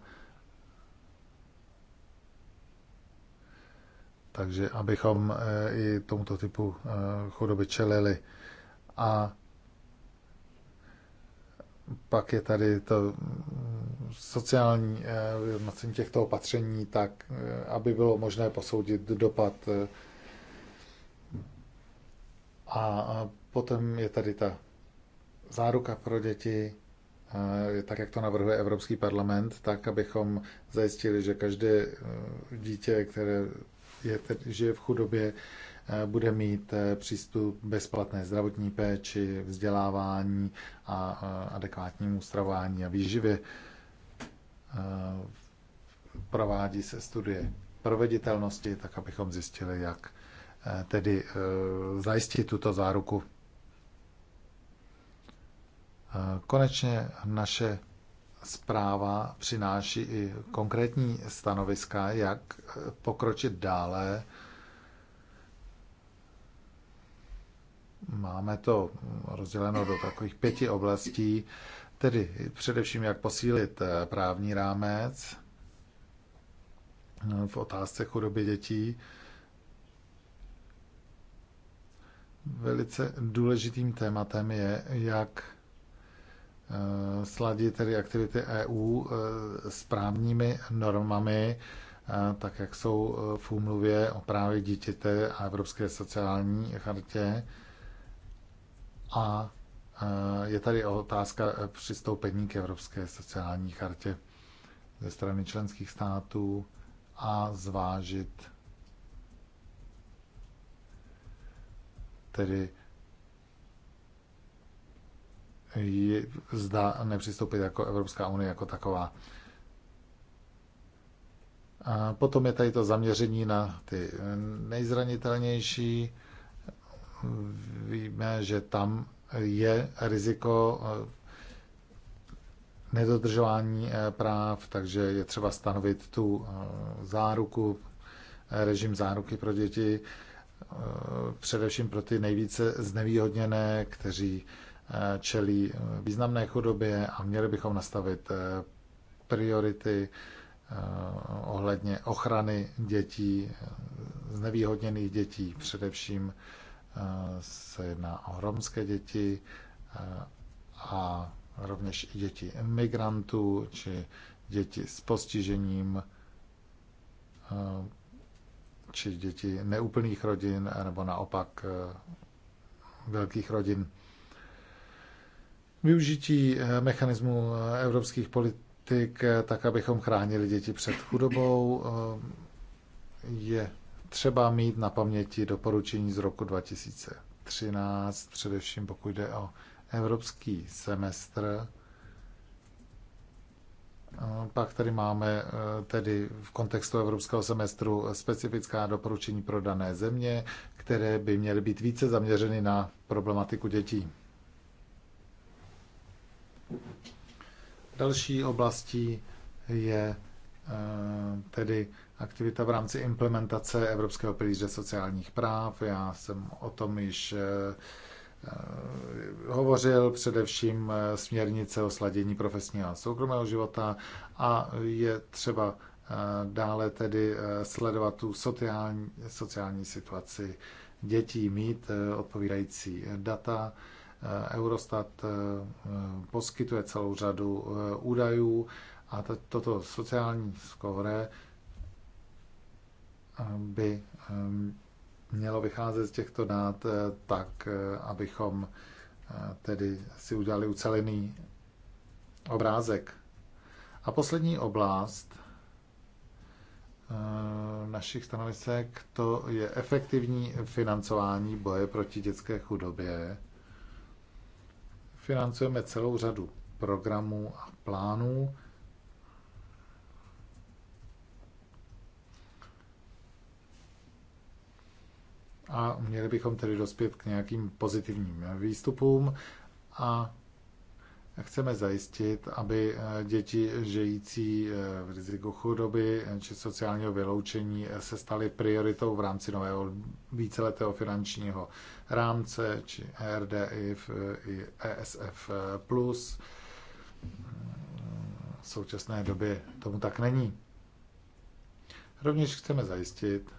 Speaker 2: Takže abychom i tomuto typu chudoby čelili. A pak je tady to mm, sociální eh, vyhodnocení těchto opatření, tak eh, aby bylo možné posoudit dopad. Eh, a potom je tady ta záruka pro děti, tak jak to navrhuje Evropský parlament, tak abychom zajistili, že každé dítě, které je, žije v chudobě, bude mít eh, přístup bezplatné zdravotní péči, vzdělávání a adekvátnímu stravování a výživě. Eh, provádí se studie proveditelnosti, tak abychom zjistili, jak eh, tedy zajistit tuto záruku. Konečně naše zpráva přináší i konkrétní stanoviska, jak pokročit dále Máme to rozděleno do takových pěti oblastí, tedy především jak posílit eh, právní rámec eh, v otázce chudoby dětí. Velice důležitým tématem je, jak eh, sladit tedy aktivity EU s právními normami, tak jak jsou v úmluvě o právě dítěte a Evropské sociální chartě. A e, je tady otázka e, přistoupení k Evropské sociální chartě ze strany členských států a zvážit tedy je, zda nepřistoupit jako Evropská unie jako taková. A potom je tady to zaměření na ty nejzranitelnější, víme, že tam je riziko eh, nedodržování eh, práv, takže je třeba stanovit tu eh, záruku, režim záruky pro děti, především pro ty nejvíce znevýhodněné, kteří čelí významné chudobě a měli bychom nastavit priority ohledně ochrany dětí, znevýhodněných dětí, především Eh, se jedná o romské děti eh, a rovněž i děti emigrantů, či děti s postižením eh, či děti neúplných rodin nebo naopak velkých rodin. Využití mechanismu evropských politik tak, abychom chránili děti před chudobou, je třeba mít na paměti doporučení z roku 2013, především pokud jde o evropský semestr. Pak tady máme e, tedy v kontextu evropského semestru specifická doporučení pro dané země, které by měly být více zaměřeny na problematiku dětí. Další oblastí je e, tedy aktivita v rámci implementace Evropského pilíře sociálních práv. Já jsem o tom již eh, eh, hovořil především eh, směrnice o sladění profesního a soukromého života a je třeba dále tedy sledovat tu sociální, sociální situaci dětí, mít odpovídající data. Eurostat poskytuje celou řadu údajů a toto sociální skóre by ehm, mělo vycházet z těchto dát eh, tak, eh, abychom eh, tedy si udělali ucelený
Speaker 1: obrázek.
Speaker 2: A poslední oblast našich stanovisek, to je efektivní financování boje proti dětské chudobě. Financujeme celou řadu programů a plánů, a měli bychom tedy dospět k nějakým pozitivním výstupům a chceme zajistit, aby eh, děti žijící eh, v riziku chudoby eh, či sociálního vyloučení se staly prioritou v rámci nového víceletého finančního rámce či RDIF i ESF+. E v současné době tomu tak není. Rovněž chceme zajistit,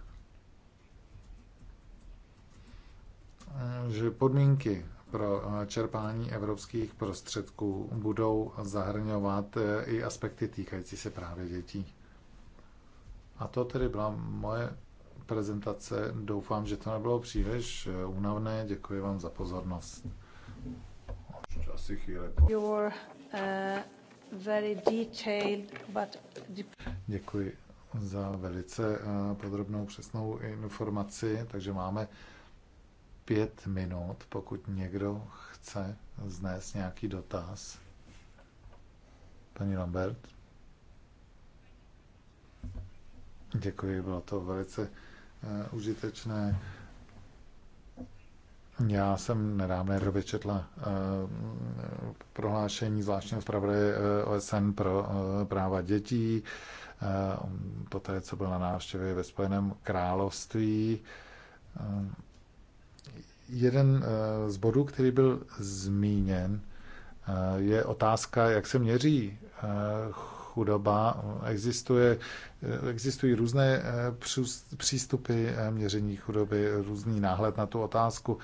Speaker 2: že podmínky pro eh, čerpání evropských prostředků budou zahrňovat eh, i aspekty týkající se právě dětí. A to tedy byla moje prezentace. Doufám, že to nebylo příliš eh, únavné. Děkuji vám za pozornost.
Speaker 1: very detailed, but...
Speaker 2: Děkuji za velice podrobnou přesnou informaci, takže máme pět minut, pokud někdo chce znést nějaký dotaz. Paní Lambert. Děkuji, bylo to velice uh, užitečné. Já jsem nedávné době četla uh, prohlášení zvláštního zpravodaje uh, eh, OSN pro uh, práva dětí, uh, poté co byl na návštěvě ve Spojeném království. Uh, jeden eh, z bodů, který byl zmíněn, eh, je otázka, jak se měří eh, chudoba. Existuje, existují různé přístupy měření chudoby, různý náhled na tu otázku.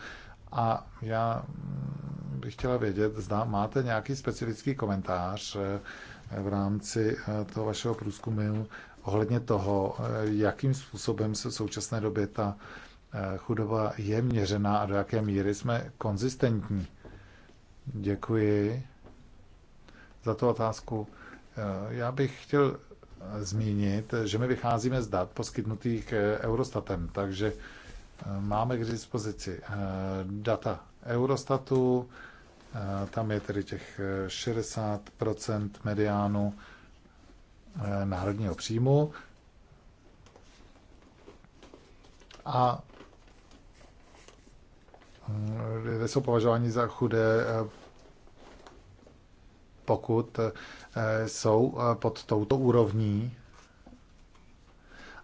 Speaker 2: A já mm, bych chtěla vědět, zda máte nějaký specifický komentář v rámci toho vašeho průzkumu ohledně toho, jakým způsobem se v současné době ta Eh, chudoba je měřená a do jaké míry jsme konzistentní. Děkuji za tu otázku. Eh, já bych chtěl zmínit, že my vycházíme z dat poskytnutých eh, Eurostatem, takže máme k dispozici data Eurostatu, tam je tedy těch 60 mediánu národního příjmu. A lidé jsou považováni za chudé, pokud eh, jsou eh, pod touto úrovní.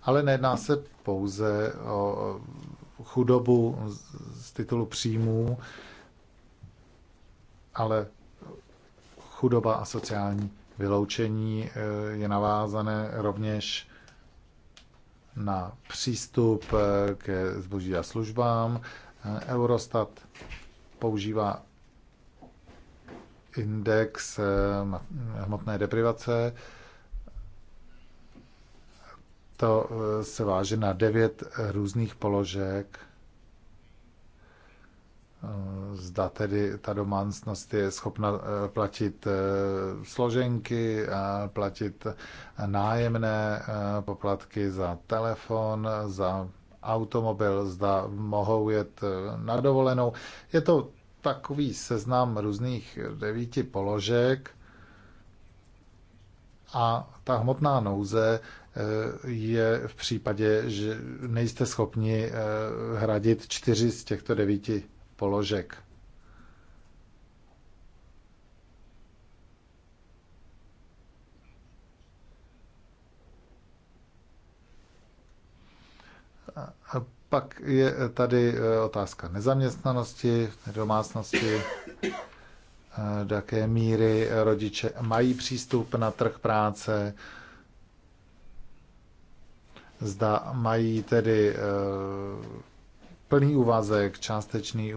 Speaker 2: Ale nejedná se pouze o chudobu z titulu příjmů, ale chudoba a sociální vyloučení eh, je navázané rovněž na přístup ke zboží a službám, Eurostat používá index eh, hmotné deprivace. To eh, se váže na devět různých položek. Eh, zda tedy ta domácnost je schopna platit složenky, platit nájemné poplatky za telefon, za automobil, zda mohou jet eh, na dovolenou. Je to takový seznam různých devíti položek a ta hmotná nouze eh, je v případě, že nejste schopni eh, hradit čtyři z těchto devíti položek. A pak je eh, tady eh, otázka nezaměstnanosti domácnosti, eh, do jaké míry rodiče mají přístup na trh práce, zda mají tedy plný úvazek, částečný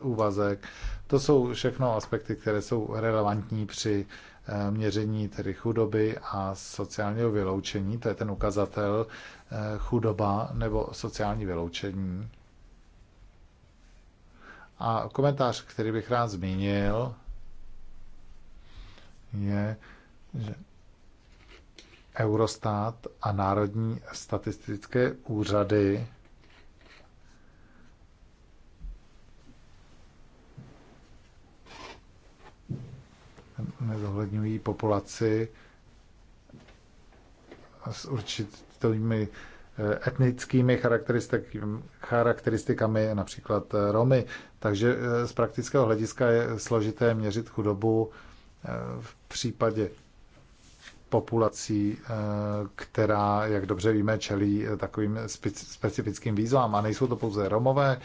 Speaker 2: úvazek. To jsou všechno aspekty, které jsou relevantní při Eh, měření tedy chudoby a sociálního vyloučení, to je ten ukazatel eh, chudoba nebo sociální vyloučení. A komentář, který bych rád zmínil, je, že Eurostat a Národní statistické úřady nezohledňují populaci s určitými eh, etnickými charakteristikami, například eh, Romy. Takže eh, z praktického hlediska je složité měřit chudobu v případě populací, která, jak dobře víme, čelí takovým specifickým výzvám. A nejsou to pouze Romové,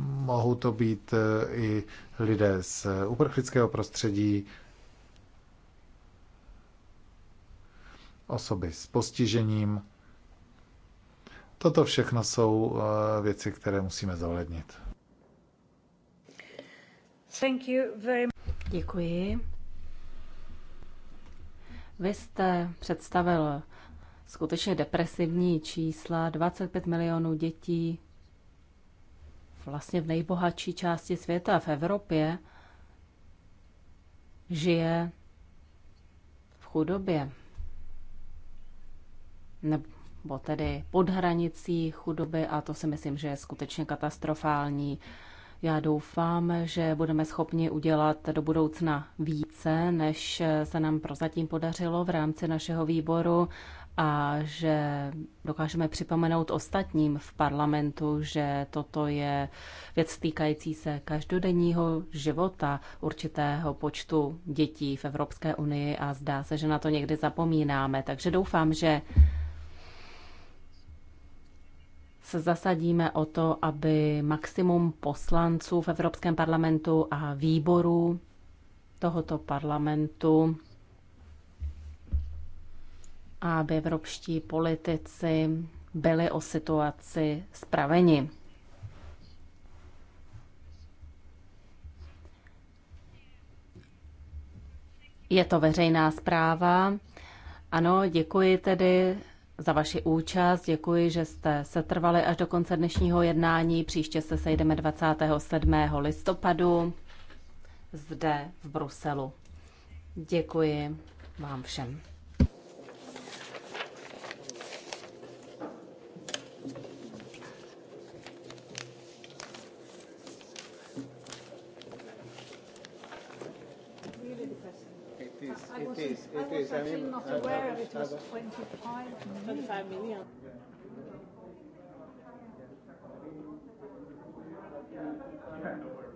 Speaker 2: mohou to být e, i lidé z uprchlického prostředí, osoby s postižením. Toto všechno jsou e, věci, které musíme zohlednit. Thank you very
Speaker 1: much. Děkuji. Vy jste představil skutečně depresivní čísla. 25 milionů dětí vlastně v nejbohatší části světa, v Evropě, žije v chudobě. Nebo tedy pod hranicí chudoby a to si myslím, že je skutečně katastrofální. Já doufám, že budeme schopni udělat do budoucna více, než se nám prozatím podařilo v rámci našeho výboru a že dokážeme připomenout ostatním v parlamentu, že toto je věc týkající se každodenního života určitého počtu dětí v Evropské unii a zdá se, že na to někdy zapomínáme. Takže doufám, že se zasadíme o to, aby maximum poslanců v Evropském parlamentu a výborů tohoto parlamentu aby evropští politici byli o situaci spraveni. Je to veřejná zpráva. Ano, děkuji tedy za vaši účast, děkuji, že jste se trvali až do konce dnešního jednání. Příště se sejdeme 27. listopadu zde v Bruselu. Děkuji vám všem. I was, is, I was actually I mean, not aware it was 25 million. 25 million.
Speaker 2: Yeah.